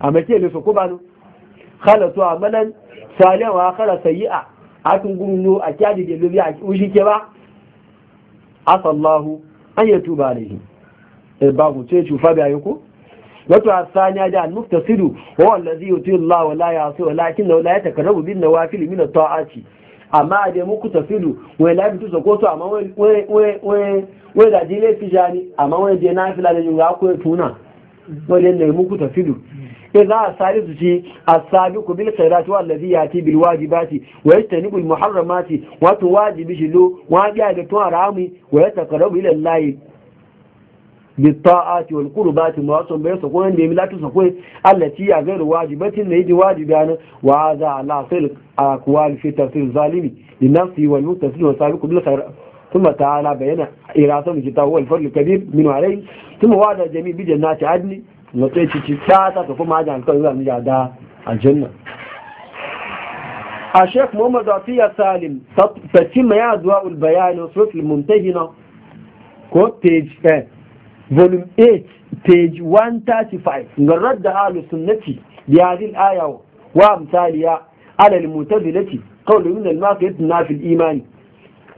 [SPEAKER 1] a mai ke so ko ba no tu amalan salih wa khala sayi'a akun gunu a kyadi de lobi a uji ke ba asallahu an yatuba alaihi e ba ku ce fa da yako wato asaniya da muftasidu wa allazi yuti Allah wa la yasi wa lakin la yatakarrabu bin nawafil min at-ta'ati amma da muku tasidu wa la bitu so ko to amma we we we wai da jile fi jani amma wani je na fila da yin ga koyar tuna wani yadda ya muku tafidu sai e za a sari su ce a sabi ku bil a wa allazi yati bil wajibati wa yastanibu al muharramati wato wajibi shi lo wa biya da tun harami wa yataqarrabu ila allahi بالطاعات والقربات ما وصل ثم تعالى بينا إراسة الكتاب هو الفضل الكبير من عليه ثم وعد الجميع بجنات عدن نطيش تشتاتا تقوم عاد عن كل من جعدا الجنة الشيخ محمد عطية سالم تتم يا دواء البيان وصوت الممتهنة كود بيج فولوم 8 بيج 135 نرد أهل السنة بهذه الآية وأمثالها على المتذلة قول من الماقية في الإيمان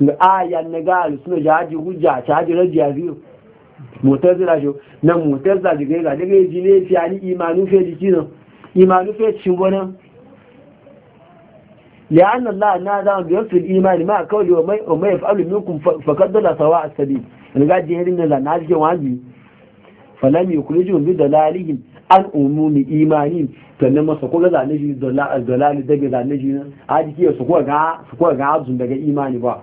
[SPEAKER 1] da ayan na gari suna jihaji hujja ta hajji rajiya biyu motar zira shi nan motar zaji ga daga yi ne fiya ni imanu fiye da kino imanu fiye da shigo nan ya an nan a biyar su imani ma kawai wa mai ya fi fakar a sabi in ga jihar yin nan na jikin wanzu? falami ya kuli jihun duk da an umumi imani sannan masa kuka zane shi da lalihin daga zane shi nan a jiki su kuwa ga zun daga imani ba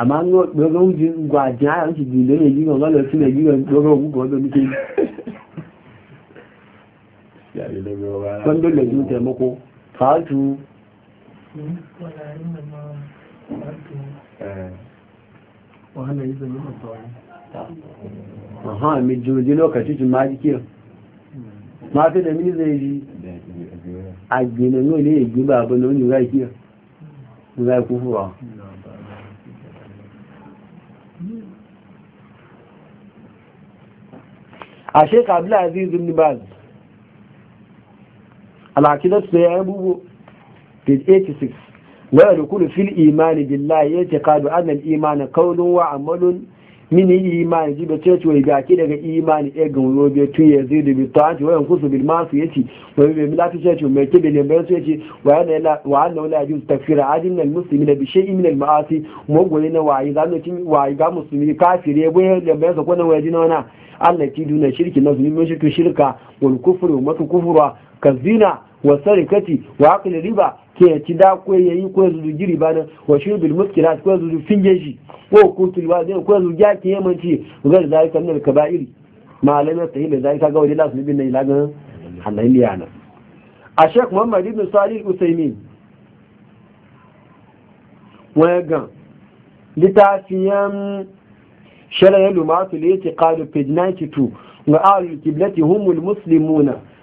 [SPEAKER 1] àmá ní ọ̀pẹ̀rẹ̀ oúnjẹ gbà àjẹ́ àyà ń ti jù lé nàìjíríà lọ́lọ́ sí nàìjíríà lọ́rọ̀ òwúgbọ́ lórí ṣe gbọ́ndọ̀lẹ̀ ní tẹ̀mọ́kó fàájú ọ̀hán mi jùrùdí lọ́kàtí jù máa jíkíọ̀ máa fẹ́ lẹ́mí ní za ya kufuwa a sheka abu aziz ibn baz al'akidat da ya bugu page 86 la yadkhulu fil imani billahi yataqadu anna annan imanin qawlun wa amalun mini yi imani ji da cece wai ga ki daga imani ya wuro robe tu ya zai da bita an ci wayan kusa bil masu ya ci wani bai milafi cece mai ke bilin bayan su ya ce wa an laula ya jinsu tafira ajin na musulmi na bishe imin al-ma'asi mongole na wayi za mu cin wayi ga musulmi kafire bai da bayan su kwanan waje na wana allah ki duna shirki na zulmi shirka wal kufuru masu kufura ka zina wa sarikati wa akli riba ke ci da ko yayi ko zuzu jiri ba nan wa shirbil muskilat ko zuzu finge shi ko kutul da ko zuzu ya ke yamanci ga zalika malama kaba'iri malamin da zalika ga wani lafi bin ila ga ya nan a shek muhammad ibn salih usaimin wani gan littafiyan shirayen lumatu da ya 92 wa ahlul kiblati humul muslimuna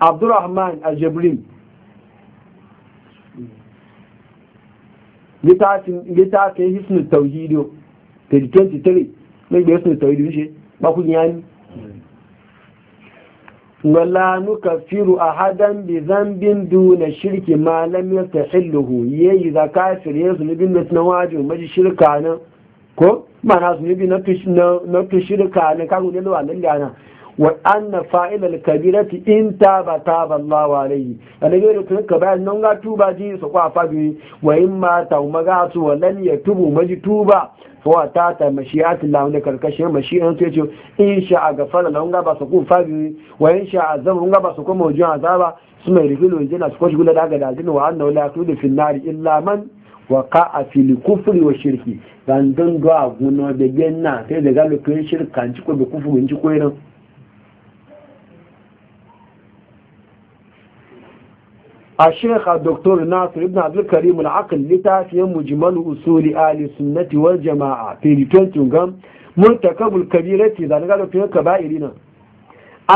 [SPEAKER 1] abdurrahman aljabrin littafin hisnu tauhido 23 mai gbé hisnu tauhido ṣe bakun ya ni wala nuka firu a hadan bi zambin duna shirki ma lam yasta ya yi za kafir ya zunubin da suna wajen maji shirka nan ko mana zunubin na tushirka nan kagun yalwa lalana wa anna fa'ilal kabirati in taba taba Allahu alayhi alage da kun ka bayan nan ga tuba ji su kwa fabi wa in ma ta umaga su wa lam yatubu maji tuba fa wa ta ta mashiyati Allah ne karkashin mashiyan sai ce in sha a gafara nan ga ba su ku fabi wa in sha azam nan ga ba su ku mawjin azaba su mai rigilu jina su kwashi gula daga dajin wa annahu la yatudu fi nari illa man waka a fili kufuri wa shirki randon do a guno da genna sai da galo kun الشيخ الدكتور ناصر ابن عبد الكريم العقل لتافيا مجمل أصول آل السنة والجماعة في 20 قام مرتكب الكبيرة ذلك في فيها كبائرنا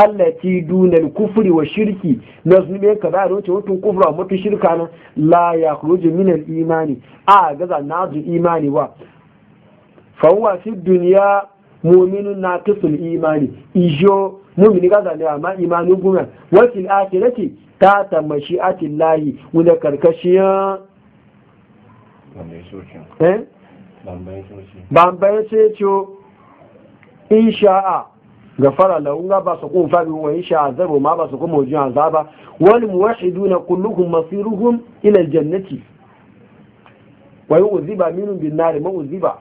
[SPEAKER 1] التي دون الكفر والشرك نظن بها كبائر وتكون كفر ومت شركا لا يخرج من الإيمان آغذا نعض إيماني و فهو في الدنيا مؤمن ناقص الإيمان إجو مؤمن غذا نعم إيمان وفي الآخرة ta ta mashi'atin lahi wanda karkashiyar bambayin ce, eh? in sha'a ga farala wunga ba su kun fabi wa in sha'a zabo ma ba su kuma wajen azaba wani muwahidu na kulluhun masiruhun ilal jannati wa yi uziba minun bin nari ma uziba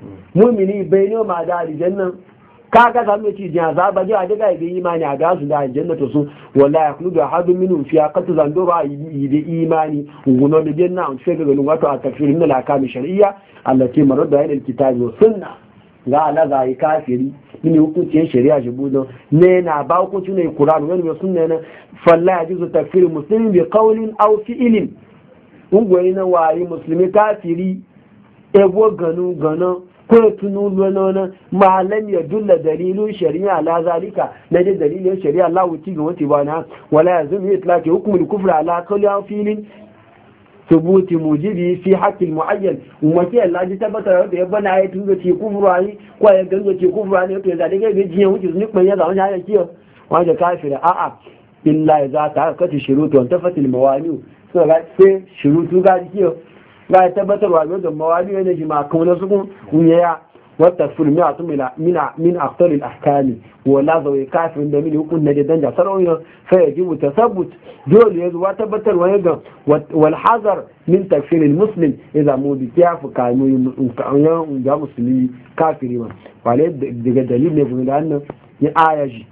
[SPEAKER 1] hmm. mumini bai ne ma da alijannan kaga za mu ci jiya za ba ji a daga ibe imani a gasu da aljanna to su wallahi yakunu da hadu minu fi aqatu zando ba ibe imani guno da janna an shega ga lungato a tafsirin na shari'a. Allah allati maradda ila alkitabi wa sunna ga ala yi kafiri mini hukunci shari'a shi budo ne na ba hukunci ne qur'an wani mai sunna ne falla yajuzu takfir muslimin bi qawlin aw fi'lin ungwai na wayi muslimi kafiri ebo ganu ganan kawai tunu lulunan ma'alam ya dulla dalilun shari'a la zalika na je dalilin shari'a la wuti ga wata ba na wala ya zumi ya tilake hukumin kufra ala kawai ya filin tubuti mujibi fi haƙƙin mu'ayyan umarci ya laji tabbatar da ya bana ya da ce kufra ne ko ya da ce kufra ne ko ya zaɗe ga ga jiyan wuce ya a'a illa ta shirutu wani mawani sai shirutu ga ya tabbatarwa ga zan mawali yana jima kan wani sukun ya wata fulmi a su min aktarin ahkami wala zaune kafin da mini hukun na jidan jasar oyin sai ya ji mu tasabbut dole ya zuwa tabbatarwa ya ga walhazar min tafsirin muslim ya zamu bi ya fi kayan ya musulmi kafiri ma wale daga dalil ne kuma da hannun ya aya shi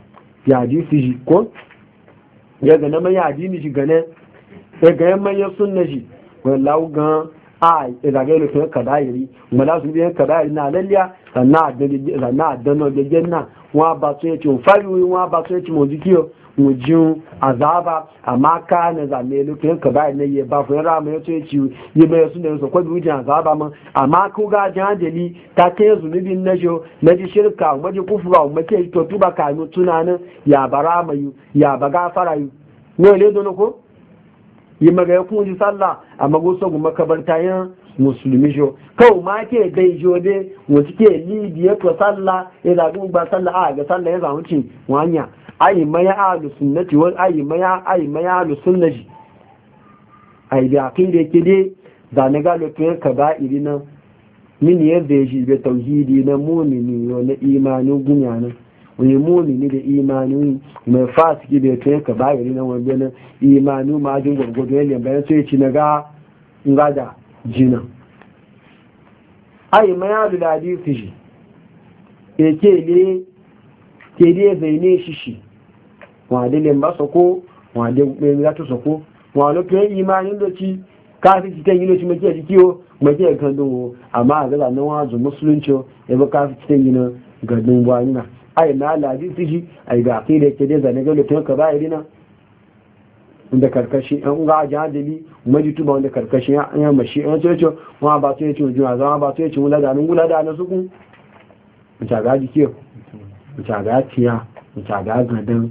[SPEAKER 1] ya ji su ji ko ya gane na mai ya ji ni shi gane ya ga yamman ya sunna shi wallahu gan a zaga ilu kan kadayiri mala su na lalya na adano da jenna wa ba su fari wa ba su yace mu jikiyo mu ji azaba amma ka na zame ilu kan kadayiri ne ya ba fu ya rama yace yace yi bai su ne su ko bi jin azaba man amma ko ga jandeli ta kai zunubin najo naji shirka maji kufura mace to tuba kanu tunanin ya bara mayu ya baga farayu ne le dono ko yi magaya kun ji sallah a magosa gu makabarta musulmi jo kawo ma ke dai jo de mu ke libi ya to sallah ya zagun ba sallah a ga sallah ya zamu ci wanya ayi maya ahlu sunnati wal ayi maya ayi maya ahlu sunnati ai da akin da yake dai da na ga lokacin kaba'iri nan min ya shi be tauhidi na mumini yo na imanin gunya wani mumini da imani mai fasiki da ya tsaye ka bayani na wani ganin imani ma jin gwargwado yadda bayan sai ci na ga ngada jina ai maya da ladi su shi ya e ke ne ke ne zai ne shi shi wadilin ba su ko wadilin za ta su ko wadilin imanin da ci kafin cikin yi lokaci mace jikiyo mace kan dunwo amma a zaga nan wazo musulunci ya bi kafin cikin yi na gadin wani na ai na laji su shi ai ga aƙi da ke dai zane galo tun ka zahiri na wanda karkashin yan ga jadili majitu ba wanda karkashin yan mashi yan cece kuma ba su yace juna zama ba su yace wula da nan da nan su kun mutaga jike mutaga tiya mutaga gadan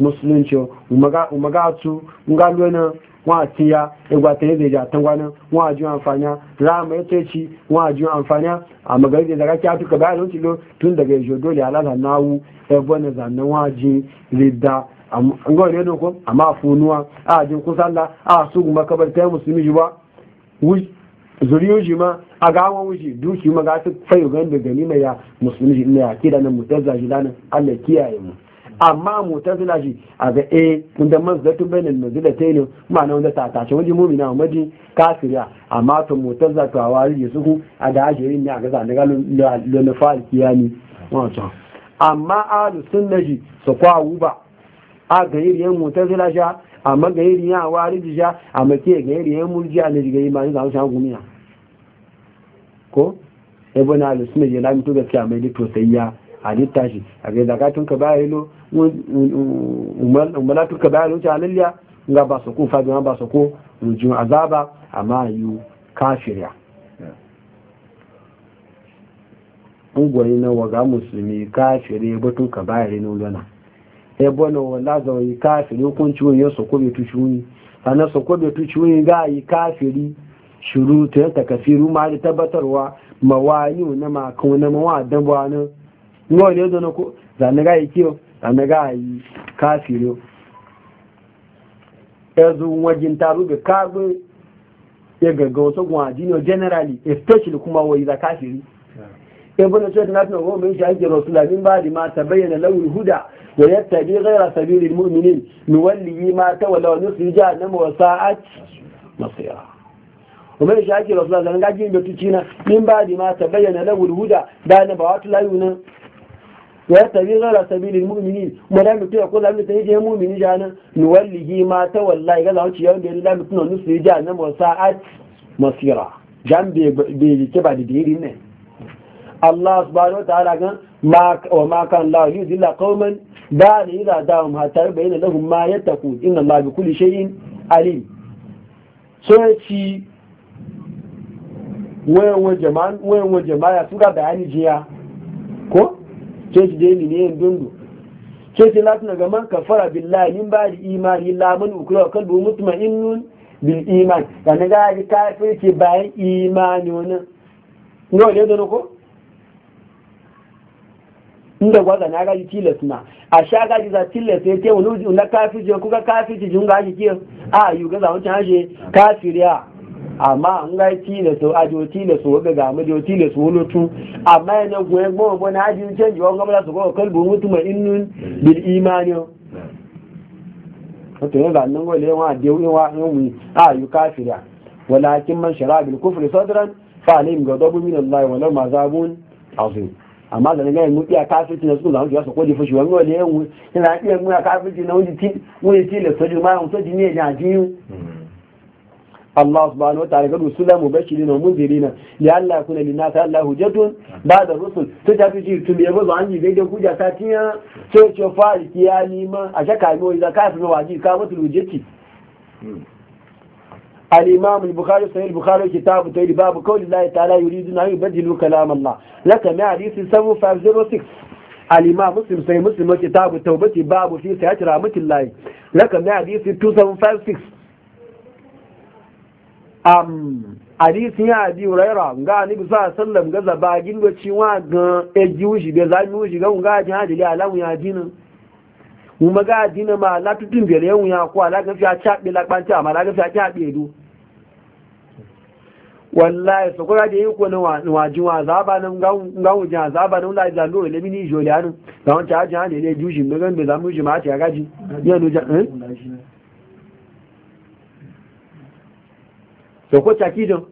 [SPEAKER 1] musulunci umaga su nga lona wọn àti ya ẹgbà tẹ̀lé ìdèjì àtàngwana wọn àjú àǹfààní ráàmù ètò ẹ̀kí wọn àjú kya àmàgbà ìdèjì àkàkí àtúkà báyà ló ti lọ tún daga ìjọ dole na náwó ẹgbọ́n ní zànà wọn àjí lè da ngọ́ ilé dùnkọ́ àmà àfọ̀nùwà àjí kúsàlá àṣùgùn makabar tẹ́ musulmi ba? Zuri zuriyoji ma a ga awon wuce duki ma ga su fayo gani da gani mai ya musulmi ne ya kida nan mutazza shi lanin allah kiyaye mu amma zila shi a ga eh, da man zatu bainal ma na wanda ta tace wani mu'mina wa maji kafiriya amma to mu'tazila to awari su ku a da ajirin ne a ga zanaga lona fa'al kiyani wato amma ahlus sunnati su kwawu ba a ga iriyan zila sha amma ga iriyan awari sha amma ke ga iriyan murji'a ne ga imani za mu sha gumiya ko ebe na ahlus sunnati ya lami to gaskiya mai dito sayya a littashi a ga zakatun ka ba yilo umar tuka bayan wuce halilya ga ba su ko fadima ba su ko rujin azaba amma yi kafiriya ungwari na waga musulmi kafiri batun ka bayari na ulana ebo na wala zawa yi kafiri hukunci wani yau sokobe tushuni sannan sokobe tushuni ga yi kafiri shuru ta yanta kafiru ma da tabbatarwa mawayi na makon na mawa dabuwa na ngwa ne zo na ko zanen ga yi kiyo anaga yi kafiro yanzu wajen taru da kagbe ya gaggawa wasu gwajino generally especially kuma wai za kafiri ibn da nafi wa min shahidi rasulullah min ba ma mata bayyana al-huda wa yattabi ghayra sabili al-mu'minin nuwalli ma tawalla wa nusli jahannama wa sa'at masira wa min shahidi rasulullah zan gaji da tucina min ba'di ma tabayyana lahu al-huda da na bawatu layuna wa tabi gara sabilin mu'minin mu da mutu ko zamu tayi je mu'mini jana nu wallahi ma ta wallahi ga zamu ci yau da Allah mutun masira jan be ke ba diri ne Allah subhanahu wa ta'ala ga ma wa ma kan la yudilla qauman da ni da dawum hatta bayyana lahum ma ya inna Allah bi kulli alim ci wayan wajen bayani jiya sai da yi ne dundu sai ce lati na gaman kafara billahi min ba da imani lamun ukura kalbu mutma'innun bil iman ga ji gaji kafirci bayan imani wani ne wale da ko inda gwaza na gaji tilas na a sha ga ji za tilas ya ce wani na kafirci kuka kafirci jun ga ji ke a yi gaza wancan hashe kafiriya amma an ga tila so ajo tila so ga ga mu jo tila so lutu amma yana goye gbo bo na ajin canji ko kalbu mutuma innun bil imani ne ga nan gole wa de wa mu a yu kafira walakin man shara bil kufri sadran fa alim min allah wa lam azabun azim amma da mu na su so ko di fushi wu ina mu na wuji ti wuji so ma so ne Allah subhanahu wataala ga rusula mubashirin wa munzirina li alla yakuna lin nasi Allah hujjatun ba'da rusul to ta fi tun ya bazo an yi gaida hujja ta tiya to ce fa kiyani ma a shaka البخاري صحيح البخاري كتاب التوحيد باب قول الله تعالى يريد أن يبدل كلام الله لك ما حديث 7506 الإمام مسلم صحيح مسلم كتاب التوبة باب في سيأتي رحمة الله لك ما حديث 2756 am hadisi ya abi uraira ga annabi sallallahu alaihi wasallam ga zabagin ga ciwa ga eji wushi ga zami wushi ga ga ji hadi ya alamu ya dinin mu maga dinin ma la tutun bere yau ya ko ala ga fiya chabe la kwanta ma la ga fiya chabe do wallahi so ko da yi ko na wajin wa zaba nan ga ga wuja zaba nan la da loro le mini joli anu ga wanta aji hadi le jushi ga ga zamu wushi ma ta gaji ya no ja eh da ko caki don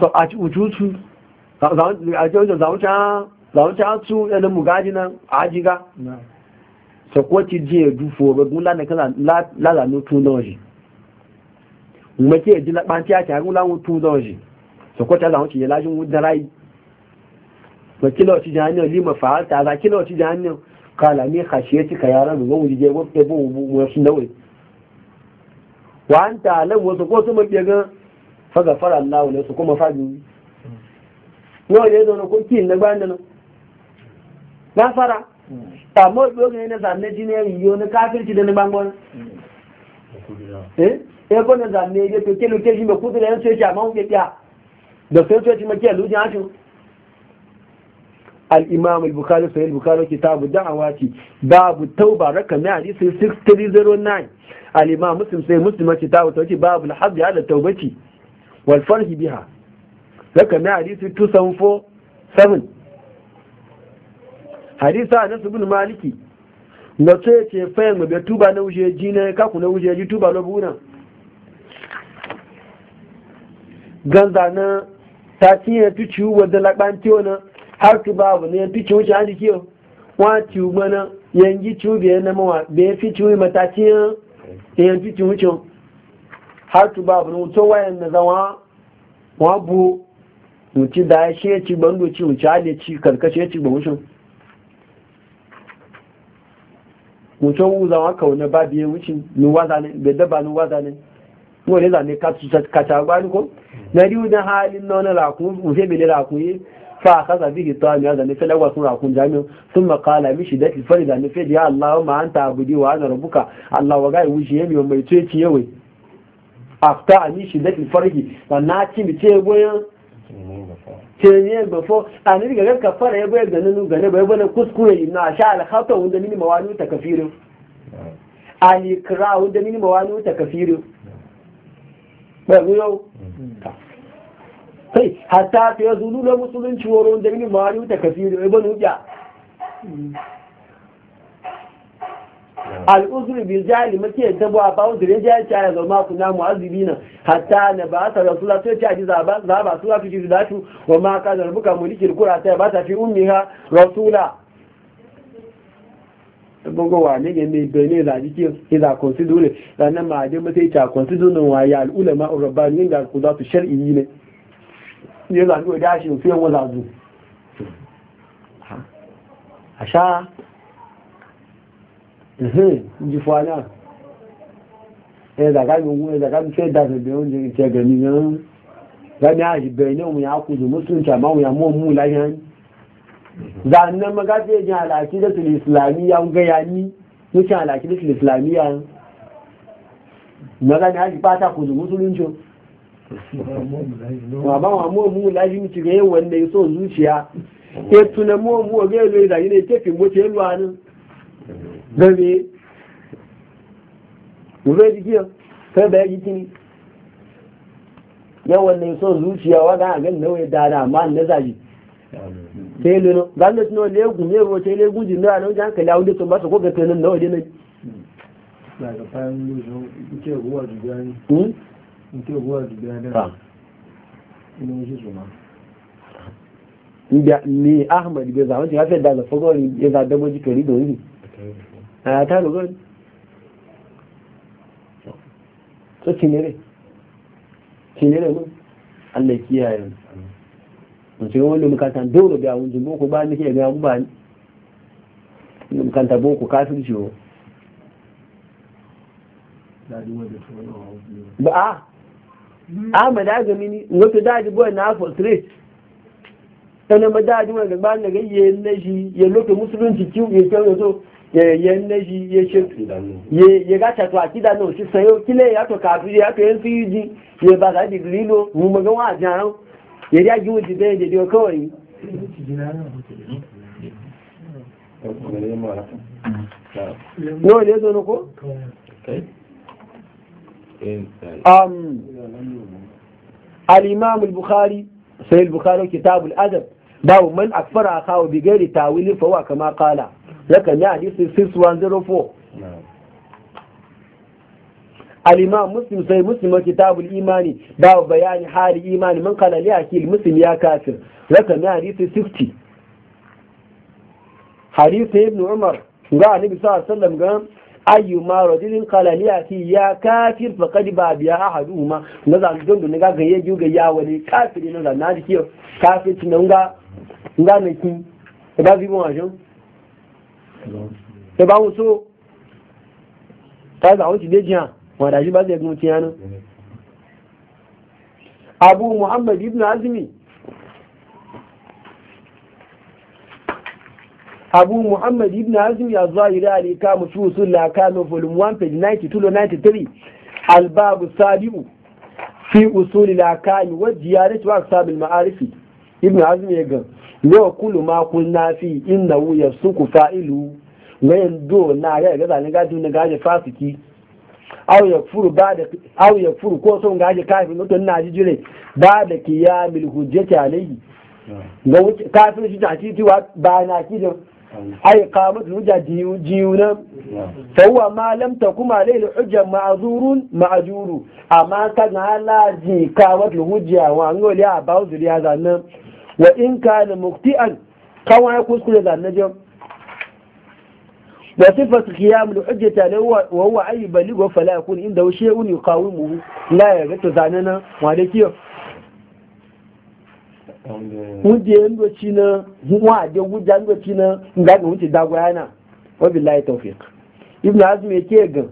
[SPEAKER 1] so a ci ucutu a ci wajen zaunca su yanin mugaji nan a ajiga so ko ci je dufo ga gula na kaza lalanu tun don shi mace ji na ɓanci a cikin lawon tun don shi so ko ta zaunci ya lajin wudan rai ma kila wacce jihanniyar lima fa'alta za kila wacce jihanniyar kalami khashiyar cika yaran ruwan wujije wasu ɗabon wasu nawai wa an talan wasu ko su maɓe faga fara Allah ne su kuma fadi yau ne zaune ko kin na bayan nan na fara amma wasu ne na zanne jini yayi yau na kafirci da na bangon eh? eh ko zanne ya ke kelo ke shi me kudura yan sai ma un ke da sai to ma ke lujin hakin al-imam al-bukhari sahih al-bukhari kitabu da'awati babu tauba rakami hadisi 6309 al-imam muslim sai muslim ta tawbati babu al-hadd da ta'ubaci wal farh biha rakami hadisi 2747 hadisa anas ibn maliki na ce ce fayin mabe tuba na wuce ji na kaku na wuce ji tuba na buna ganza na ta cinye tuci wadda laɓan na har tu babu ne fi ci wuce hadi kiyo wa ci gbana yanji ci biyar na mawa be fi ci wuce mataci yan fi ci wuce har tu babu ne to wayan na zama wa bu wuce da ya shi ci bando ci wuce hadi ci karkashi ya ci ba wucin wuce wuza wa kauna ba ya wuce? ni waza ne bai daba ni waza ne wani zane ka tuta ka ta gbani ko na riwu na halin na wani rakun wuce bai rakun yi fa kaza bihi tani hada ne falawa sun rakun jami'u sun makala mishi da tilfari da nufi ya Allah ma an ta'budi wa ana rabbuka Allah wa gai wuce yemi mai tsoci yawe afta ani shi da tilfari wa na ci mi ce goyen tenye bafo ani daga ga fara ya goyen ganin gane bai bane kuskure na sha alkhata wanda mini mawani ta kafirin alikra wanda mini mawani ta kafirin ba yau sai hatta ta ya zulu na musulunci wurin da mini ma'ani ta kafiru ibn hujja al'uzuri bil jahili muke tabo a bawo da ya ci ya zama kuna mu'azzibina hatta na ba ta rasula sai ta ji zaba zaba su ta ji datu wa ma ka da rubuka dikir kura sai ba ta fi ummiha rasula gbogbo wa ne ne be ne da jike ila consider sannan ma dai mutai ta consider wa ya al'ulama urbani inda ku za su shar'i ne ya zazu a sha ji fana ya zaga mi wuya zaga mi sai da zabe wanda ke ce gani nan gani a ne mu ya ku zu musulunci amma mu ya mu mu zannan magafi jin alaki da tul islamiyya ga yani mutum alaki da tul islamiyya magani a shi ku zu musulunci wa ba wa mu mu laji ci ga wanda ya zuciya ke tuna mu mu ga yau da yine ke fin mutu yau wani gabe zai ji kiyo sai da yi kini e wanda ya zuciya wa ga ga nawa da dana amma na zaji sai lino zan da tuno le ya ro sai le guji na wani jan kala wanda to ba ko ga tunan nawa dinin daga hmm?
[SPEAKER 2] Ah.
[SPEAKER 1] ni ahmad bai zama ce hafi da zafi gori ya zaɗa gwaji kari da wuri a ta da so cinere cinere mun allah kiyaye mu cikin wani mukanta dole da yawon jin boko ba ni ke ga ba ni mukanta boko kafin ciwo ba a ahmed agamini wato daji boy na afo straight sannan ma daji wani gaba na gayye na shi ya loke musulunci kiwo ya kyau ya so ya na shi ya ce ya gata to akida na shi sayo kile ya to kafi ya to ya ba za digiri mu maga wa jaran ya ya ji wuce da kawai no
[SPEAKER 2] Um,
[SPEAKER 1] al al-bukhari sai al-bukhari kitab al-adab babu man akfara akawo bi gairi tawili fa wa kama qala yakan ya al muslim sai muslim kitab imani babu bayani hali imani man a li akil muslim ya kafir yakan ya hadisi ibn umar ga annabi sallallahu alaihi wasallam ayu ma rajulin qala li ya kafir faqad ba biya ahaduhuma na za don don ga ga yaju ga ya wani kafiri na na ji kiyo kafir tin nga nga ne e ba bi mo ajo e ba so ta za o ti de da ji ibn azmi abu muhammad ibn azim ya zahiri alikamu fi usul lakamu volume 1 page 90 to 93 albabu sabiu fi usul lakami wa ziyarati wa ashabil ma'arifi ibn azim ya ga yau Kulu ma na fi innahu yasuku fa'ilu wayan do na ga ga zani gaji dun gaji fasiki aw ya furu ba da aw ya furu ko son gaji kafin to na ji jire ba da kiyamil hujjati alayhi ga kafin shi ta ci wa ba na ki da ai qamat hujja jiyu jiyu na fa huwa ma lam takum alayhi hujja ma'zurun ma'juru amma kana la ji qamat hujja wa ngoli a bawzu ya wa in kana muqti'an kawai kuskure jam وصفة قيام الحجة وهو أي بلغ فلا يكون عنده شيء يقاومه لا يغتزاننا وعليكيه
[SPEAKER 3] wunde
[SPEAKER 1] yan doci na wa a jan wunde yan doci na ga wunde dagwa yana wa billahi tawfiq ibn azmi ke gan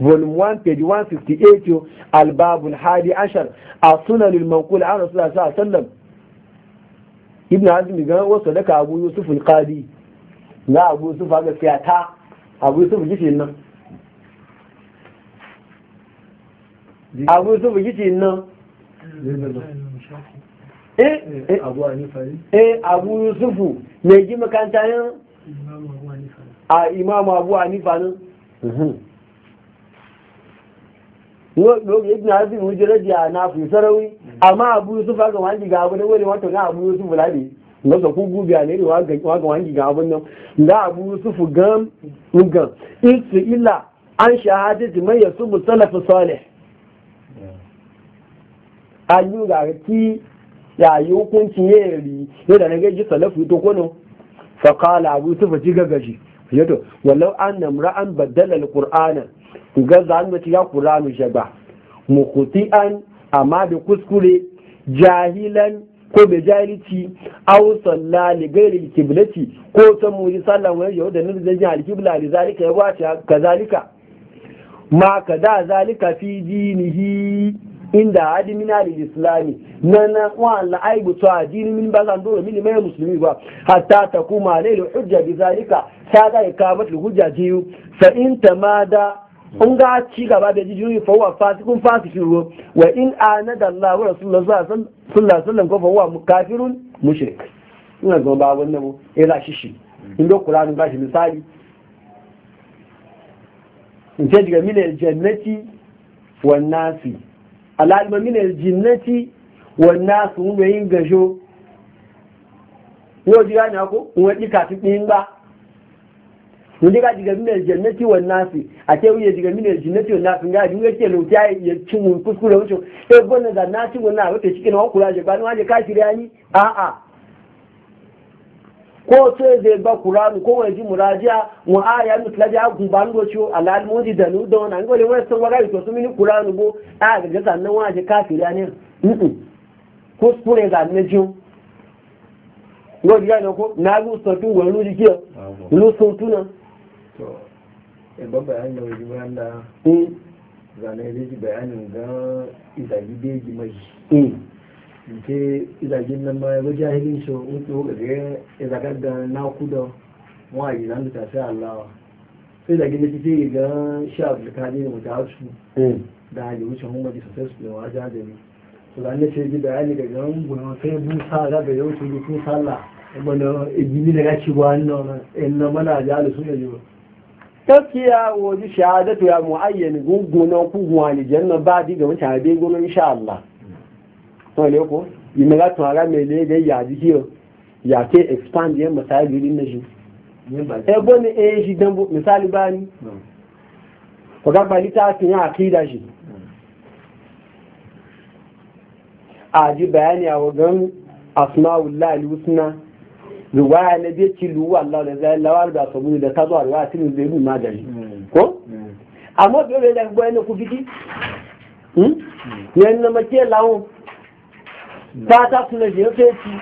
[SPEAKER 1] volume 1 page albabul hadi ashar a sunanul manqul an rasu sallallahu sa wasallam ibn azmi ga wasu daga abu yusuf al na abu yusuf ga fiyata abu yusuf gifin nan abu yusuf nan Eh, eh, eh, eh abu yusufu mai ji makanta yin a imamu abu hanifa nan yau mhm. ibn hazin hujjar da na fi sarawi amma abu yusuf ga wani ga abu da wani wato ga abu Yusufu labi na sa kugu biya ne wa ga wani ga abu nan Da abu Yusufu gam gam isu illa an shahadati man yasubu salaf salih ayu ga ti ya yi hukuncin ya yi da na gaji salafu to kono faƙala abu su ji gagaji yato wallau an na mura'an baddalar ga zanu mace ya ƙur'anu shi ba an, amma da kuskure jahilan ko bai jahilci aw salla li ghairi kiblati ko san yi sallan wani yau da nan zai jin alkibla li zalika ya wace kazalika ma kada zalika fi dinihi inda hadi min al-islami na wa la aibu to adini min ba zan dole mini mai musulmi ba hatta ta kuma lailu hujja bi zalika ta ga ikamat hujja ji fa in tamada in ga ci gaba da jijiyoyi fa huwa fasikun fasikin ruwa wa in anada Allah wa rasulullah sallallahu alaihi wasallam ko fa huwa kafirun mushrik ina ga ba wannan mu ila shishi in do Qur'ani ba shi misali in ce daga min al-jannati wan nasi al’almamin min jinnati wannan su mu yin gasho wo jira ni ako wo dika ti pin ba wo diga diga min aljinnati wannan su a ce wo diga min aljinnati wannan su ga diga ke lo ta ya cin mun kuskure wucin e gonna da na ci wannan a wata cikin wa kula je ba ni wa je ni a a ko to zai ba kuranu ko wani murajia mu aya mutlaji a gumba an goci alal da nu da wannan gole wani san wagai to su mini kuranu go a ga ga sannan wani kafiri ne ko kure ga ne jiyo go diga ne ko na gu so tun wani luji kiyo lu so tuna
[SPEAKER 2] to e da wani wanda mm. zane da ji bayanin ga idaji beji mai mm.
[SPEAKER 1] ke izagin nan ma yabo jahilin shi in ko ga ga izagar da nakuda wa yi zan da sai Allah sai da gina kike ga sha Abdul Kadir mutawasu hmm. da ya wuce mun maji sosai su wa jahili to dan ne sai da ali daga nan gona sai mun sa ga da yau tun tun sallah da ibini daga ci ba nan in na mana jalu su ne yo gaskiya wajen shahadatu ya mu'ayyan gungunan kuguwa ne jannar ba di ga mutane bai gona insha Allah wọn lè kó ìmọ̀lá tún ara mi lè lè yà àdìsí o yà ké expand yẹn mọ̀sáàlì orí méjì ẹgbọ́n ni èyí ṣi dánbó bá ní ọ̀gá a ti yàn àjí bayani àwọn gan asma'ullah al-husna riwaya na biyar ci luwa Allah lawar da sabu da ta zuwa riwaya tilin zai magani ko amma da gbaya ne ku ne na make pátá fún ẹ̀jẹ̀ ń fẹ́ ti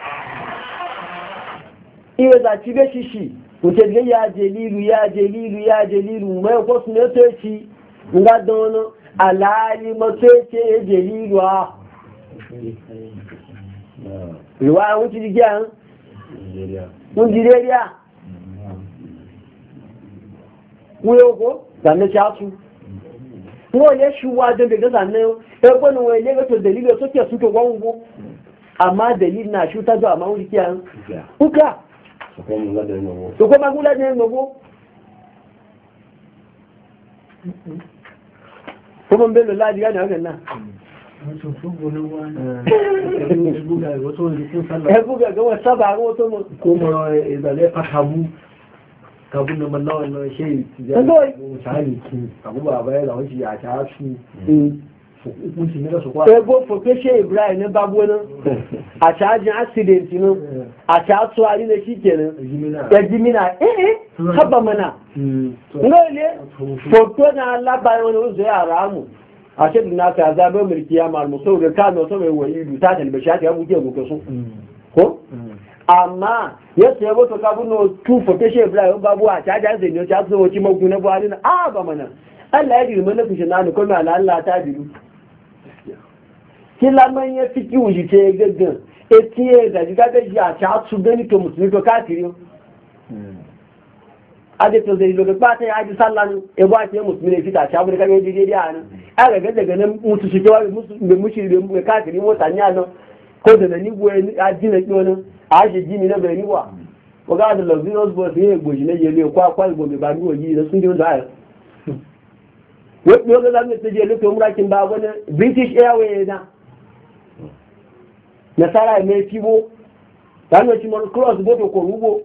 [SPEAKER 1] ìrẹ̀dà tí bẹ́ ṣíṣì kò tẹ̀lé ya lílu yáàjẹ̀ lílu yáàjẹ̀ lílu mọ́ ko fún ẹ̀ fẹ́ ti ńgá dánná àlàáyé mọ́ tó ṣe ẹ̀jẹ̀ lílu a ìwà àwọn ti di jẹ́ àrùn ń di rẹ́rí à wúlé oko gbàmẹ́ ti á tú ni wọ́n yẹ lẹ́gbẹ̀ẹ́ tó dẹ̀ lílu ẹ̀ amma dalil na shuta zuwa amma wuri kiyan uka to kuma gula ne ngobo kuma bello ladi gane hakan nan ẹgbùgbà gbọ́n sábà àwọn tó mọ̀ kó mọ̀ ìdàlẹ́ pàtàkì kabin da mallawan nan shi ya yi tijjani ko sani bayan da wasu ya ta su mm. ego fokeshe ibrahim na babu wani a cajin accident a ca tsuwari na shi kenan ya jimina eh haba mana nole foto na labarin wani wuzo ya ramu a shaɗi na ka zaɓe mulki ya malu sau da ka nau saboda wani duta ta muke so tu ibrahim a cajin zai ne ta tsuwa ci maguna buhari na a ba mana Allah ya girma na fushin na ta biyu kí lámẹ́yẹ tí kí òun yìí ṣe gẹ́gẹ́ etí ẹ̀dà jígágẹ́jì àti àtúgbẹ́ ní tòmù sí nítorí káàkiri ó adétòzè ìlòdì pàtẹ́ àjísálà ní ẹgbọ́ àti mùsùlùmí lè fìtà àti àbúrẹ́ káyọ̀ dídé na. àná àgbẹ̀gẹ́dẹ̀gẹ́ ní mùsùlùmí kí wọ́n lè mú ṣìlè mú káàkiri wọ́n tà ní àná kó dẹ̀nà níbo ajínà kí wọn àṣẹ jí mi lẹ́bẹ̀ẹ́ níwà wọ́n ká àti lọ́sí lọ́sibọ̀ sí ègbòjì lẹ́yẹ lé kó akọ́ ìgbò mi bàbí òyì ìlọsúndé ó dáa wọ́n pè é lọ́sàmì nasara mai bo, ta hanyar cimar cross goto ko rubo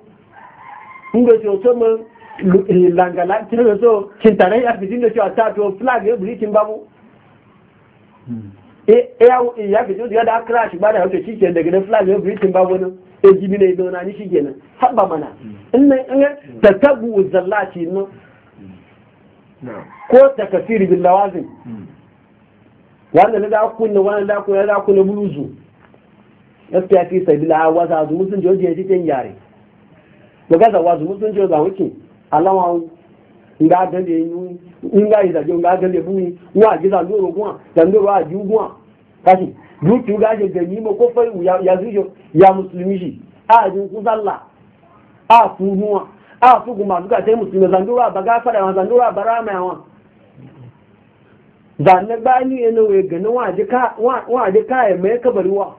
[SPEAKER 1] inda ce oso ma langala cikin da so ya a fitin da cewa ta to flag e e, e ya britin babu ya fitin da da shi ba da hauke shike daga da flag ya britin babu nan e jibi ne da wani shike nan habba mana in hmm. ta tabu zallaci nan ko ta kafiri bin lawazin hmm. wanda na da kunna wanda da kunna da kunna buluzu gaskiya fi sabila wa za zu mutun joji ya jikin yare to ga za zu mutun joji wuce Alama nga gande yu nga yi da jo nga gande bumi wa ji za loro gwa da loro a ju gwa kashi dutu ga je gani mo ko fa ya ya zujo ya muslimi shi a ju ku sallah a fu nuwa a fu guma duka sai muslimi zan loro a baga fara wa zan loro a barama wa zan ba ni eno we gani wa je ka wa je ka e me kabari wa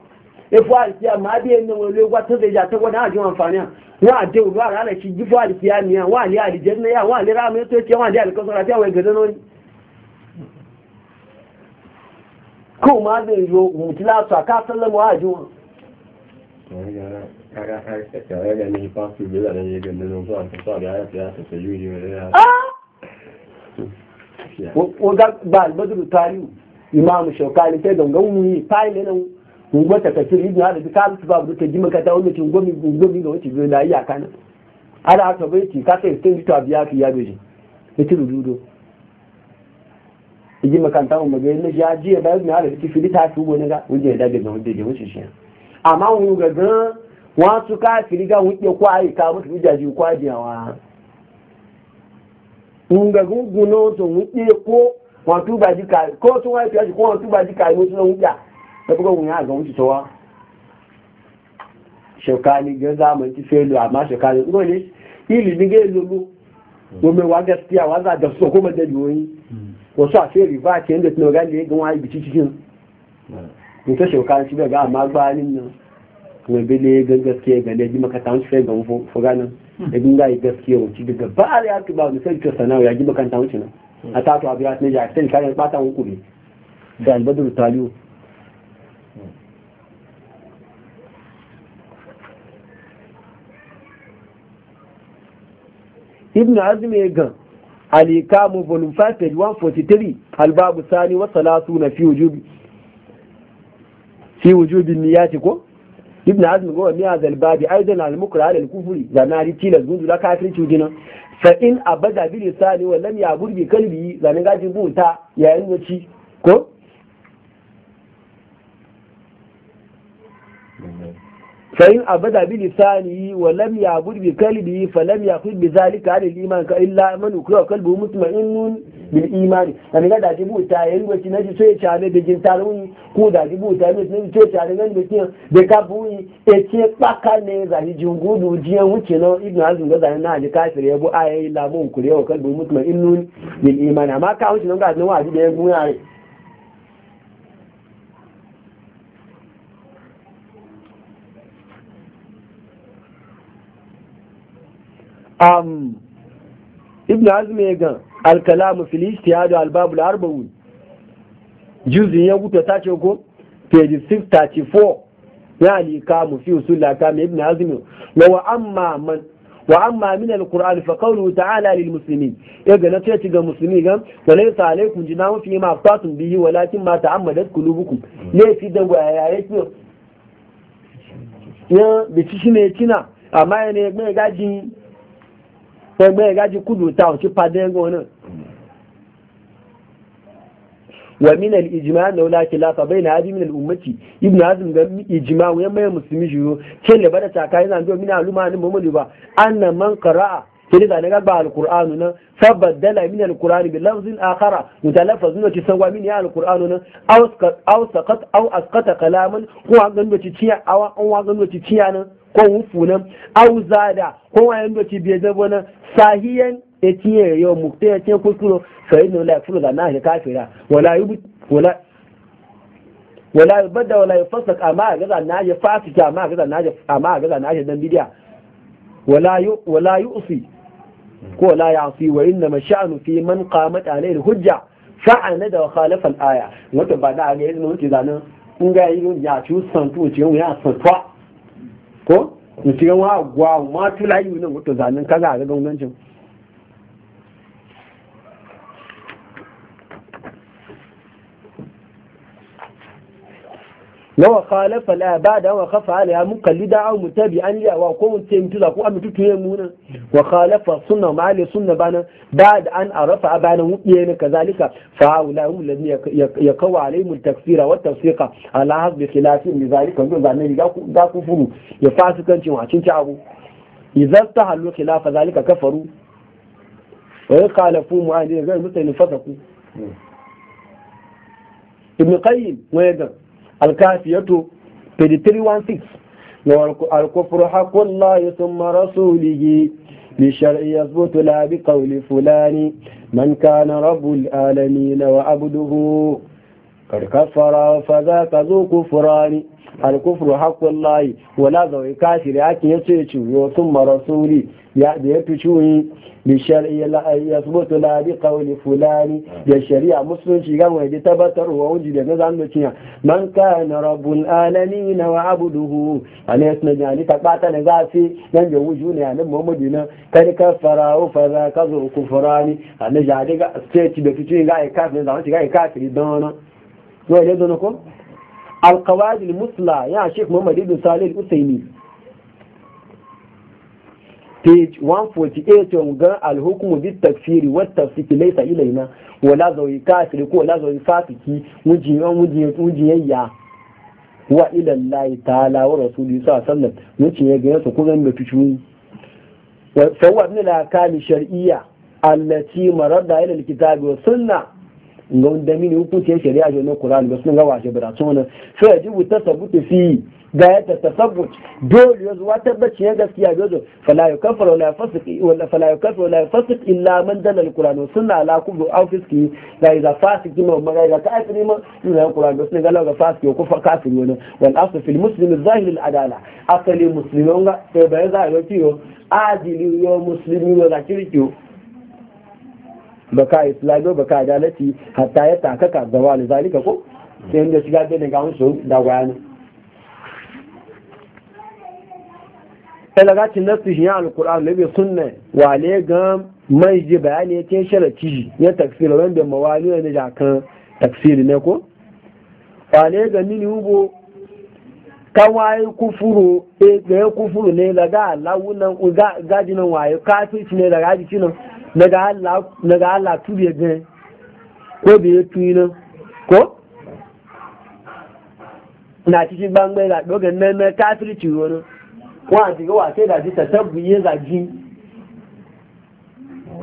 [SPEAKER 1] efu alikiya ma bi enne wọn lé wá tó lè jà tó wọn náà jọ àǹfààní à wọn àdé òru àrà alikiya wọn àlè àlìjẹ ní wọn àlè rà mí tó wọn àlè àlìkọsọra tí àwọn ẹgbẹrẹ náà ni. kó máa lè yo mùtí látọ àká sọlẹ mọ wọn. wọ́n gbà gbàdúrà tààrí ìmáàmù ṣọ̀kalẹ̀ tẹ́ gbọ̀ngàn wù yìí náà. ngwa ta kace ibn hada ka su babu ta jima ka ta wani cin gomi gomi ga wace zai layi aka nan ala aka bai ci ka sai sai ta biya ki ya doje ya ci rududo iji makanta mu magana na ya jiya ba ibn hada ki fili ta su gona ga wuje da daga wuje da wuce shi amma mu ga ga wasu ka fili ga wuje ko ai ka mutu jaji ko ajiyawa mun ga guguno to wuje ko wato ba ji ka ko sun wai ta ko wato ba ji ka mu sun wuje da buga wuya ga wuce tawa shekali ga zaman ti felu amma shekali ngo ne ili ga lulu domin wa gaskiya wa za da so kuma da yoyi wasu a sai riba ce inda tuno ga ne ga wani bici cikin in ta shekali shi ga amma gbanin nan kuma bele ga gaskiya ga ne bi maka ta wuce ga mu fuganan hmm. da dinga yi gaskiya wuce daga ba a ya tuba mu sai ta sanawa ya ji makanta wuce nan hmm. a ta tatu abu ya tunaja sai kayan bata hukuri da albadul taliyu ibn azmi ya gan alikamu volume 5 page 143 albabu sani wa salatu fi wujubi fi ko ibn azmi go ni azal babi aidan al mukra al kufri da na ri tilas gundu la kafirci gina fa in abada bi lisani wa lam yabur bi kalbi da na gaji buta yayin wuci ko فإن أبدا بلسانه ولم يعبد بقلبه فلم يأخذ بذلك عن الإيمان إلا من أكره قلبه مطمئن بالإيمان أنا قد أجيبه تاين وشي نجي سوية شعبه بجين تاروني قد دا أجيبه تاين وشي نجي سوية شعبه نجي بكين بكابوي إتيه باكا نيزا هجنغو دو جيان وشينا ابن عزم قد هنا عجي كافر يبو آيه إلا من أكره قلبه مطمئن بالإيمان أما كاوشي نمغاد نواجي بيبو يعني um, ibn azm ya gan alkalamu filisti ya da albabu da arba'un juzin ya gutu ta ce ko page 634 ya ne ka mu fi usul laka mai ibn wa amma man wa amma min alquran fa qawlu ta'ala lil muslimin ya ga nace ga muslimi gan wa laysa alaykum jinaun fi ma aftatum bihi walakin ma ta'ammadat qulubukum ne fi da ya yake ya bi ci ne kina amma ne mai gajin ẹgbẹ́ ìgájí kúlù ta ọ̀tí padẹ́gùn náà wa min al-ijma na wala khilafa bayna hadi min al-ummati ibn hazm ga ce le ta kai zan do mu ba anna man qara'a kini da ga ba al na fa dala min al bi lafzin akhara mutalaffaz ne ci sanwa min ya na aw saqat aw asqata kalaman ko an nan ko wufu nan au zada ko wayan doci biye zabo nan sahiyan etiye yo mukte ya ce kuskuro sai no la fulu da na kafira wala yubu wala wala bada, wala yufassaq amma ga zan na ya fasika amma ga zan na ya ama ga na ya dan bidiya wala yu wala yusi ko la ya'si wa inna sha'nu fi man qamat alayhi hujja fa'ana da khalafa alaya aya wato ba da ga yanzu muke zanin In ga yi ya ci san to ce ya san to ko mutum wa gwa ma tulayi ne mutu zanen kaza a ga gwamnatin wa khalafa la ba da wa khafa ala mu kallida aw mutabi an ya wa ko mun tayi tuza ko an mutu ya muna wa khalafa sunna ma ali sunna bana ba da an arafa abana wuye ne kazalika fa haula hum ladhi yakaw alaihim takfira wa tafsiqa ala hasbi khilafi min zalika mun zanne ga ku ga ku furu ya fasikanci wa cin ci abu idza tahallu khilafa zalika kafaru wa yakhalafu mu'adin zai mutane fasaku ibn qayyim wa yadan الكافيه 3316 والكفر حق الله ثم رسوله بشرع يثبت لا بقول فلان من كان رب العالمين وعبده قد كفر فذاك ذو كفران الكفر حق الله ولا ذو كافر يأتي يتشوي ثم رسولي يا يأتي يتشوي بشرع يثبت لا بقول فلان يا بالشريعة مسلم شي كان ودي تبتر ووجد نزان بشيئا من كان رب العالمين وعبده ان أن يسمجنا لتقبعت نزعفي لن يا يعني محمدنا قد كفر فذاك ذو كفران أن يجعل ستيتي بكتوين غاية كافر نزعن شيئا كافر دانا wai ne zana kun alkawajil musla ya shek muhammad ibn salih usaini page 148 yunga alhukumu tafsiri wata wa ki laisa ilaina wala zawi kafiri ko wala zawi fasiki mujiyan mujiyan mujiyayya wa ila layi ta lawar rasu biyu sa sannan wuce ya gina su kuma da tucu wa sauwa min la kali shar'iyya marar da ila alkitabi wa sunna ngon da mini shari'a na Qur'ani ba sun ga washe bara tona fa yajibu tasabbutu fi ga ya tasabbut dole yanzu wata tabbaci ya gaskiya yazo fala yukaffaru la fasiq wala fala yukaffaru la illa man dalla quran wa sunna ala kulli aw fiski la iza ma ma ga kafiri ma ina Qur'an ba sun ga la fasiq ko fa wal asl fil muslim zahir al-adala asali muslimin ga sai bai za adili yo kirkiyo baka islami baka adalati hatta ya takaka da wani zalika ko sai inda shiga bai ga wasu da Daga ɗalagacin nasu shi ya alkur'an ne bai sunna wale ga mai ji bayani ya ce sharaci ya tafsir wanda mawani ne da kan tafsiri ne ko wale ga mini hubo kawai kufuru e ga kufuru ne daga Allah wunan gajinan waye kafirci ne daga jikinan na ga ala tube gan ko etu ya ko na cikin bangon da oge mmemme na kafirci wani wa diga wa sai da ji ta tabbiye zagi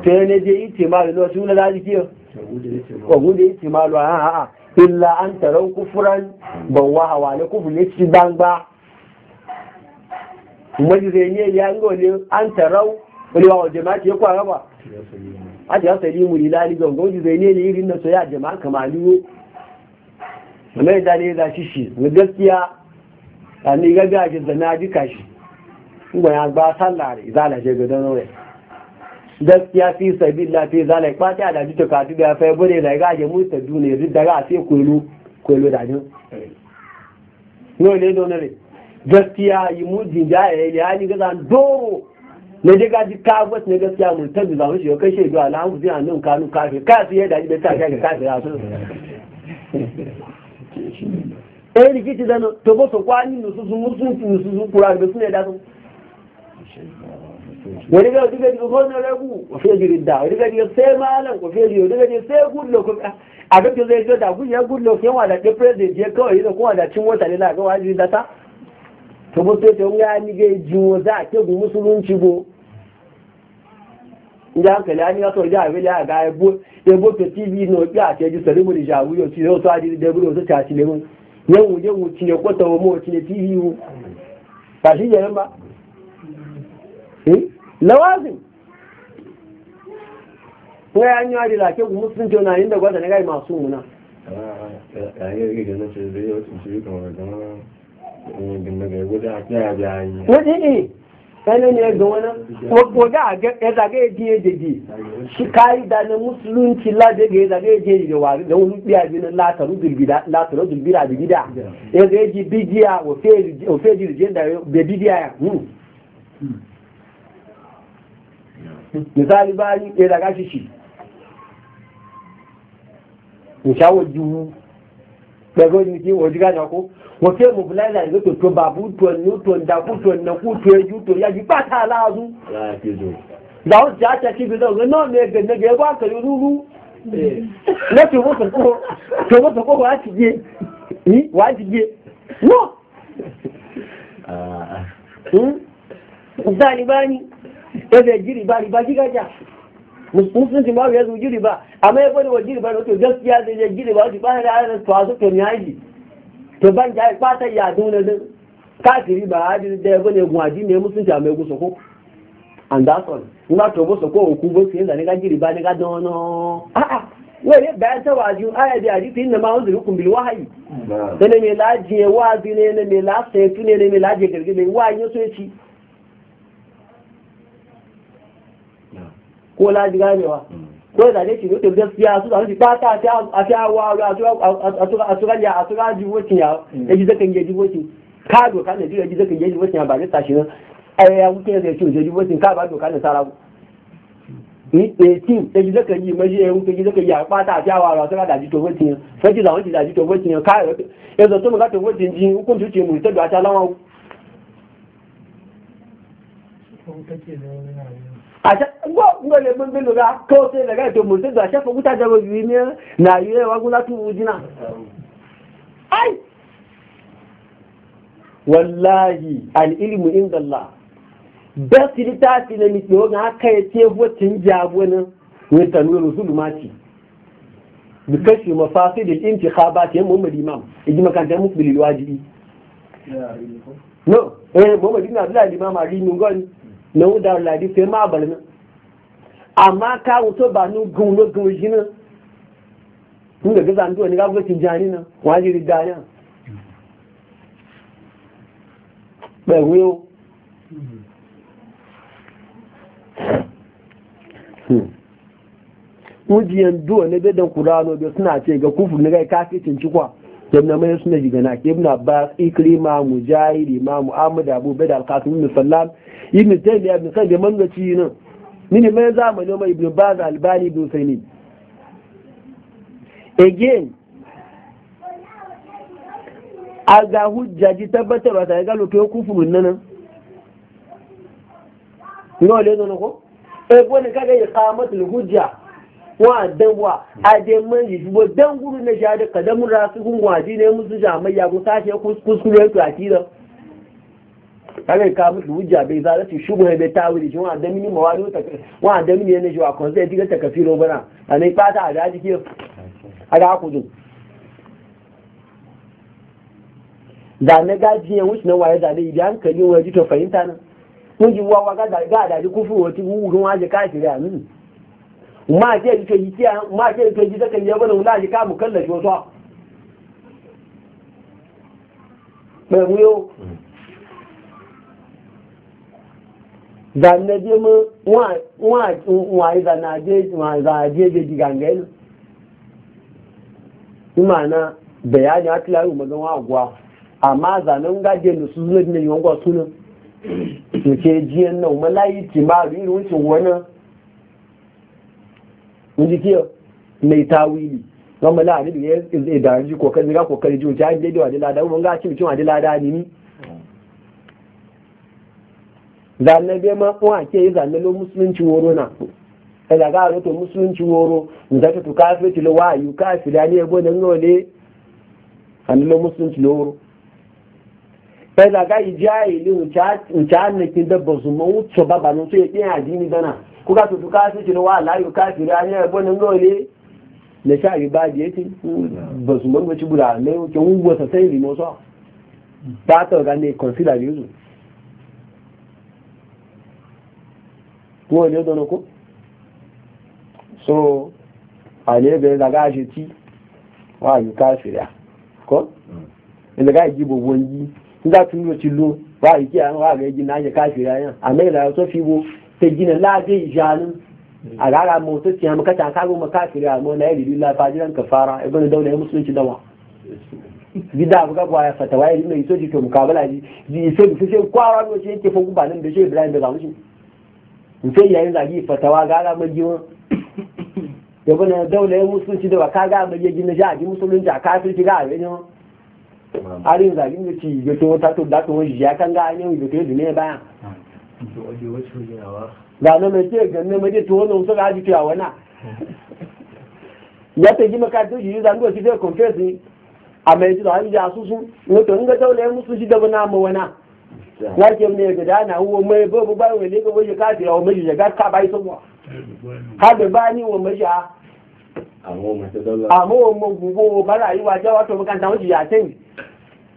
[SPEAKER 1] sai ne je ite malu no suna da ji kiyo ko gude ite malu a a illa an tarau kufuran ban wa ha kufur ne ci bangba kuma ji ya ngole an tarau olùwà ọ̀jẹ̀má ti kọ́ àrọ́bà láti ọ̀sẹ̀ ní ìmúlì láàrígbọ̀n tó ń jù ní èlé ìrìnà gaskiya ya rẹ̀ ìzàlẹ̀ ṣe gbẹ̀dọ́n rẹ̀ gaskiya fi sẹ̀bi láti ìzàlẹ̀ pátí àdájú tó kàtí bí afẹ́ bóde ìlàgá àjẹmú ìtẹ̀dú ní èrí ní olè lónìí gaskiya ìmú yi doro. na je gaji kagwas ne gaskiya mun tabi za mu shi kai shaidu ala an zai annun kanu kafi kafi ya daji bai ta kai kafi ya so eh rikici da to bo so kwani nusu su musu nusu su kura da sune da su wani ga diga diga ko na rabu ko fe jiri da wani ga diga sai malam ko fe jiri diga diga sai gullo ko a ga zai ga da gullo ya gullo sai wala da president je kawai da kuma da cin wata ne na ga wajibi da ta to bo to tun ya ni ge jiwo za ke gu musulunci bo nja ke la ni aso ja ve la ga e bo to tv no ja ke ju ceremony ja wu yo ti o to adi de bro so cha ti le mu ye wu ye wu ti ne ko to mo ti ne tv wu ta shi je ba eh lawazim ko ya ni adi la ke gu musulunci na inda da ne ga masu muna ah
[SPEAKER 2] ya ya ga ne ce da yo ti ji ko da wani
[SPEAKER 1] ne sanin ne ga wani waga ya zagaye jiye jeji shi kayi da na musulunci lajaga ya zagaye jiye jeji wa ga wani biya bi na lataru dulbira da gida ya zai ji bidiya wa feji rijiyar da bai bidiya ya misali bayan ya zaga shi shi in sha wajen wajen gada ko wọ́n fẹ́ mobilizer ìlú tó tó bàbú tó ẹni tó ń tó ẹni tó ẹjú tó yájú pátá aláàzú. ìdáwọ́ ti a kí ibi náà náà ní ẹgbẹ́ nígbẹ́ ẹgbẹ́ àkàrí rúrú. lẹ́tọ̀ owó sọ̀kọ́ wàá ti gbé wàá ti gbé wọ́. ìdáni bá ní ẹgbẹ́ jìrìbá rìbá jígájà musulun ti máa rẹ̀ ẹ̀sùn jìrìbá àmọ́ ẹgbẹ́ ni wọ́n jìrìbá ló tó ti bá to ban ja fata ya dole din kafiri ba hadi da yabo ne gwaji ne musunci mai gusa ko and that's all nga to bo so ko ku bo sin da ne ga jiri ba ne ga don no a a wa ne ba ta waji aya da hadi tin ma wanzu hukum bil wahyi ne me laji wazi ne ne me la sai tune ne ne me laji gargi ne wa yin so ci ko laji wa. ko da ne ki mutu gaskiya su da su ba ta a ta wa a tura a tura ya ka doka ne ji zakan ya yi
[SPEAKER 3] yi
[SPEAKER 1] ngole gbogbo lura tó ṣe lẹ́gẹ́ da mọ̀sẹ́dọ̀ àṣẹ́fọ́ gúta jẹ́ obìnrin ní nàìjíríà wágún látún wù jìnà ai wallahi al'ilmu indalla bẹ́ẹ̀sì ní ta lè ní ìwọ̀n aka yẹ tí ẹgbẹ́ tí ń jẹ abọ́ ní ní tànú rùsùlù máti bikashi mafasi da inti khaba ta muhammad imam iji makanta mu bilil wajibi no eh muhammad ibn abdullah imam ari nungani na o da ọ̀la ìdífẹ́ na. ama náà àmá káwọn tó bá ní gun lógun ojú náà ń gẹ̀gẹ́ sàn tó ní káfíńsì ti jẹ́ àníná wọ́n á lè rí dáa náà o. Ujiyan duwa na bedan kurano biyu suna ce ga kufu na gai cincikwa. janna mai suna jigana ke ibn abbas ikrima mujahid imam ahmad abu bayd al-qasim ibn sallam ibn taymiya ibn sa'd man da ci nan mini mai zamani mai ibn baz albani ibn sayyid again aga hujjaji tabbatar ba ta ga lokacin kufurun nan nan ko eh wani kaga yi iqamatul hujja wa dawa a dai man yi bo dan guru na jade kadamu rasu gun waji ne musu jamai ya go sashe kuskure to akira kaga ka musu hujja bai za su shubu bai tawili jin wa da mini mawali ta wa da mini ne jiwa kon sai diga ta kafiro bana anai fata a daji ke a ga ku du da na gaji ya wuce na waye da ne idan kalin waje to fahimta nan kun ji wa ga da ga da kufu wati gugun waje kafira amin ma je yake yi kiya ma je yake yi zakan yabo na wala ka mu kallafi wato ba mu yo na je mu wa wa wa da je wa da je je digangel kuma na bayani atla mu ga wa gwa amma zanen gaje da su zuwa ne yawan gwa sunan ke jiyan nan malayi timaru irin wancan wannan mun ji mai tawili wọn mọ láàrin ìlú yẹn ìdàrú ju ji nígbà kọkẹ ju ti àìdé dé wàdí ládàá wọn gá tìmí tí wọn ni mí. zanne ma fún àti yi zanne lo musulunci woro náà ẹ̀dà ká a tó musulunci woro nǹkan tuntun káfíń ti lọ wá àyù káfíń dání ẹgbẹ́ ní musulunci woro. ẹ̀dà ká ìjà ìlú nǹkan nǹkan nìkin dẹ́ bọ̀sùn mọ́ wọ́n tọ́ bàbá ní wọ́n tó yẹ kuka tutu kafirci na wa layu kafiri an yaya bonin gole na sha yi ba da yake ba su mangwaci guda na yau ke wugwa ta sai limo sa ta ta ga ne consider zu? ko ne don ko so a ne ga da ga shi ti wa yi kafiri ko inda ga yi bobon yi inda tun yi ci lo wa yi ki an wa ga yi na ya kafiri yan amma da so fi bo ta gina labe janin a rara motsa ciya makata kago makafiri a mona ya ribi lafajiran fara ibn daula ya musulunci dawa gida abu gaba ya fatawa ya rina iso jike mukabala ji ji iso bi sai kwara ne shi yake fogu banin da shi ibrahim da zamushi in sai yayin zagi fatawa gara magiwa ya bana daula ya musulunci dawa ka ga mai gina ji a ji musulunci a kafirci ga a yanyan arin zagi ne ci ga to ta to da to shi ya kan ga an yi da to ne baya. ba na mai ce ganin maje tuwo wani wasu ga to yawa wana ya ta yi makatu shi yi zango shi zai confessi a mai ji da hanyar da asusu wato in ga daula ya musu shi da wana ma wana ya ke mai ga da na huwa mai babu bayan wani ga wajen kafin yawon mashi ya gaka bai sabuwa har da ni wa mashi a
[SPEAKER 2] amma
[SPEAKER 1] wa magugo ba rayuwa jawa to makanta wajen ya ce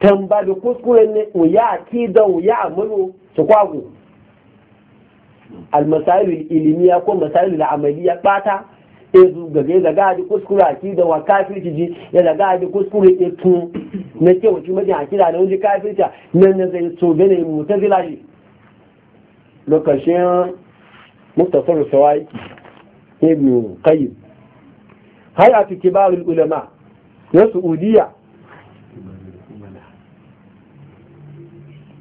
[SPEAKER 1] tamba da kuskuren ne da akida ya amalu su kwago almasailu ilimiya ko masailu amaliya bata zu gaga da ga da kuskure da wa kafirci ji ya da ga da kuskure tu ne ke wuce da akida da wani kafirci nan na zai so bene mutazila shi lokacin mustafar sawai ibn qayyim hay'atu kibarul ulama na saudiya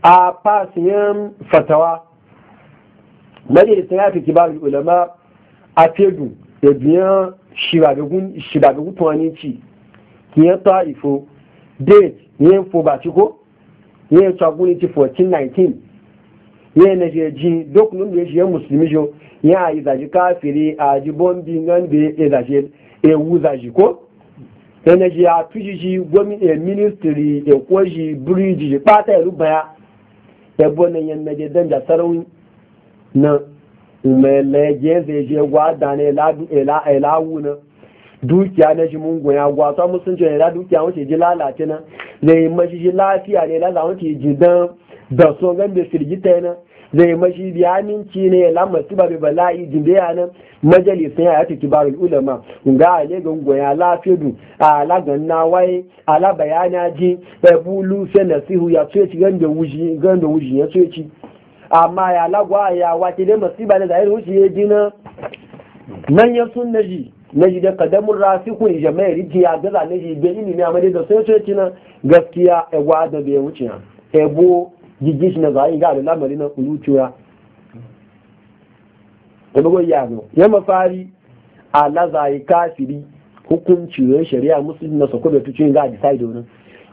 [SPEAKER 1] a fasiyan fatawa majalisar yafi kibar ulama a fedu da biyan shibagagun tuwani ci yan ta ifo date yin ci ko yin tsaguni ci 1419 yan na jeji duk nun da ya shiyar musulmi jo ya yi zaji kafiri a ji bombi nan da ya zaji ewu zaji ko na energy a tujiji gwamnati ministry ekwoji bridge pata ya rubaya ebo ne yen meje dan da sarawin na umeleje zeje gwa da e e ne la ela ela dukiya na shi mun goya gwa to mun sun je da dukiya wace ji lalace na ne mashi ji lafiya ne la za wace da na zai mashi biya aminci ne ya lamar masiba bi bala'i jimbiya nan majalisun ya yata kibarul ulama ga ale ga goya lafidu ala ganna waye ala bayana ji e bulu sai nasihu ya tsoye ci ganda wuji ganda wuji ya tsoye ci amma ya lagwa ya wace dai masiba da zahiri wuce ya ji na manyan sun naji naji da kadamun rasikun jama'ir ji ya gaza naji bai ilimi amma dai da sun tsoye ci na gaskiya e ya da bai wuce ebo gigi shi na zai gari lamari na kuluciya da bugun yano ya mafari a lazari kafiri hukunci ya shari'a musulmi na sako da tucin ga disai domin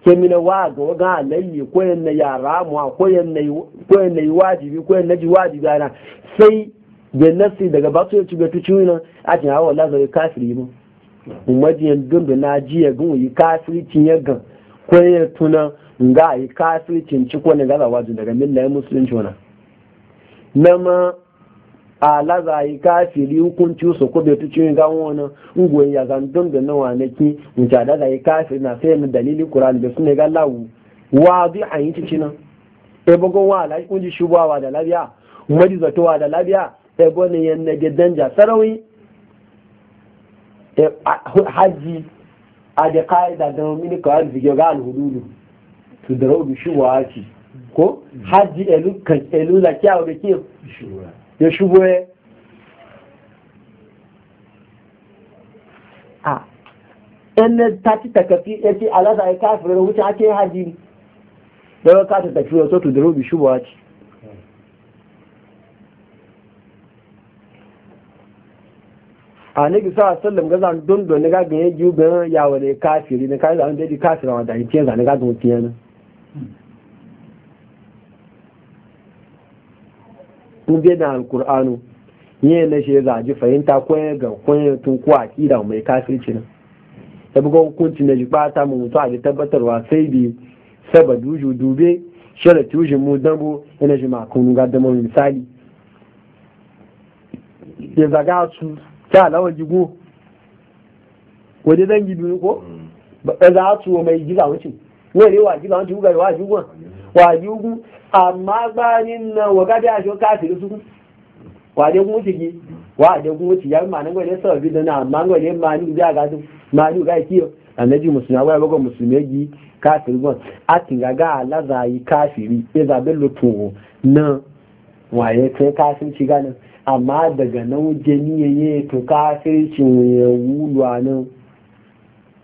[SPEAKER 1] kemi na wa ga alayi alayyi ko yara mu ko yanne yi wajibi ko yanne ji wajibi ana sai da nasi daga basu ya ci ga tucin nan a cikin hawa lazari kafiri mu umajiyan dundu na jiya gun yi kafiri cin gan ko ya tunan nga yi kafircin ci ko ne gaza wajen daga millayin musulunci wani na ma alaza yi kafiri hukunci su ko bai tuci ga wani ungoyin ya zandun da nawa na ki wuce da za yi kafiri na sai mu dalilin kurani da su ga wa zai a yi cici nan e bugun wa alaji kunji shubawa da labiya umari zatowa da labiya e ne yan na gidan ja sarawi e, hajji a da ka'ida da mini kawai zige ga alhududu su da raudu shi wa ko haji elu kan elu ke ya shubo ya a ɗan ta ci takafi ya ce alaza ya e kafirin wuce ake haji daga ka ta tafi wasu to da raudu shi wa haji a nabi sa sallam ga zan dondo ne ga ga yaji ga yawo ne kafiri ne kai zan da kafira wa da yake zan ga ga mutiya in bai da alkur'anu yin na shi zaji fahimta kwaye ga kwaye tun ko akida mai kafirci nan ta e buga hukunci na ji bata mu mutu a ji tabbatarwa sai bi saba duju dube shara tujin mu dambo yana shi makonu ga damar misali ya zaga su ta alawar jigo wadda dangi duni ko mm. ba e za su wa mai gida wuce wọ́n lè wàjú bá ń tukú gàrí wàjú gùn wàjú gùn àmọ́ gbá nínú wọ̀gádé aṣọ káàkiri tukú wàdé gún ti gi wàdé gún ti yàrá màá nígbà ilé sọ̀rọ̀ bí dáná àmọ́ nígbà ilé máa ní ibi àgàtú máa ní ìgbà ìkíyọ̀ mùsùlùmí àwọn ẹgbẹ́ mùsùlùmí ẹgbẹ́ káàkiri gùn àtìgàgà aláza yìí káàkiri ìzàbẹ̀ lótò náà wàyẹ tẹ káàkiri ti gánà àmọ́ àdàgà náà jẹ níyẹyẹ tó káàkiri ti wùnyẹn wúlò àná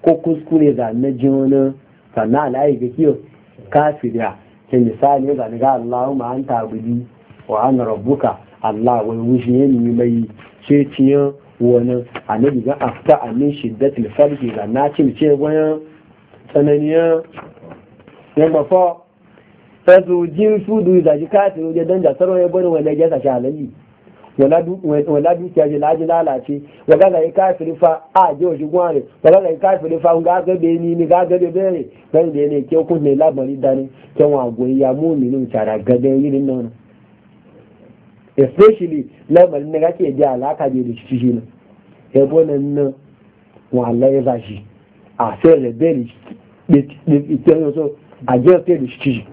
[SPEAKER 1] kó kúskúrè dà náà náà sannan alayi ga kiyo kafiriya ke misali ga ga allah ma an tabudi wa an rabbuka Allah wani wushi ne mai ceciye wani annabi ga afta amin shiddatil farki ga na ce ce wani tsananiyar yan gbafa fasu jin fudu da ji kafin wajen don jasarwa ya bani wani gasa shi wala dukiya ji laji lalace waga ga ka fa a je oji gware waga ga ka filifa ga ga be ni ni ga ga be be da ne ke ku ne labari dani ke wa goyi ya mu ni nun tara ga da yi nan especially ne kake ji alaka je da shi ne e bonan nan wallahi za shi a sai rebelli de de so a je te da shi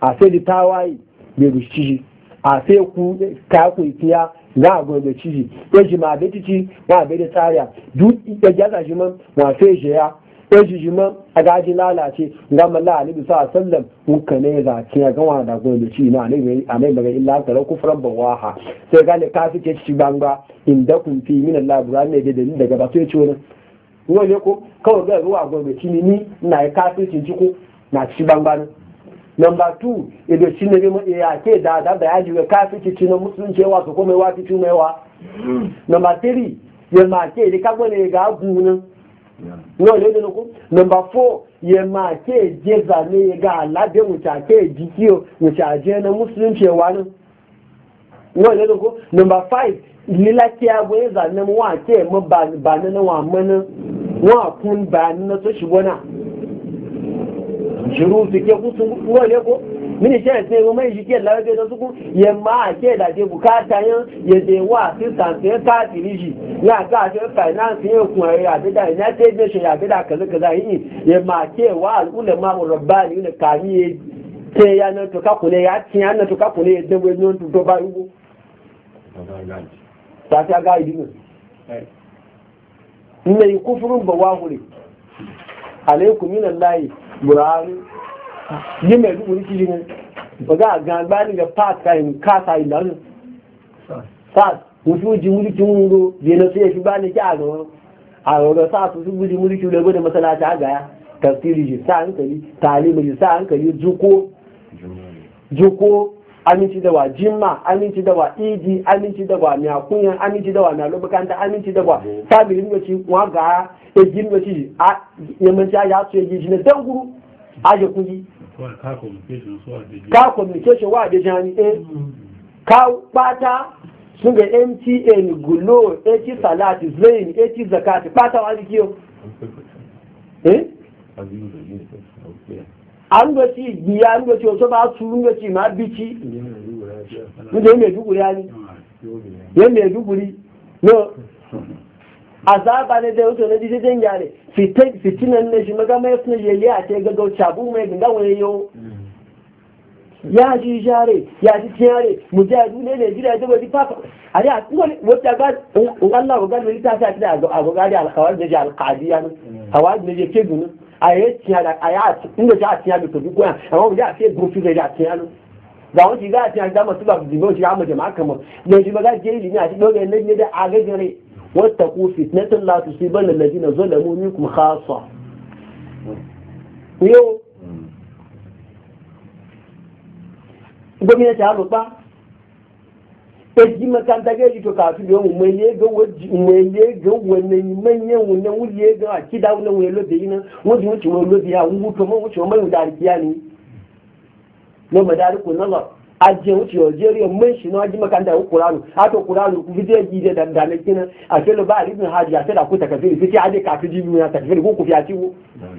[SPEAKER 1] a sai da tawayi da shi a sai ku ka ku za a gobe ciji ya ji ma da tici ma bai da tsariya duk ya gaza shi man wa sai shi ya ya ji shi man a gaji lalace ga malla alibi sa sallam mun ka ne za ki ga wa da gobe ciji na alibi a mai daga illa ka rau kufran bawaha sai ga ne ka suke ci banga inda kun fi min Allah bura ne da dalil daga ba sai ci wani ne ko kawai ga ruwa gobe ciji ni na ya ci ko na ci banga ne Number two, ido shi ne e ya ke da da da yaji jiwe kafin cici na musulunci yawa su kuma yawa cici mai yawa. Hmm. Number three, ya ma ke da kagbo ne ga gunu. Yau ne da ku. Number four, ya ma ke je zane ga alabe wuce ke jikiyo wuce aje na musulunci yawa nan. Yau ne da ku. Number five, lila ke abu ya zane mu wa ke mu ba na wa mana wa kun ba na to shi gona. shiru su ke kusa ruwa ne ko mini shi ne mu mai shi ke da suku ya ma ke da ke bukata yin ya je wa sai san sai ka tiri shi ya ga shi finance ya kuma ya da da ya sai da shi ya da kaza kaza yi ya ma ke wa al'ulama rabbani ne kami ke ya na to kule ya ci ya na to kule ya dawo ne to to ba yugo ta eh. ne kufurin bawahure alaikum min allahi burari yi mai duk wani ne. ba ga ba ni ga pat ka in ka sa ila ni sas wusu ji mulki wuro je na sai shi ba ni ki a ga a ga sas su ji mulki da gode masalaci a gaya tafsiri ji sa hankali talimi ji sa hankali juko juko aminci da wa jimma aminci da wa idi aminci da wa miya kunya aminci da wa miya lobakanta aminci da wa sabi rin wace wa ga e jin wace a ya so yi jina dan guru a je kuji ka communication wa da jani eh ka bata sun ga MTN gulo eti Salat, zain eti zakati bata wa dikiyo eh an gwaci biya an gwaci wasu ba su an ma bici inda ya maiduguri ya ne ya maiduguri no azaba ne na jiji jan yare fitinan ne shi magama ya suna yeli a ce gaggau cabu mai ganga wani yau ya ji ya ji tiyare mu ji a duniya ne jira da wani papa a da kuma wata ga in Allah ga gani ta sa ta ga ga da alkawar da ji alqadiya ne mm. ke ayé tiɲa la ayé ati ŋdɔ tí a tiɲa do tobi kɔyan àwọn òbí àti egun fi lè di àtiɲa lo gàwọn tí ká àtiɲa dama tó bá dìbò tí a mọ̀ jẹ̀ máa kàn mọ̀ lẹ́yìn bá ká jẹ́ ìlú ní àti lọ́gẹ̀ ní ní dẹ́ agẹ́gẹ́rẹ́ wọ́n takò fitinẹ́tì la tó sí bẹ́ẹ̀ lẹ́lẹ́dì náà zọ́lẹ̀ mú ní kùn ká sọ. pa. eji e ga yi to kafi biyo mu mai ye ga waji mai ye ga wannan manyan wannan wuri ye ga akida wannan wuri lobe na wuri wuce wuri lobe ya wu to mu wuce mai da arkiya ne no madari ko a aje wuce Algeria mun shi no na a to a a da ku takafiri fice aje kafi ji mu ya a ci ku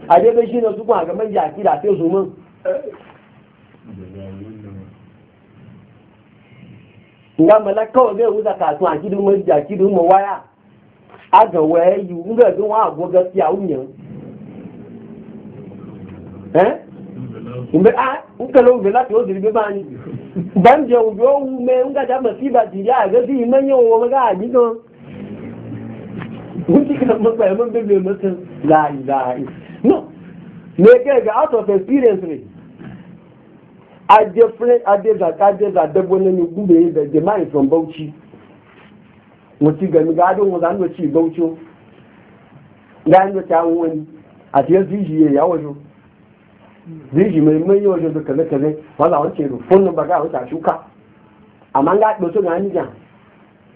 [SPEAKER 1] aje ga shi ne su ku ga manja akida sai su nga mala kawai zai wuza a kidin waya a ga waya yi nga ga wa go gaskiya unyan
[SPEAKER 2] eh umbe
[SPEAKER 1] a nka lo umbe lati o diri be bani ban o me nga da a di ka no ga out of experience rate adefre adeza adeza debo ne ni gube yi da demand from bauchi mutu gami ga adon wa zanuwa ci bauchi ga yanzu ta an wani a tiye ziji ya yawo jo ziji mai mai yawo jo da kaza kaza wala wace ro fonu ba ga wata shuka amma ga do so ga ni jan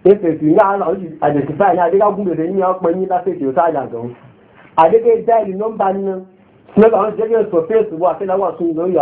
[SPEAKER 1] efe fi ga ala oji identify na adiga gube da ni ya ni la se ti o sa ja gan adiga dial number nan na ba won je ge so facebook wa fe wa sun do you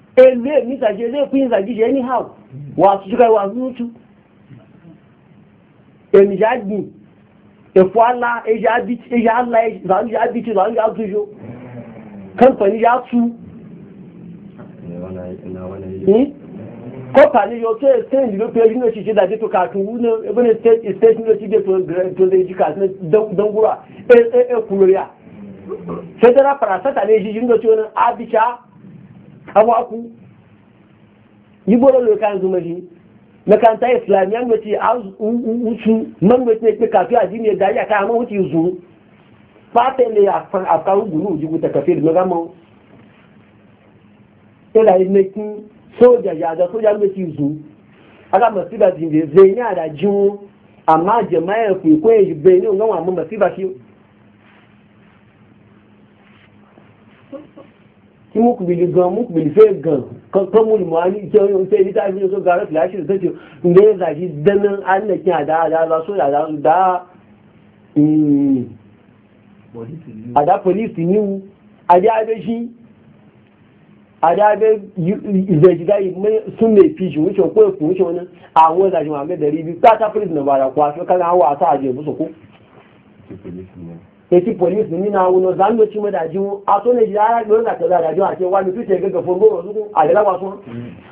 [SPEAKER 1] ele mi zaje zai fi zaje anyhow wa su kai wa zutu èmi já gbìn èfò alá ẹja alá ìzàlú já bí ti ìzàlú já tójó kẹ́ǹpẹ̀lú já tú kọ́pà ní yóò tó ẹ̀sẹ̀ ìlú pé ẹjú náà ṣiṣẹ́ dájú tó kàtún wú náà ẹgbẹ́ ní state ní ti dé tó lè jí kàtún dọ́ngbúrà ẹkùnrin rẹ̀ federal parasata ní ìṣiṣẹ́ ní ọjọ́ abicha abu aku yi bora lo kan zuma shi makanta islamiyya ne ce a wusu man ne ce kafi a jini da ya kama wuce zu fata ne ya fan a kan guru ji buta kafe da gama ila yi ne ki soja ya da soja ne ci zu ma ala masiba jinde zenya da jiwo amma jama'a ku ko yi bayanin ga wa masiba shi tí mú kùbìlì gan mú kùbìlì fẹ́ gan kan mú lùmọ́ ní ìṣẹ́ oyún tẹ́ ìdí táìfì lóṣù gàrẹ́ fìlà ṣì tó ti ǹdẹ́ ìdàjì dáná ji àdáadáa lọ sórí àdá àdá pọ̀lísì níwu adé abẹ́ṣí adé abẹ́ ìzẹ̀jìdá súnmẹ̀ fíjì ń ṣe òpó èkó ń ṣe wọn àwọn ìdàjì wọn àmẹ́dẹ̀rí ibi pátá pọ̀lísì nàbàrà kó aṣọ kára wà sáà jẹ́ ìbúsọ̀kó tẹ́tí pọ̀lísì nínú a ọ̀nà záńdó tí mọ́ dájú atọ́nẹ̀jìlá arábìnrin àtọ́lá àdájọ́ àti wà ní tútẹ̀ gẹ́gẹ́ fún gbọ́rọ̀ lókún àdẹ́lágbàsán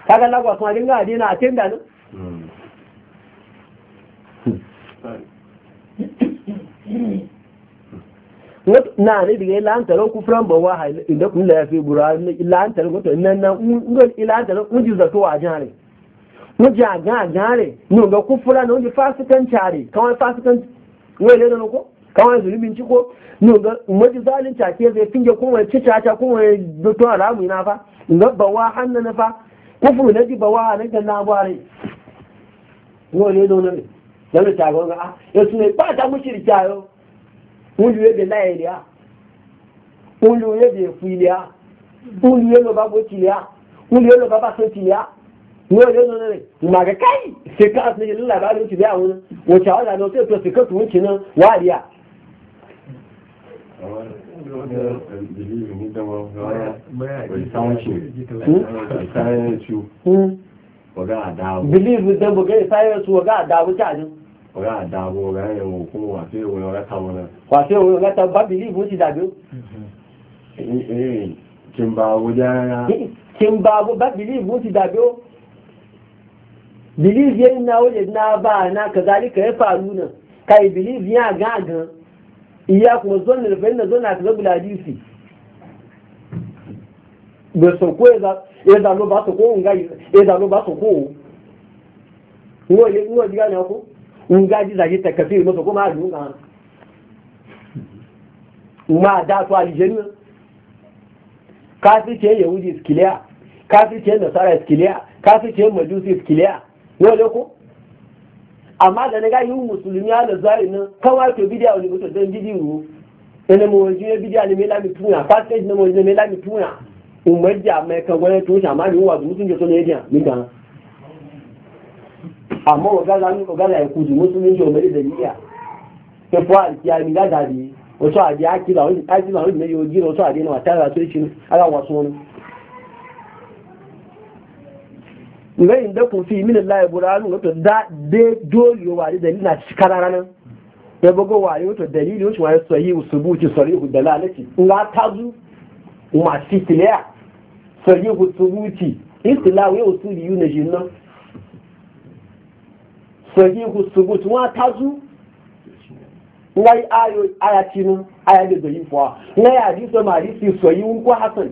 [SPEAKER 1] kágẹ́lágbàsán adínlá àdínlá àtẹ́ndà náà na ne daga ilantarar kufuran ba wa inda kun da ya fi bura ilantarar kuto nan nan ngon ilantarar kunji zato a jihar kunji a gan a jihar ne ga kufura na wani fasikan cari kawai fasikan wai da kawai su rubin ciko no ga maji zalin take zai finge kuma ci caca kuma doktor alamu na fa ga bawa hannu na fa kufu na ji bawa a nan na bare no ne don ne dan da tagon ga ah su ne ba ta mushriki ayo mun yi da lailiya mun yi da filiya mun yi da babo tiliya mun yi da baba so tiliya no ne don ne ma ga kai sai ka a labarin ki da wani wacce wala no sai to sai ka tuwuci nan wariya
[SPEAKER 2] bilibu dan bu gai sai su ga adabu ta jin ga adabu ga yau kuma wa sai ya
[SPEAKER 1] faru nan kai bilibu iya kuma zon da fahimta zon na kaga su, da soko ya zano ba su ko nga ya zano ba su ko ngo ji gane ko nga ji zaji ta kafi masa kuma a dunga ma da to aljanna kafi ce yahudi skiliya kafi ce nasara skiliya kafi ce majusi skiliya ngo ko amma da na ga yi musulmi ala zai nan kawai to bidiya wani mutum zan gidi ru ene mo wani jiye bidiya ne mela mi tuna passage ne mo ne mela mi tuna umarja mai kan gwani amma shama ne wa mutum ke so ne yadiya mi kan amma wa gaza ni gaza ya kuji musulmi jo mai da niyya ke fa alkiya mi ga dadi wato a biya kila wani kaji ma wani ne yo jiro to a dena wa tara so shi ala wasu wani Ngai da ku fi min Allah ya buranu wato da de dole yo wari dalili na cikara ranan ya bugo wari wato dalili wato wari sahih subuti sahih dalalati nga tazu ma sikiliya sahih subuti istilahu ya usuli yuna jinna sahihu subuti wa tazu ngai ayo ayatinu ayade dalili fwa ngai hadisi ma hadisi sahih ko hasan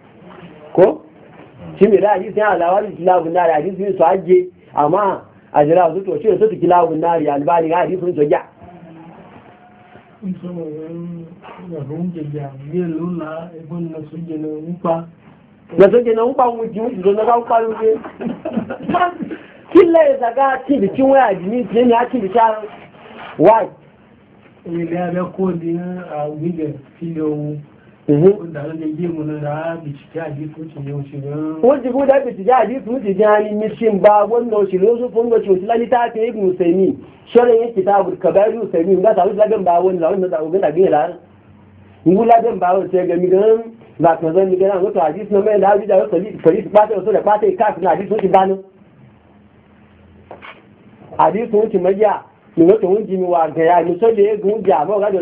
[SPEAKER 1] ko shi mai da hadisi yana lawarin kilabun nari hadisi yin su hajje amma a jira su to shi da su kilabun nari albani ga hadisi yin su gya na sókè na ń pa àwọn ìjìnwó ìjìnwó náà ń parí oúnjẹ kí lẹ́yìn ìsàgá tìbì tí ni àjì ní ìtìlẹ́ ní àtìbì sáà wáì da abẹ́kọ́ ní àwílẹ̀ fílẹ̀ ohun wọ́n ti kó dábì tìjá àdífún ti jẹ́ àrí mission bá wọ́nà òṣèlú oṣù fún ọjọ́ òṣèlú láti tààtì ibùn sẹ̀mí ṣọ́rọ̀ yẹn ti tààbù kàbáyé sẹ̀mí nígbà tààbù lábẹ́m bá wọ́nà láwọn mẹ́ta ògbẹ́ta gbé lára ìwú lábẹ́m bá wọ́n ti ẹgbẹ́ mi gan bàtàzọ́ mi gan àwọn tó àdífún ọmọ ẹ̀dá àdíjà ó sọ̀rí pátẹ́ òṣèlú pátẹ́ ìkáàkiri àdífún ti bánu àdífún ti mẹ́jà nìyọ́ tó ń jí mi wà gẹ̀yà mi sọ́jọ́ eégún jà mọ́ ọ̀gájọ́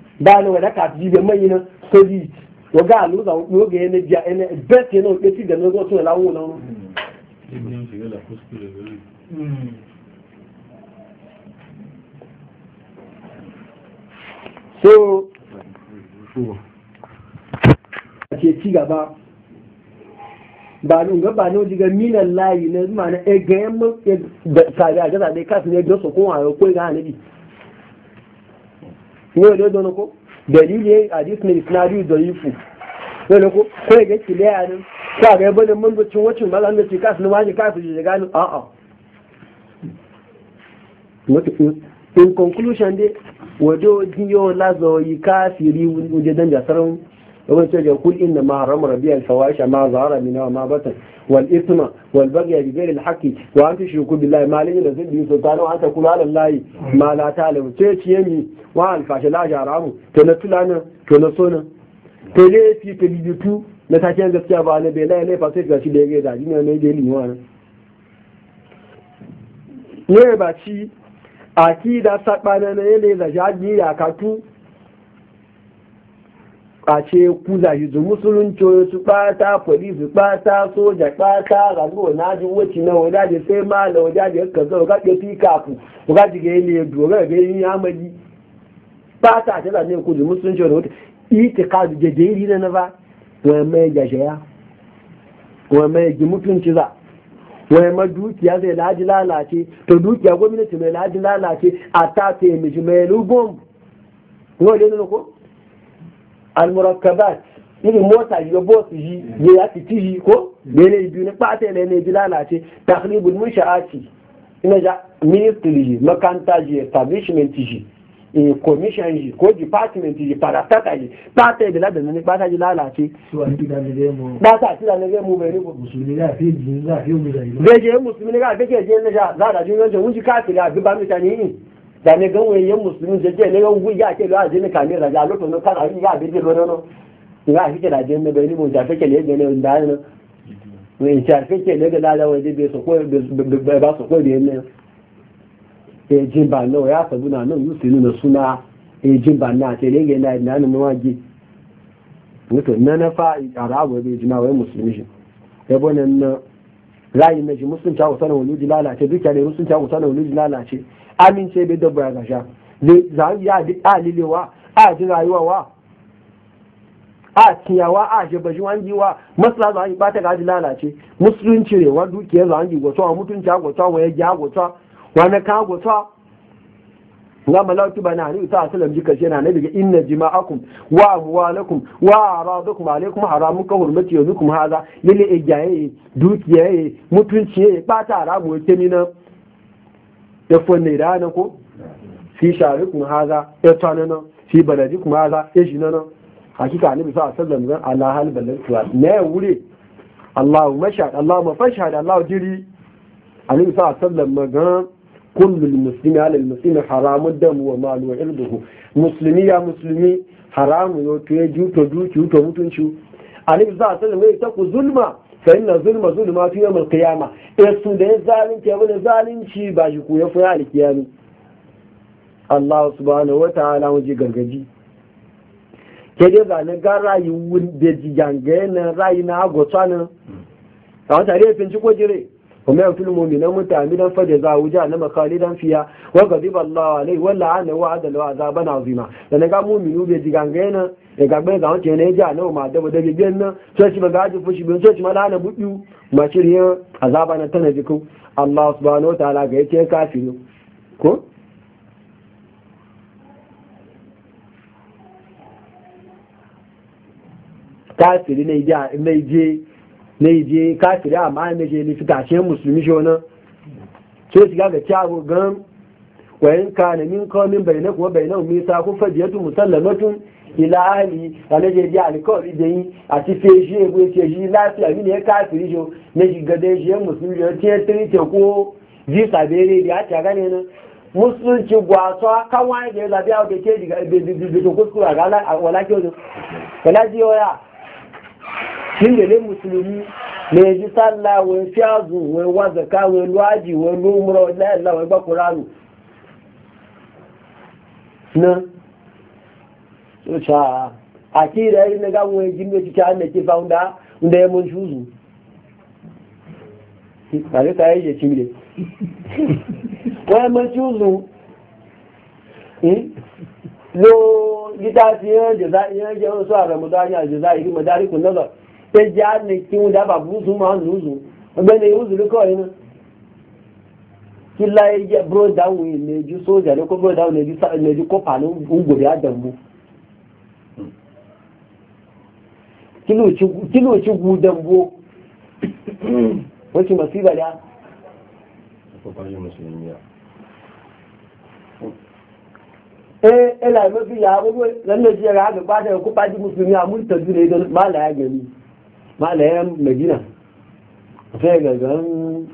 [SPEAKER 1] Ba wọ́n dákà àti ibẹ̀ mọ́ yìí náà tóbi wọ́n gá àlọ́ ìgbà wọ́n gẹ̀ ẹni bíi ẹni bẹ́ẹ̀ tí náà pété ìdẹ̀nu ọgbọ́n tún ẹ̀ láwọn òun lọ́rùn. so ci gaba ba ne diga minan layi na mana egayen mun sabi a gaza dai kasu ne don su kowa ya koyi ne bi. yau da don ko dalili a disney isnadi da ne sai ko sai ga ki da nan ka ga bane mun da cin wacin malan da ci kas ni waje kasu ji ga ni a a in conclusion dai wajo jiyo lazo yi kafiri wuje dan kamar ce ga kul inna ma haram rabiya al fawaisha ma zahara min wa ma batan wal ithma wal baghy bi ghayri al haqqi wa anta da zulmi sultanu anta kulu ala allahi ma la ta'lamu ce ce mi wa al tulana to na sona to le fi ta bidutu na ta gaskiya ba ne bai lai lai fa sai ga shi da ya ga ni ne da ni wa ne ba ci akida sabana ne ne da jadi ya ku kúlà yìí musulunci su pátá polisi pátá sójà pátá ràdúgbò náà na, wọ́n ti náà wani jáde fẹ́ máa lọ wọ́n jáde kẹsàn wọ́n kájọ píkàpù wọ́n kájọ gẹ̀ẹ́ lè dùn ọ̀rẹ́ ìgbé yín amẹ́jì pátá àti ẹ̀dà ní èkó ju musulunci ọ̀nà yìí ti ká jẹjẹ yìí nínú bá wọ́n mẹ́ jẹjẹ ya wọ́n mẹ́ za ma dukiya zai láti lalace to dukiya gwamnati mai láti lalace wọ́n lé nínú kó almurakabat irin mota yi bos yi ya ya fiti yi ko mene biyu ne ɓata ne ne bi lalace takribul munsha'ati ina ja ministry yi makanta yi establishment yi e commission yi ko department yi parastata yi ɓata da ladan ne ɓata yi lalace ɓata ti da nage mu bai riko musulmi a fi jin ga fi mu da yi zai je musulmi ga fi ke je na ja za da jin yanzu wuji kafira bi ba mutane yi da ne gan wayan musulmi da je ne gan gu ya ke lo ajin ka ne raja lo to no kan ayi ya be je lo no ga shi ke da je ne be ni mu da fake le je ne da no ne ta fake le ga la la waje be so ko be ba so ko be ne e jin ba no ya sabu na no yusi no suna e jin ba na ce ne ga na na no waje wato na na fa arabu be jina wai musulmi shi ya e bonan rayin na ji musulunci a kusa na wani ce dukiya ne musulunci a kusa na wani ce. Amin sai bai dabba ga sha le za ya di alilewa a ji rayuwa wa a tiyawa a ji baji wangi wa masala za yi bata ga lalace musulunci ne wa dukiyar za yi gwata wa mutunci a gwata wa ya ji a gwata wa na ka gwata nga malautu bana ni ta sallam jika shi na nabi ga inna jima'akum wa amwalakum wa aradakum kuma haramun ka hurmati yanzu kuma haza lili ijaye dukiyaye mutunci ya bata haramu ya na. ya ne da hannun ko fi kuma haza ya nan fi kuma haza ya shi nan. hakika ne bisa a sallan zan balar baladikun ne ya wure allahu ma allahu mafashahad allahu jiri a ne bisa a sallan magan kullum musulmi alal musulmi haramun damu wa malu wa irduhu musulmi ya musulmi haramun yau to ya juto duki to mutunci a ne bisa a sallan mai ta ku zulma fa'in na zulma zulma fi yawon kiyama esu da ya zalunci ya wani zalunci shi ku ya fi alkiyami Allah subhanahu wa ta'ala waje gargaji ke dai ba na ga rayu da jiyangayen rayu na agwata nan a wata refin ci ko jire wa ma yaqtulu mu'mina mutaamidan fajaza wa na makhalidan fiha wa ghadiba Allahu alayhi wa la'ana wa adala wa azaban azima dan ga mu'minu be digange na e ga be ga on tene ja na o ma de de be gen na so shi ga ji fushi be so shi ma la buɗu ma shi riya azaba na tana jiku Allah subhanahu wa ta'ala ga yake kafiru ko kafiri ne ja ne je na je kafiri amma na je lifi tashe musulmi shi wani sai shiga ga kyawu gan wayan kana min kawmin bai na kuma bai na umi sa kun fajiyatu musallamatun ila ahli wani je je alkawari da yi a ti shi ya gwe feshi lafiya min ya kafiri shi na shiga da shi musulmi shi ta tiri ta ko ji sabere da ya ta gane nan musulunci gwasa kan wani da ya zabi a da ke diga da kuskura ga wala kyau wala jiyoya hingele musulmi mai ji sallah wai fiyazu wai luwaji wai lumura wai la'ila wai bakuranu na tsoca a kira yi na gamu wai jimbe cikin an da ke faunda inda lo gita a ramadani a jaza'i sai ji ne kin da ba buzu ma nuzu ga ne yuzu da kawai na killa ya bro down ne ji soja ne ko bro down ne ji sa ne ji kofa ne ungo a dambu kilo ci gu dambu wace masiba da ko ba yi musulmiya eh ela mafi ya abubuwa lalle ji ya ga ba da ku ba mun ta dure da mala ya gani malayan madina sai ga gan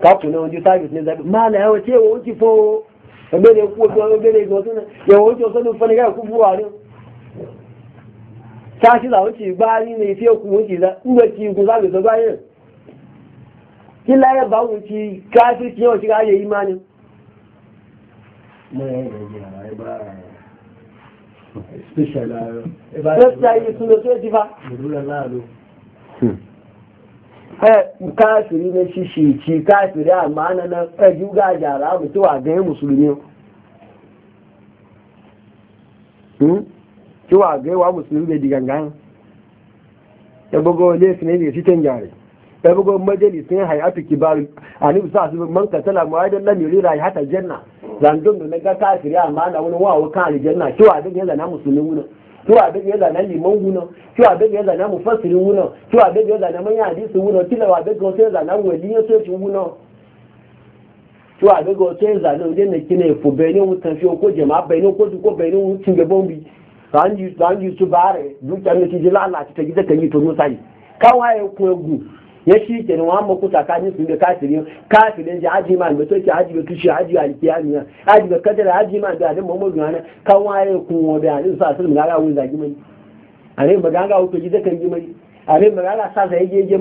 [SPEAKER 1] kafin na wajen sabis ne zaɓi malayan wace wa wuce fo ebe ne kuwa tuwa ebe ne zuwa suna ya wuce wasu nufa ne gaya kubuwa ne ta shi za wuce ba ne fiye ku wuce za in ci ku zaɓi ta bayan ki laye ba wuce kafin ki yawa shiga aje imanin.
[SPEAKER 2] Especially,
[SPEAKER 1] if I... Especially, if Hmm. kafiri na shishici kafiri a ma'ana na ƙaju ga jara mutu a ganye musulmi cewa ganye wa musulmi da digangan ya bugo lefi ne da fitan gyare ya bugo majalisun hayatu kibaru a nufi sa su man katala mu'adin lam yuri rayu hata janna zandun da na ga kafiri a ma'ana wani wawo kan aljanna cewa zan e yi zana musulmi kiwa abin ya zana liman wunan kiwa abin ya zana mufassirin wunan kiwa abin ya manyan wunan wa abin wasu ya zana wali ya soci wunan kiwa abin wasu ya zana wajen na kina ya fo bayanin wutan fiye ko jama'a bayanin ko su ko bayanin wutan gaban bi ran yi su bare dukkan da ke ji ta gida ta yi to musayi kan waye kuma gu ya shi ke nan wamma ku tsakanin su da kafiri kafirin ji haji ma mai ki haji ga kishi haji ga alkiyami na haji ga kadara haji ma da adam muhammadu hana kan waye ku da hadin sa sun ga gawo zagi mani are ba ga gawo to ji da kan ji are ba ga ga sa sai je je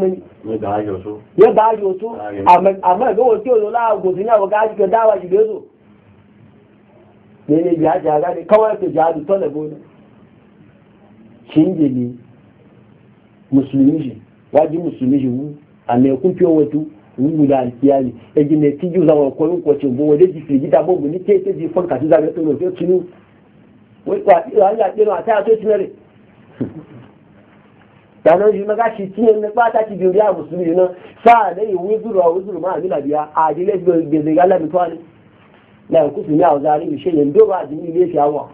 [SPEAKER 1] so ya ba jo to amma amma ga wato lo la go dinya wa ga ga dawa shi bezo ne ne ya ja ga kawai ke ja to ne bo shin ne musulmi shi waji musulmi jiwu a mai kumfiyar wato wuwu da alkiyali ya e ji mai tiju za wani kwacin bo wadda ji fili gida bobu ni ke ta ji fanka su zaɓe tsoro sai tunu wai kwaɗi a hanyar ɗero a taya to tunare sanan shi maga shi tiye na ba ta ci biyu ya musulmi na sa da yi wuzuru a wuzuru ma a mila biya a jile shi bai zai gala mutuwa ne na yanku su ne a wuzari bi shi a jini ne shi hawa.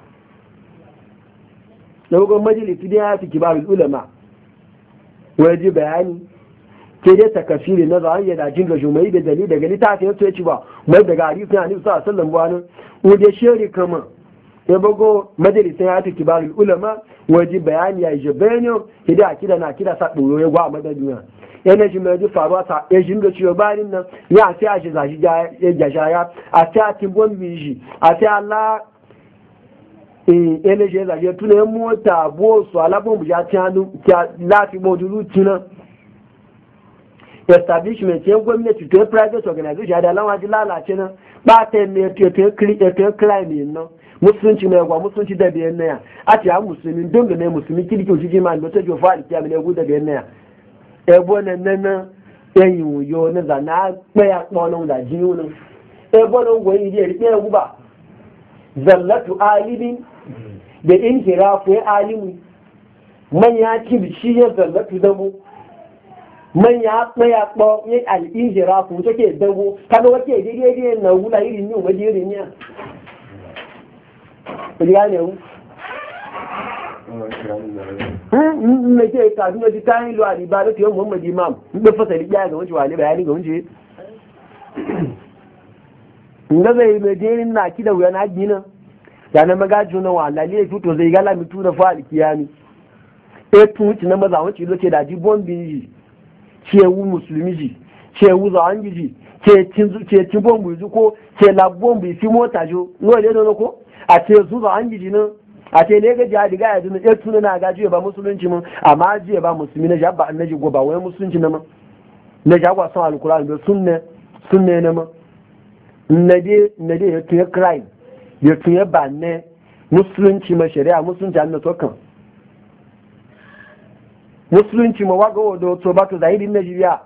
[SPEAKER 1] Dogon majalisi da ya fi kibarul ulama waje bayani ke dai ne na zan yana jin da jumai da dalil daga littafin ya ci ba mai daga hadisi na hadisi sallan buwanin wuje shiri kama ya bago majalisar ya tuki ba ulama waje bayani ya yi bayani ke dai akida na akida sa ɗoro ya gwa madadina yana shi mai faruwa sa ya shi da ciwo bayanin nan ya sai a shi zashi ya jashaya a sai a timbon biji a sai Allah Eh, ele ṣe ìrìnàjò tún lè mú tààbù òsù alábòmùjá láti mọ̀júlú tíná establishment yẹn gwamnati, tó private organization àdá láwọn ajé lálàáṣẹ́ náà pàtẹ́ ní ẹ̀tọ́ crime iná musulunci na yagwa musulunci da biyan naya a ti a musulmi dunga na e musulmi kirki ojiji ma lo tejo fa aliki amina egwu da biyan naya ebo na nana ẹyin oyo na zana pẹ e apọ ọlọrun da jiyo na ebo na ngwe iri eri pẹ egwu ba zallatu alibin da inkira ku ya alimu man ya kirci ya zallafi dabo man ya tsaya kpo ya al'injira ku to ke dabo ga wace daidai na wula iri ne wajen irin ne ku ya ne hmm, na ke kasu na ji ta yi lo ba da fiye muhammadu imam da fasali ya ga wuce wani bayani ga wuce na zai mai jerin na ki da wuya na gina yana magaji na wa lalai fito zai gala mi tuna fa alkiyami e tun wuce na maza wuce loke da ji bombin ji ce wu musulmi ji ce wu zawangi ji ce ci bombu yi ko ce la bombu yi fi mota jo ngo le don ko a ce su zawangi ji na a ce ne ga jihadi ga yadda e tun na gaji ba musulunci mun amma ji ba musulmi na jabba annaji go ba wai musulunci na ma na jagwa sun alkurani da sunne sunne na ma na dai ya tuye crime ya tuye ba ne musulunci ma shari'a musulunci an nato kan musulunci ma waga wa to ba ta zahirin na jiriya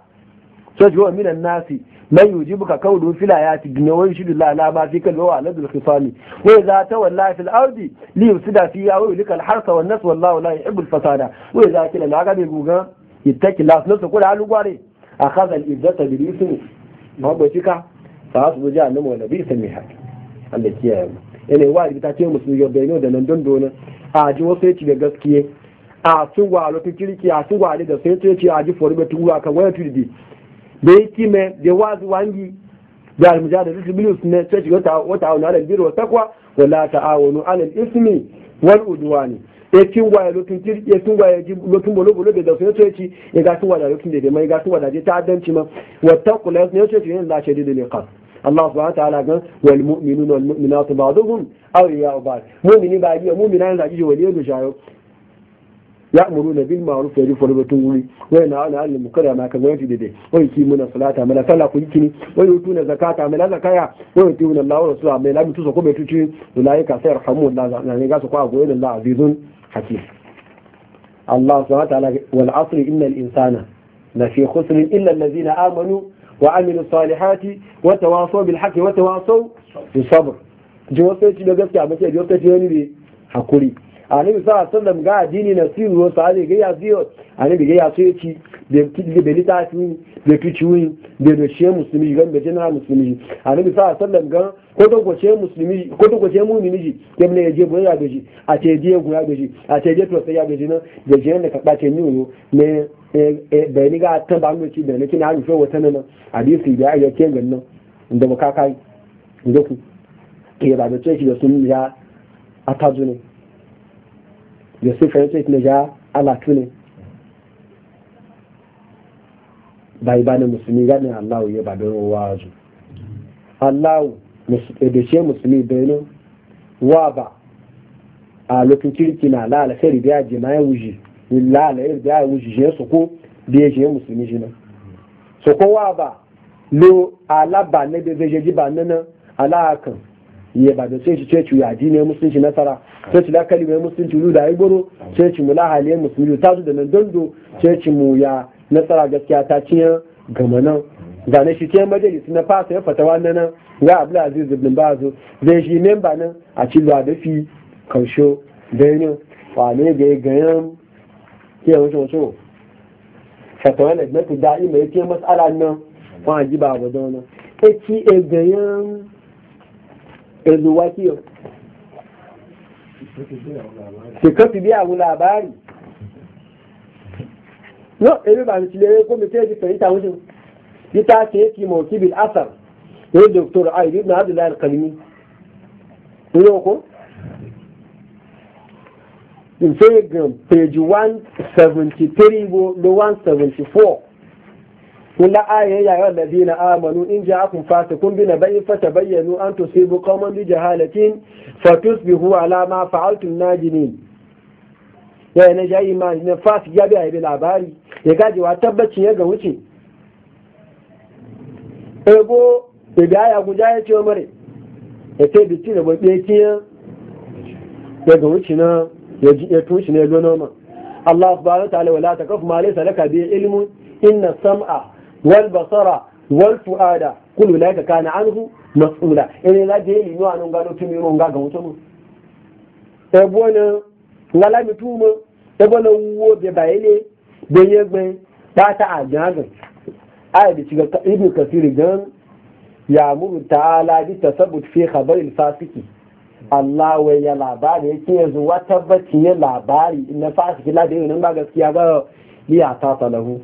[SPEAKER 1] so ji wa minan nasi yuji buka ka don fila ya ti gina wani shidu la ma fi kalbi wa aladul khisami za idza tawalla fil al'audi li yufsida fiha wa yulika al harsa wa nasu wala wala ya ibul fasada za idza kila na ga bi guga ittaki la nasu ko da alugware a al izzata bil ismi ma ba shika fa asbu jahannam wa sami haka Allah kiyaye mu yana wa ribita ce musu yau bai da nan don donin a ji wasu ya ci da gaskiye a sun wa lokacin kirki a sun wa da sai ce ce a ji fori bai tuwa kan wani tudi da ya ki mai da wa zuwangi da almuja da rusu bilus ne sai ci wata auna da biro takwa wala ta'awunu alal ismi wani wal udwani e kin waya lokacin kirki e kin waya ji bolo bolobolo da sai ce ci ya ga sun wa da lokacin da mai ga sun wa da je ta'addanci ma wa taqula ne ya ce ne la shadidu liqab Allah subhanahu ta'ala gan wal mu'minuna wal mu'minatu ba'dhum awliya'u ba'd mu'mini ba yi mu'mina da yi waliyo da shayo ya'muruna bil ma'ruf wa yanhauna 'anil wuri wa yanhauna 'anil munkar ma kan wani dide wa yuqimuna salata mana salla ku yikini wa yutuna zakata mana zakaya wa yutuna Allah wa rasulahu mai lamu tuso ko bai tuci ulaika sayarhamu Allah na ne ga su ko agoyin Allah azizun hakim Allah subhanahu wa ta'ala wal asri innal insana lafi khusrin illa allazina amanu وعمل الصالحات وتواصوا بالحق وتواصوا بالصبر جوتتي ci da gaskiya mace da jiwasa wani ne hakuri annabi sa ga addini na siru wa sa ne ga ya ziyo annabi ga ya so yaci da kidi da litafi da tuciwi da da she musulmi ga da general musulmi annabi sa sallam ga ko to ko she musulmi ko to ko she mu'mini ji da a ce je da a ce je to sai ya da na da je ne ka ni ne da eh, eh, ni ga ta ba ngoci da nake na rufe wata nan hadisi da ya ke gannan da baka kai da ku ke ba da tsayi da sun ya ataju ne ya sai fa tsayi ne ya ala tune bai ba ne musulmi ga ne Allah ya ba da wazu Allah da ce musulmi da ne wa ba a lokacin kirki na la alkhairi da ya jima'a wuji lillahi ala da ya wuce shi su ko da ya shi musulmi shi nan so kowa ba lo ala ba na da zai ji ba na nan ala kan ya ba da sai shi ce ya ji ne musulunci nasara sai ci lakali mai musulunci ru da ya goro sai ci mu hali halayen musulmi ta su da nan dondo sai ci mu ya nasara gaskiya ta ciyar gama nan ga ne shi ce majalis na fasa ya fatawa na nan ga abdulaziz ibn bazu zai shi memba nan a ci da fi kausho da wa wane ga ya gayan kí ẹ̀rọ ṣe oṣù ṣẹ̀tọ̀ ẹlẹ́gbẹ́ ti da ìmọ̀ etí ẹmọ́ sára náà wọ́n á jí bá àbọ̀dọ́ náà etí ẹgbẹ̀ yẹn èlò wá kí ọ. ṣèkọ́ ti bí àwọn làbárì náà eré bàmí ti lè rí kómi tí èdè asar ní dr ayélujára abdullahi alkalimi. Ní sai ga page 173 bo da 174 kula aya ya yawan ladina amanu in ja akun fata kun bi na bayin fata bayyanu an tusibu qauman bi jahalatin fatusbihu ala ma fa'altum najimin ya yana ja imani ne fas ya bi ayi labari ya gaji wa tabbacin ya ga wuce ebo da ga ya guja ya ce wa mare ya ce bitin da bai tiyan ya ga wuce na ya ji ya tushi ne gano noma. Allah subhanahu wa ta'ala wala takaf ma laysa laka bi ilmun inna sam'a wal basara wal fuada kullu laika kana anhu mas'ula ene la de ni wa non gano tumi ron ga ga mutum e bona ngala mi tuma e bona wo be baile be yegbe ta ta ajaga aya bi shiga ibn kasir dan ya mu ta'ala bi tasabbut fi khabar al fasiki Allah wai ya labari yake yanzu wata bacci ya labari na fasiki la da yin ba gaskiya ba li ya ta talahu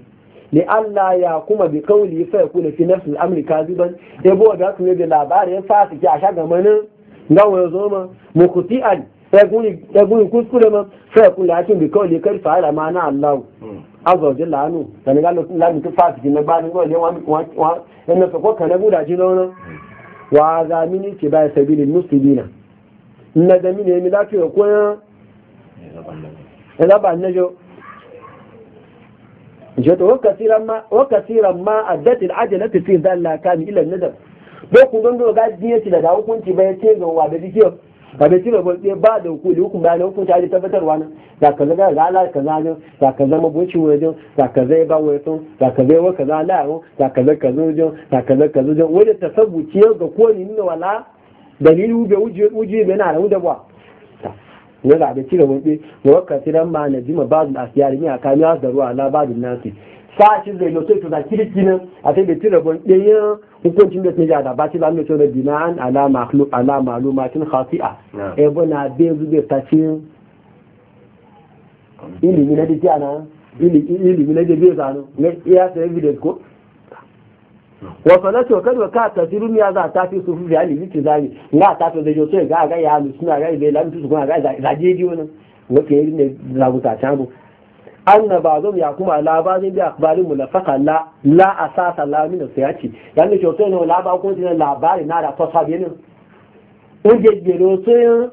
[SPEAKER 1] Ni Allah ya kuma bi kauli fa kula fi nafsi al-amri kaziban yabo da su ne da labari ya fasiki a shaga manin gawo ya zo ma mukhti'an ya guni kuskure ma fa yakuna lakin bi kauli kar fa'ala ma na Allah azza wa jalla anu dan ga lamu ta fasiki na ba ni wani, ne wani wa ne ko kana gudaji na wannan wa zamini ke ba sabilin muslimina na da mini mi lati ko Ya laban na jo jato wa kasiran ma wa kasiran ma addatil ajalati fi dalla kan ila nadab ko ku don ga diye ci daga hukunci bai ce ga wa da dikiyo ba da cire bolɗe ba da hukuli hukun bayan hukun ta tabbatarwa nan za ka zaga ga ala ka zaga za ka zama buci wajen za ka zai ba wajen za ka zai waka za ala yau za ka zai ka zo wajen za ka zai ka zo wajen wajen ta sabuci yau ga kowane nuna wala dalilu ube wuje bai na rahu da ba ga zaɓe cire wuce na wakar tiran ma na jima ba da asiyari ne a kamiyar da ruwa na ba da nasi sashi zai yi sai tuta kirki nan a sai da cire wuɗe yin hukuncin da sun da ba ci ba mai tsoron bina'an alama malumatin khasi'a ebo na eh, bai zube tashin ilimi na dikiya ilimi na dikiya na ya sai evidence ko wa salatu kadwa ka tasiru ya za ta fi sufu ya ali ki zani na ta ta da jo sai ga ga ya lu suna ga be lam su kuma ga za je ji wannan wace yi ne za ku ta tabu anna bazum ya kuma labarin bi akbarin mulafaka la la asasa la min siyati dan ne to ne la labarin ko ne labarin na da fasabi ne in je je ro sai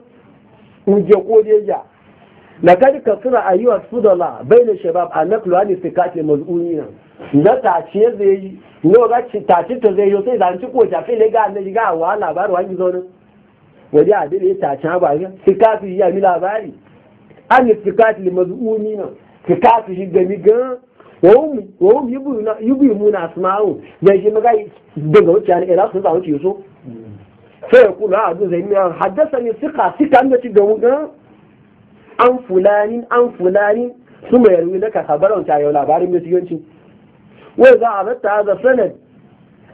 [SPEAKER 1] in je ko je ja لقد كثر أيها الفضلاء shabab anaklu ani sikati عن الثقات ta ce zai no ga ci ta ci to zai yo sai zan ci ko ta fi lega ne ga wa labaru wani zo ne waje a dole ta ci ba ga fikatu ya mi labari an fikatu li mazuni na fikatu shi gami ga wa hum mu na asma'u e ya ji maga daga wuce ne ila sun zawo ci so sai ya kula a zai mi haddasa ni sika sika ne ci ga wuga an fulani an fulani su mai yarwi na ka sabaran ta yau labarin mai yancin wai za a rata da sanad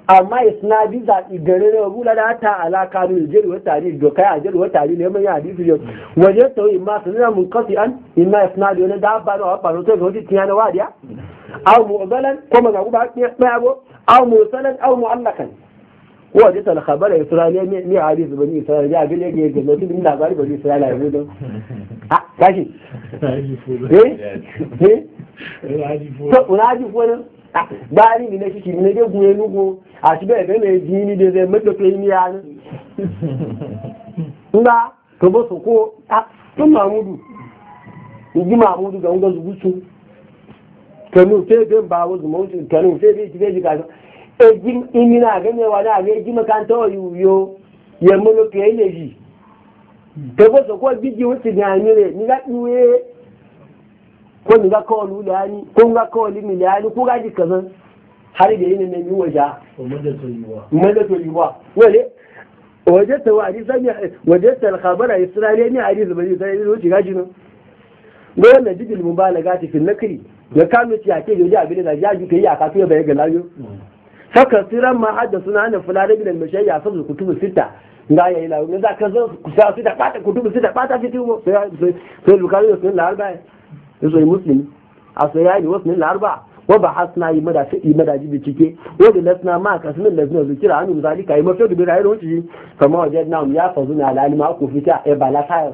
[SPEAKER 1] amma isna bi za ki gare ne gula da ta alaka ne jiri wa tari do a jiri wa ne mun ya hadisi yo waje to imma sunan mun kasi an imma isna bi ne da ba no ba no to go ti tiyana wadiya aw mu'dalan ko ma ku ba ba ago aw musalan aw mu'allakan waje ta khabar israiliya ne ba ni bani israiliya ga ne ga ga tin labari ni israiliya ne don ah kashi
[SPEAKER 4] eh
[SPEAKER 1] eh unaji fo Ah, gbáàrí mi lè ṣíṣì mi légun enúgo àti bẹ́ẹ̀ bẹ́ẹ̀ lè di ní dẹ̀dẹ̀ mẹ́tẹ̀ẹ̀tẹ̀ ní àárín ńlá tòbósòkó ah, tó màmúdù ìjí màmúdù gbọ̀ngàn zùgbùsù kẹnu fẹ́ẹ̀fẹ́ ń bá owó zùmọ́ kẹnu fẹ́ẹ̀fẹ́ ti fẹ́ẹ̀fẹ́ kàṣọ èjì ìmìnà àgẹ́mẹ́wà náà àgẹ́ èjì mẹ́kántọ́ ìwúyọ yẹmọ́lókè ẹ̀yẹ yìí tòbósòkó gbígi ó ti ní àmì rẹ̀ nígbà tí wọ́n ko mi ga kawai lulani ko ga kawai ko kazan har da yin nan yi waja mada to wale waje ta wadi sami waje ta alkhabara israiliya ne hadisi bai sai ne wuce gaji nan ga wannan jibil mubalaga ta fil nakri ya ci ake joji abin da ya ji kai ya ka to bai ga layo siran ma hadda suna nan fulani bin sabu kutubu sita nga ya ila ne za ka zo ku sa su da kutubu sita bata fitiwo sai sai bukari sun la albai yaso yi musulmi a ya yi wasu nila arba wa ba hasna yi madaji da mada ji bincike wa da lasna ma ka sunan da suna zikira an misali yi mafi da bai rayuwar wuce kamar wajen na ya fazu na lalima ko fita a bala tayar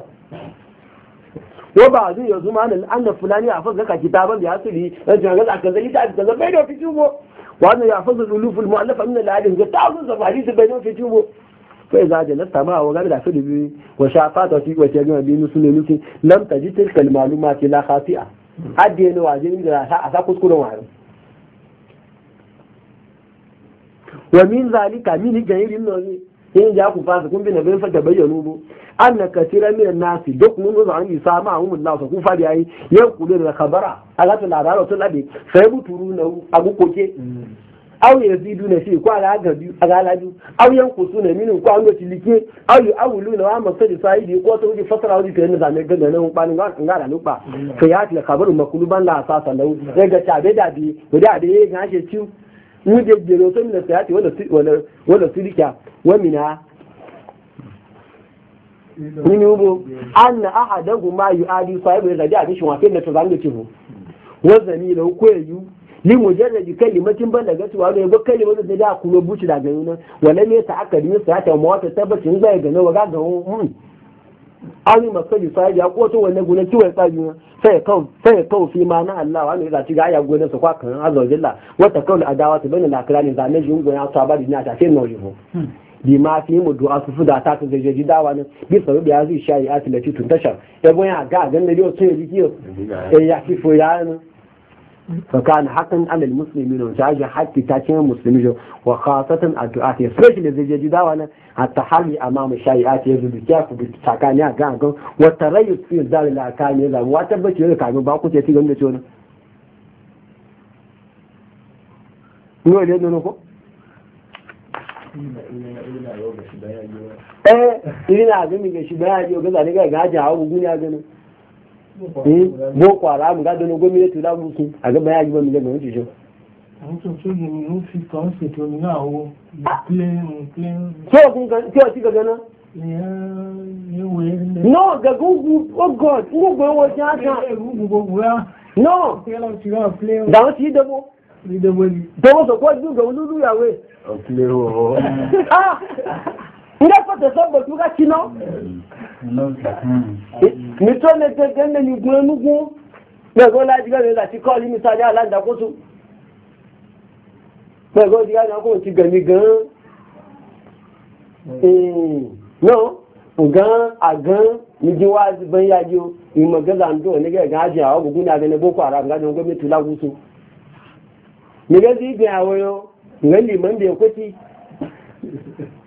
[SPEAKER 1] wa ba zai yanzu ma nan an da fulani a fasa ka ban da hasiri dan janga a zai da ka zai bai da fitubo wa ya fasa uluful mu'allafa min al ga ta'awun zafari da bai da fitubo sai za da lasta ma wa gami da su dubi wa shafa ta fi wace gama bi nusu ne nusu lam ta ji tilkal maluma ce la khasi'a hadde ne waje ni da ta a sa kuskuren wani wa min zalika min jairin nawi in ja ku fasa kun bi na bin fata bayyanu bu anna katiran min nasi duk mun zo an isa ma mu Allah ku fa da yayi yan kullu da khabara aga to labaro to labi sai buturu na agu koke aw yazidu na fi ko ala gabi ala ju aw na minin ko an ci like aw awulu na wa masal saidi ko to ji fasara wuri tayin da ne ganda nan ba ni ga da lupa ya ta kabaru makuluban la asasa lau daga tabe da bi da da ya ga shi ci mu je jero to min sayati wala wala wala silika wa mina mini ubo anna ahadahu ma yuadi sahibi da da shi wa kin da to yu li mujarrad kalimatin balagatu wa ba kalimar da da kuma buci da gani nan wala ne ta akadi ne sai ta mawata in zai ga nawa ga ga mun hmm. an masali sai ya ko to wannan gune sai yi sai kau sai kau fi ma na Allah wani da ci ga ya gune su kwa kan azza jalla wata kaul ta bainal lakrani da ne jingo ya saba na ta sai noyi ho bi ma fi mu du'a su fuda ta ta jeje ji dawa ne bi sabu biya zai shayi atilati tun tashar ya gonya ga ganin da yau sai ya ji eh, kiyo ya fi fo ne فكان حقا على المسلمين وجاج حتى تاكين المسلمين وخاصة الدعاة especially زي جدي داوانا التحري أمام الشيئات يزيد كيف بتساكاني أغانكم والتريث في دار الأركان يزا واتبت يلك عمي باقو تيتي غنجة تونا نو إليه نونكو eh ina abin da shi bayani ga zalika ga jawo guni a ganin Eh, boko haram ga dono gwamnati da musu a ga bayani ba mu ga mun jijo tí o ti gẹ̀gẹ̀ náà no gẹ̀gẹ̀ ogun oh god gbogbo ewo ti áṣà no dáwọn ti dẹ̀bọ̀ dẹ̀bọ̀ sọ̀pọ̀ ìdúgbẹ̀ olúlúyàwó nga ko to so bodu ka kino mi to ne te gende ni gun me go la la ti ko li mi sa ja la na ko ti gan mi hmm. gan eh no gan agan ni ji wa ji ban ya ji o ni mo gan zan do ne ga ga ji boko haram ga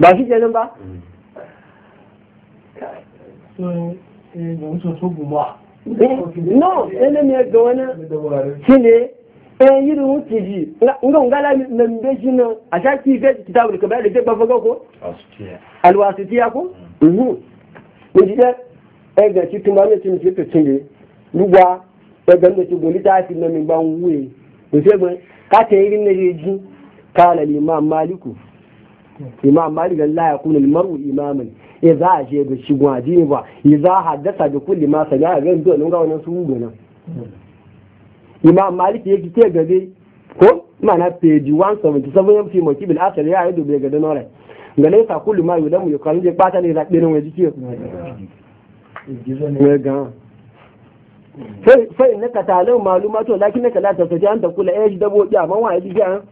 [SPEAKER 1] ba shi kenan ba no ene ne ga wani shi ne ɗan eh, yi da wuce ji na mbe shi nan a sha ki ga kitabu da ka bayar da ke bafaga ko ko mm. mhm. uhu ne ji ɗan eh, ga shi tuma ne cin shi ta cinye lugwa ɗan eh, ga ci goli ta fi na min ban wuye da sai ka ta yi rin na ji kala liman maliku imam malik la yakun al mar'u imaman idza aje da shi gwaji ba idza haddasa da kulli ma ya ga dole ga wannan su gona imam malik yake ke gabe ko mana page 177 yafi maki bil asr ya yi dubi ga da nore ga ne sa kullu ma yudamu yukan je pata ne da dirin waje jiki. ga sai ne ka talau malumato lakin ne ka la ta tafi an ta kula eh dabo ya man wa ya ji an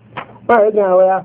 [SPEAKER 1] ba ga waya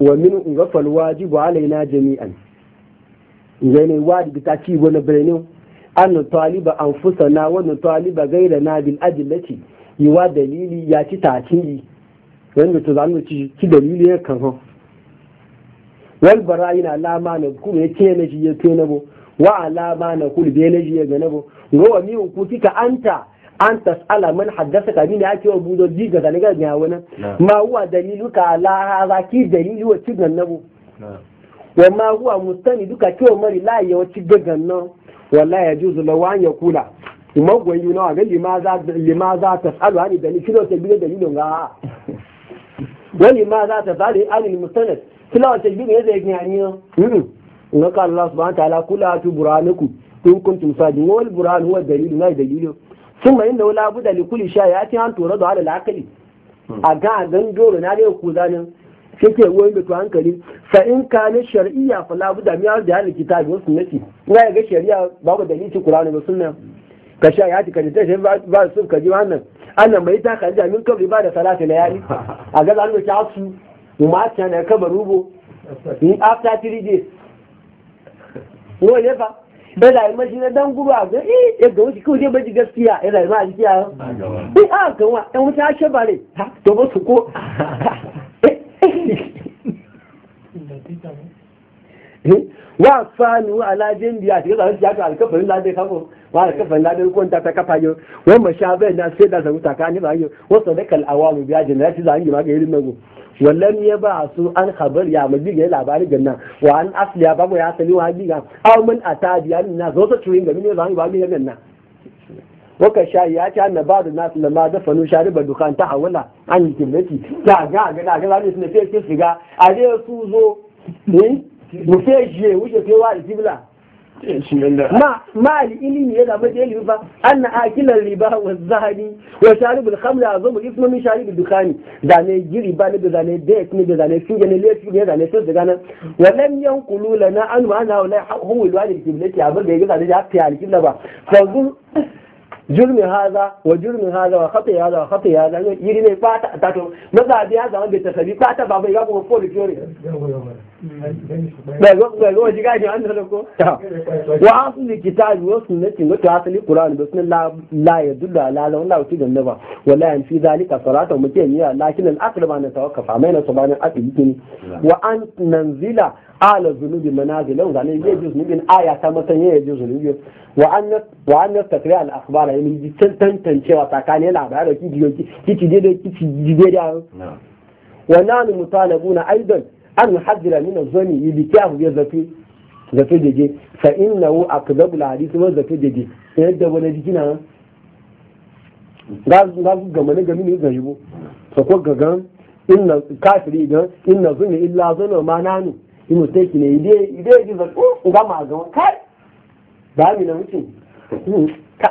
[SPEAKER 1] wa min ngafal wajibu alaina jami'an yana wajibi ta ci wani birnin an taliba an na wani taliba gaida na bil adillati yi wa dalili ya ci taci wanda to zan ci ci dalili ya kan ho wal bara'ina lama na kuma ya ce na shi ya tona bo wa alama na kul be shi ya ga na bo wa mi hukutika anta an tas'ala man haddasa ka mini ake wa budo ji ga zane ga wani ma huwa dalilu ka ala ki dalilu wa ci gannabu wa ma huwa mustani duka kiwa mari la ya wa ci gannan wala ya juzu lawan ya kula kuma gwayu nawa ga limaza limaza tas'alu ani dalil kilo ta bi dalilu ga wani ma za ta fara ani mustanad kila wata bi ne zai gani ne na ka Allah subhanahu wa ta'ala kula tu buranaku in kuntum sajin wal buran huwa dalil na dalilu sun mai inda wula buda likuli sha ya ce an tura da ala la'akali a ga a gan doro na dai ku zanin shike wani mutu hankali fa in ka ne shari'a fa la buda mi har da ala kitabi wasu nake na yaga shari'a babu dalilin ne ba sunna ka sha ya ci ka ta shi ba su ka ji wannan annan bai ta kaji min kabri ba da salati yari. a ga zan ki asu mu ma ta ne kabarubo in after 3 days no ne fa bai rayu mashi na dan guru a ga eh ya ga wuce kawai bai ji gaskiya ya rayu ma a jiki a yau a ga wa ɗan wuce ashe ba to ba su ko wa fanu ala jindiya shi zai ya ta alkafarin ladai kafo wa alkafarin ladai ko ta ta kafa yo wa bai na sai da zaguta ka ni ba yo wa sadakal awamu biya jinnati zan yi ma ga irin nago wallan ya ba su an khabar ya maji ya labari ganna wa an ya babu ya sani wa hajiga aw min atadiya na zo ta tuyin ga mini zan yi ba ga nan. waka shayi ya ce na bada nasu da ma dafanu ba dukan ta hawala an yi kimmeti ta ga ga ga ga ne suna fiye shiga a zai su zo ne buse je wuce ke wa isibla ma ma al ilimi yana ba da ilimi ba anna akilan riba wa zahani wa sharibul khamra azum al ismu min sharibul dukhani da ne giri ba ne da ne da ne da ne sun gane ne da ne sun gana wa lam yanqulu lana an wa ana wala hum al walid kiblati da yaga da ta fi al kibla ba fa zu jurmi hada wa jurmi hada wa khata hada wa khata hada yiri ne fata ta to maza da ya zama bi tafi fata ba bai ga ko fori fori daga ne gaji an da ko wa asli kitabi wa da suna laye. qur'an bi sunna la yadullu ala ba. wala fi gannaba wala yan fi zalika salata muke ni lakin al aqraba na tawakkafa mai na yi aqibini wa an zila ala zunubi manazila wa ne ya juz min aya ta matan ya juz zunubi wa an wa an takri al akhbara ji tantancewa tsakanin labarai da kidiyoyi kici dai da kici dai da wa mutane mutalabuna aidan an hadira mina zoni yi bi kyafu ya zafi zafi jeje fa innahu aqdabu alhadith wa zafi jeje yadda wani jikina ga ga gama ne gami ne ga yibo so ko gagan inna kafiri idan inna zunni illa zunna ma nanu yi mutaki ne ide ide ji za ko ga ma ga kai ba mi na mutum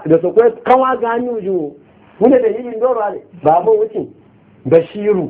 [SPEAKER 1] da so ko kawa gani wuju mun da yin doro ale babu mutum bashiru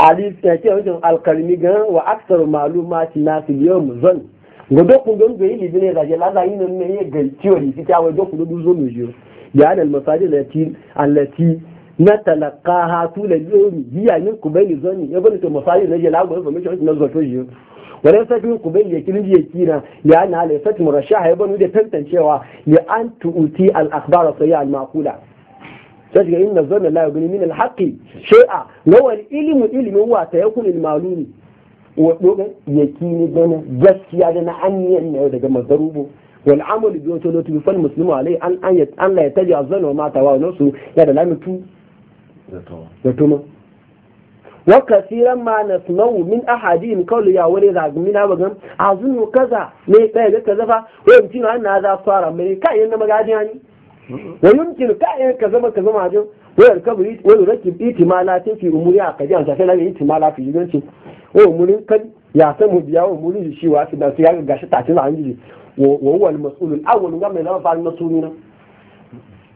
[SPEAKER 1] alif ta ce wajen alkalmi gan wa aksar malumati na su yau mu zan ga dokun don ga libi ne da jela da yin ne ya ga ciwo ne fita wa dokun don zo mu jiyo ya anal masajid lati na na ha tula yawmi hiya min kubayli zanni ya bani to masajid na jela go information na zo to jiyo wala sai min ya yakin ji kina ya na ala sat murashaha ya bani da tantancewa ya an tuuti al akhbar sayya al maqula sai ga inna zanna la yughni min alhaqi shay'a law alilmu ilmu ilmin wa tayakun al-malumi wa doga yakini gana gaskiya da na anniyan ne daga mazarubu wal amal bi wato lutu fal muslimu alai an an an la yataji zanna wa ma tawa nusu. ya da lamitu da tuma wa kasiran ma nasma'u min ahadin qawli ya wani zagmin ha bagan azunu kaza ne kai ga kaza fa wa mutuna an na za fara mai kai ne magadi ani wa yumkin ka in ka zama ka zama ajin wa yarkabri wa yurakib itimala ta fi umuri a kaji an tafi lagin itimala fi yuganci wa umurin kan ya san mu biya wa umurin shi wa su da su ya gashi tace za an ji wa huwa al-mas'ul al-awwal ga mai zama fa al-mas'uluna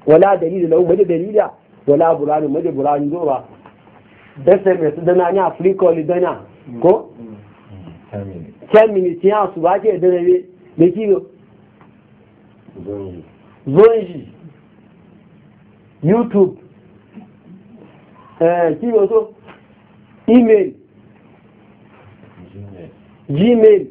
[SPEAKER 1] wala dalil lahu ma dalila wala burani ma burani do ba sms dana ni afrika oli dana ko 10 minutes ya su ba ke dana ne da kilo zonji youtube eh, kí ló tó email gmail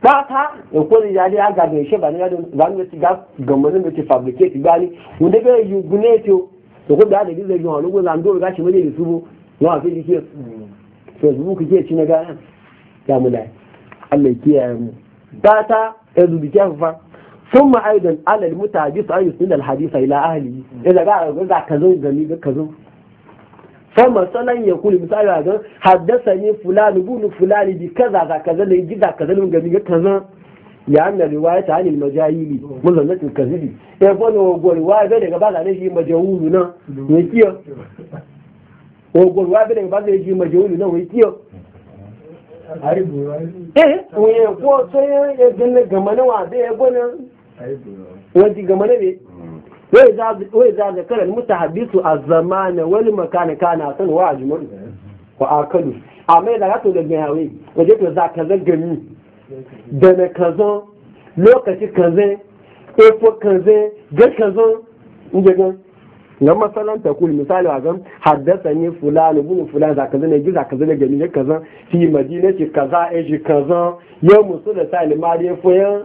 [SPEAKER 1] pátá èkó ni agàgbẹ̀ iṣẹ́ ìbànújẹ́ fabricate gbá ní òdébẹ̀ yugun náà tí ó bí adé lógún rẹ̀ àfi hmm. facebook kí sun ma aida alal mutaji su an yi sun dal hadisa ila ahali idan ga ga ka zo gani ga ka zo fa ma sanan ya kuli misali ga ga haddasa ni fulan bunu fulan bi kaza za ka zalle ji da ka zalle gani ga ka zo ya an da riwaya ta anil majayili muzallatul kazibi e bono go riwaya da daga baga ne shi majawulu na ne kiyo o go riwaya da daga baga ne shi majawulu na wai kiyo Ari buwa. Eh, wuye sai ya gane gama na wa bai gwanin wajen gama ne wai za a zakarar mutu hadisu a zamanin wani makana kana san wa a jimaru wa a kanu a mai da rato da gayawai waje to za ka gami. da na kazo lokaci kazo efo kazo ga kazo inda na masalan ta kuli misali a zan haddasa ne fulani bunu fulani za ka zane ji za ka zane gani ya kazo fi madina ce kaza e ji kazo ya musu da sa limari ya foyan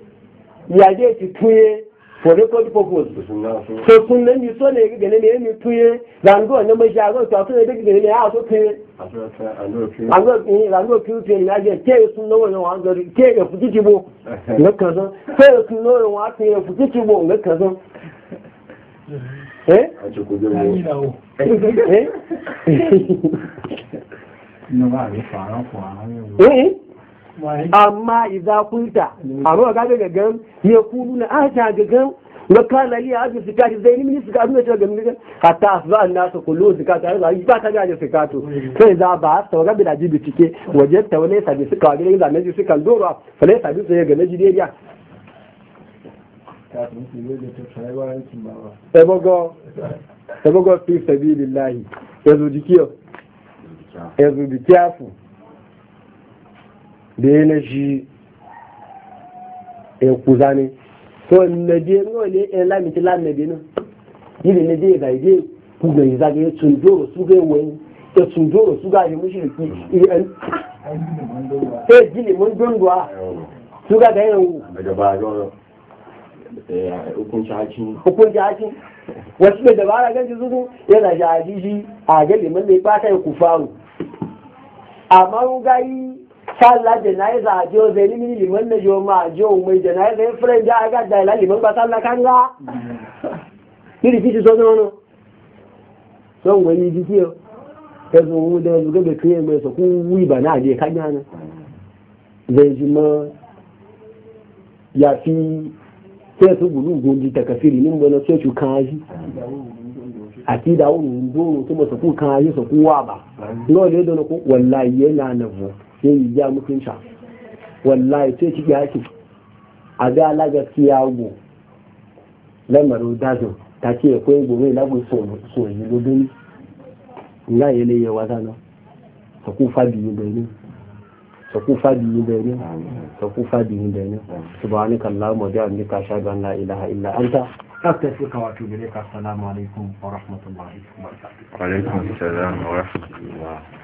[SPEAKER 1] Yaje ti tuye for record purpose so kun ne ni so ne ga ne ne ni tuye zango ne mai shago to so ne ga ne ya so tuye zango ni zango ku tuye na je ke e sun no no wa ga ke ga e fuji tibo na kaza ke e sun no no wa ke fuji tibo na kaza
[SPEAKER 2] eh a ce ku je mu eh no ba ni fara ko an yi
[SPEAKER 1] eh? amma idza kunta amma ga daga gan ya kulu na aka ga gan wa kana li azu sikati zai ni mini sikati ne ga mini hatta asba an nasu kullu sikati ai ba ta ga sikatu sai za ba ta ga bi da jibi cike waje ta wani sabi suka ga da naji suka dora fa ne sabi sai ga naji dai ya ebogo ebogo fi sabilillahi yazu dikiyo yazu dikiyafu da yana shi ya kuza ne to na je nawa ne ya lamiti lamabe nan yiri na je ya gaige ku yi yi zagaye sun doro su ga wani ya sun doro su ga yi mushriki iri e e an ta gini mun dondowa su ga ga e yanayi hukunci hakin hukunci hakin wasu da dabara ganci zuzu yana shi a jiji a ga liman da ya fata ya kufaru amma gayi sallah janaiza a jiyo zai limini liman na jiyo ma a jiyo mai janaiza ya furen ja a ga da liman ba sallah kan ga yiri fi so no no son gwani ji kiyo ya zo mu da yanzu da kiyo mai saku wi ba na je kan yana zai ji ma ya fi sai su gudu gunji ta kafiri nin bana sai su kan shi kuma su kan shi su kuwa ba dole da ko sai yi ja mutunca wallahi sai ciki haki a ga ala gaskiya go lamarin ta ce akwai gobe lagun soyi lodoni nga yele ye wadana takufa biyu bayani takufa biyu bayani takufa bayani
[SPEAKER 2] la ilaha illa anta astaghfiruka wa atubu ilayka assalamu
[SPEAKER 4] alaikum wa rahmatullahi wa barakatuh wa alaikum assalam wa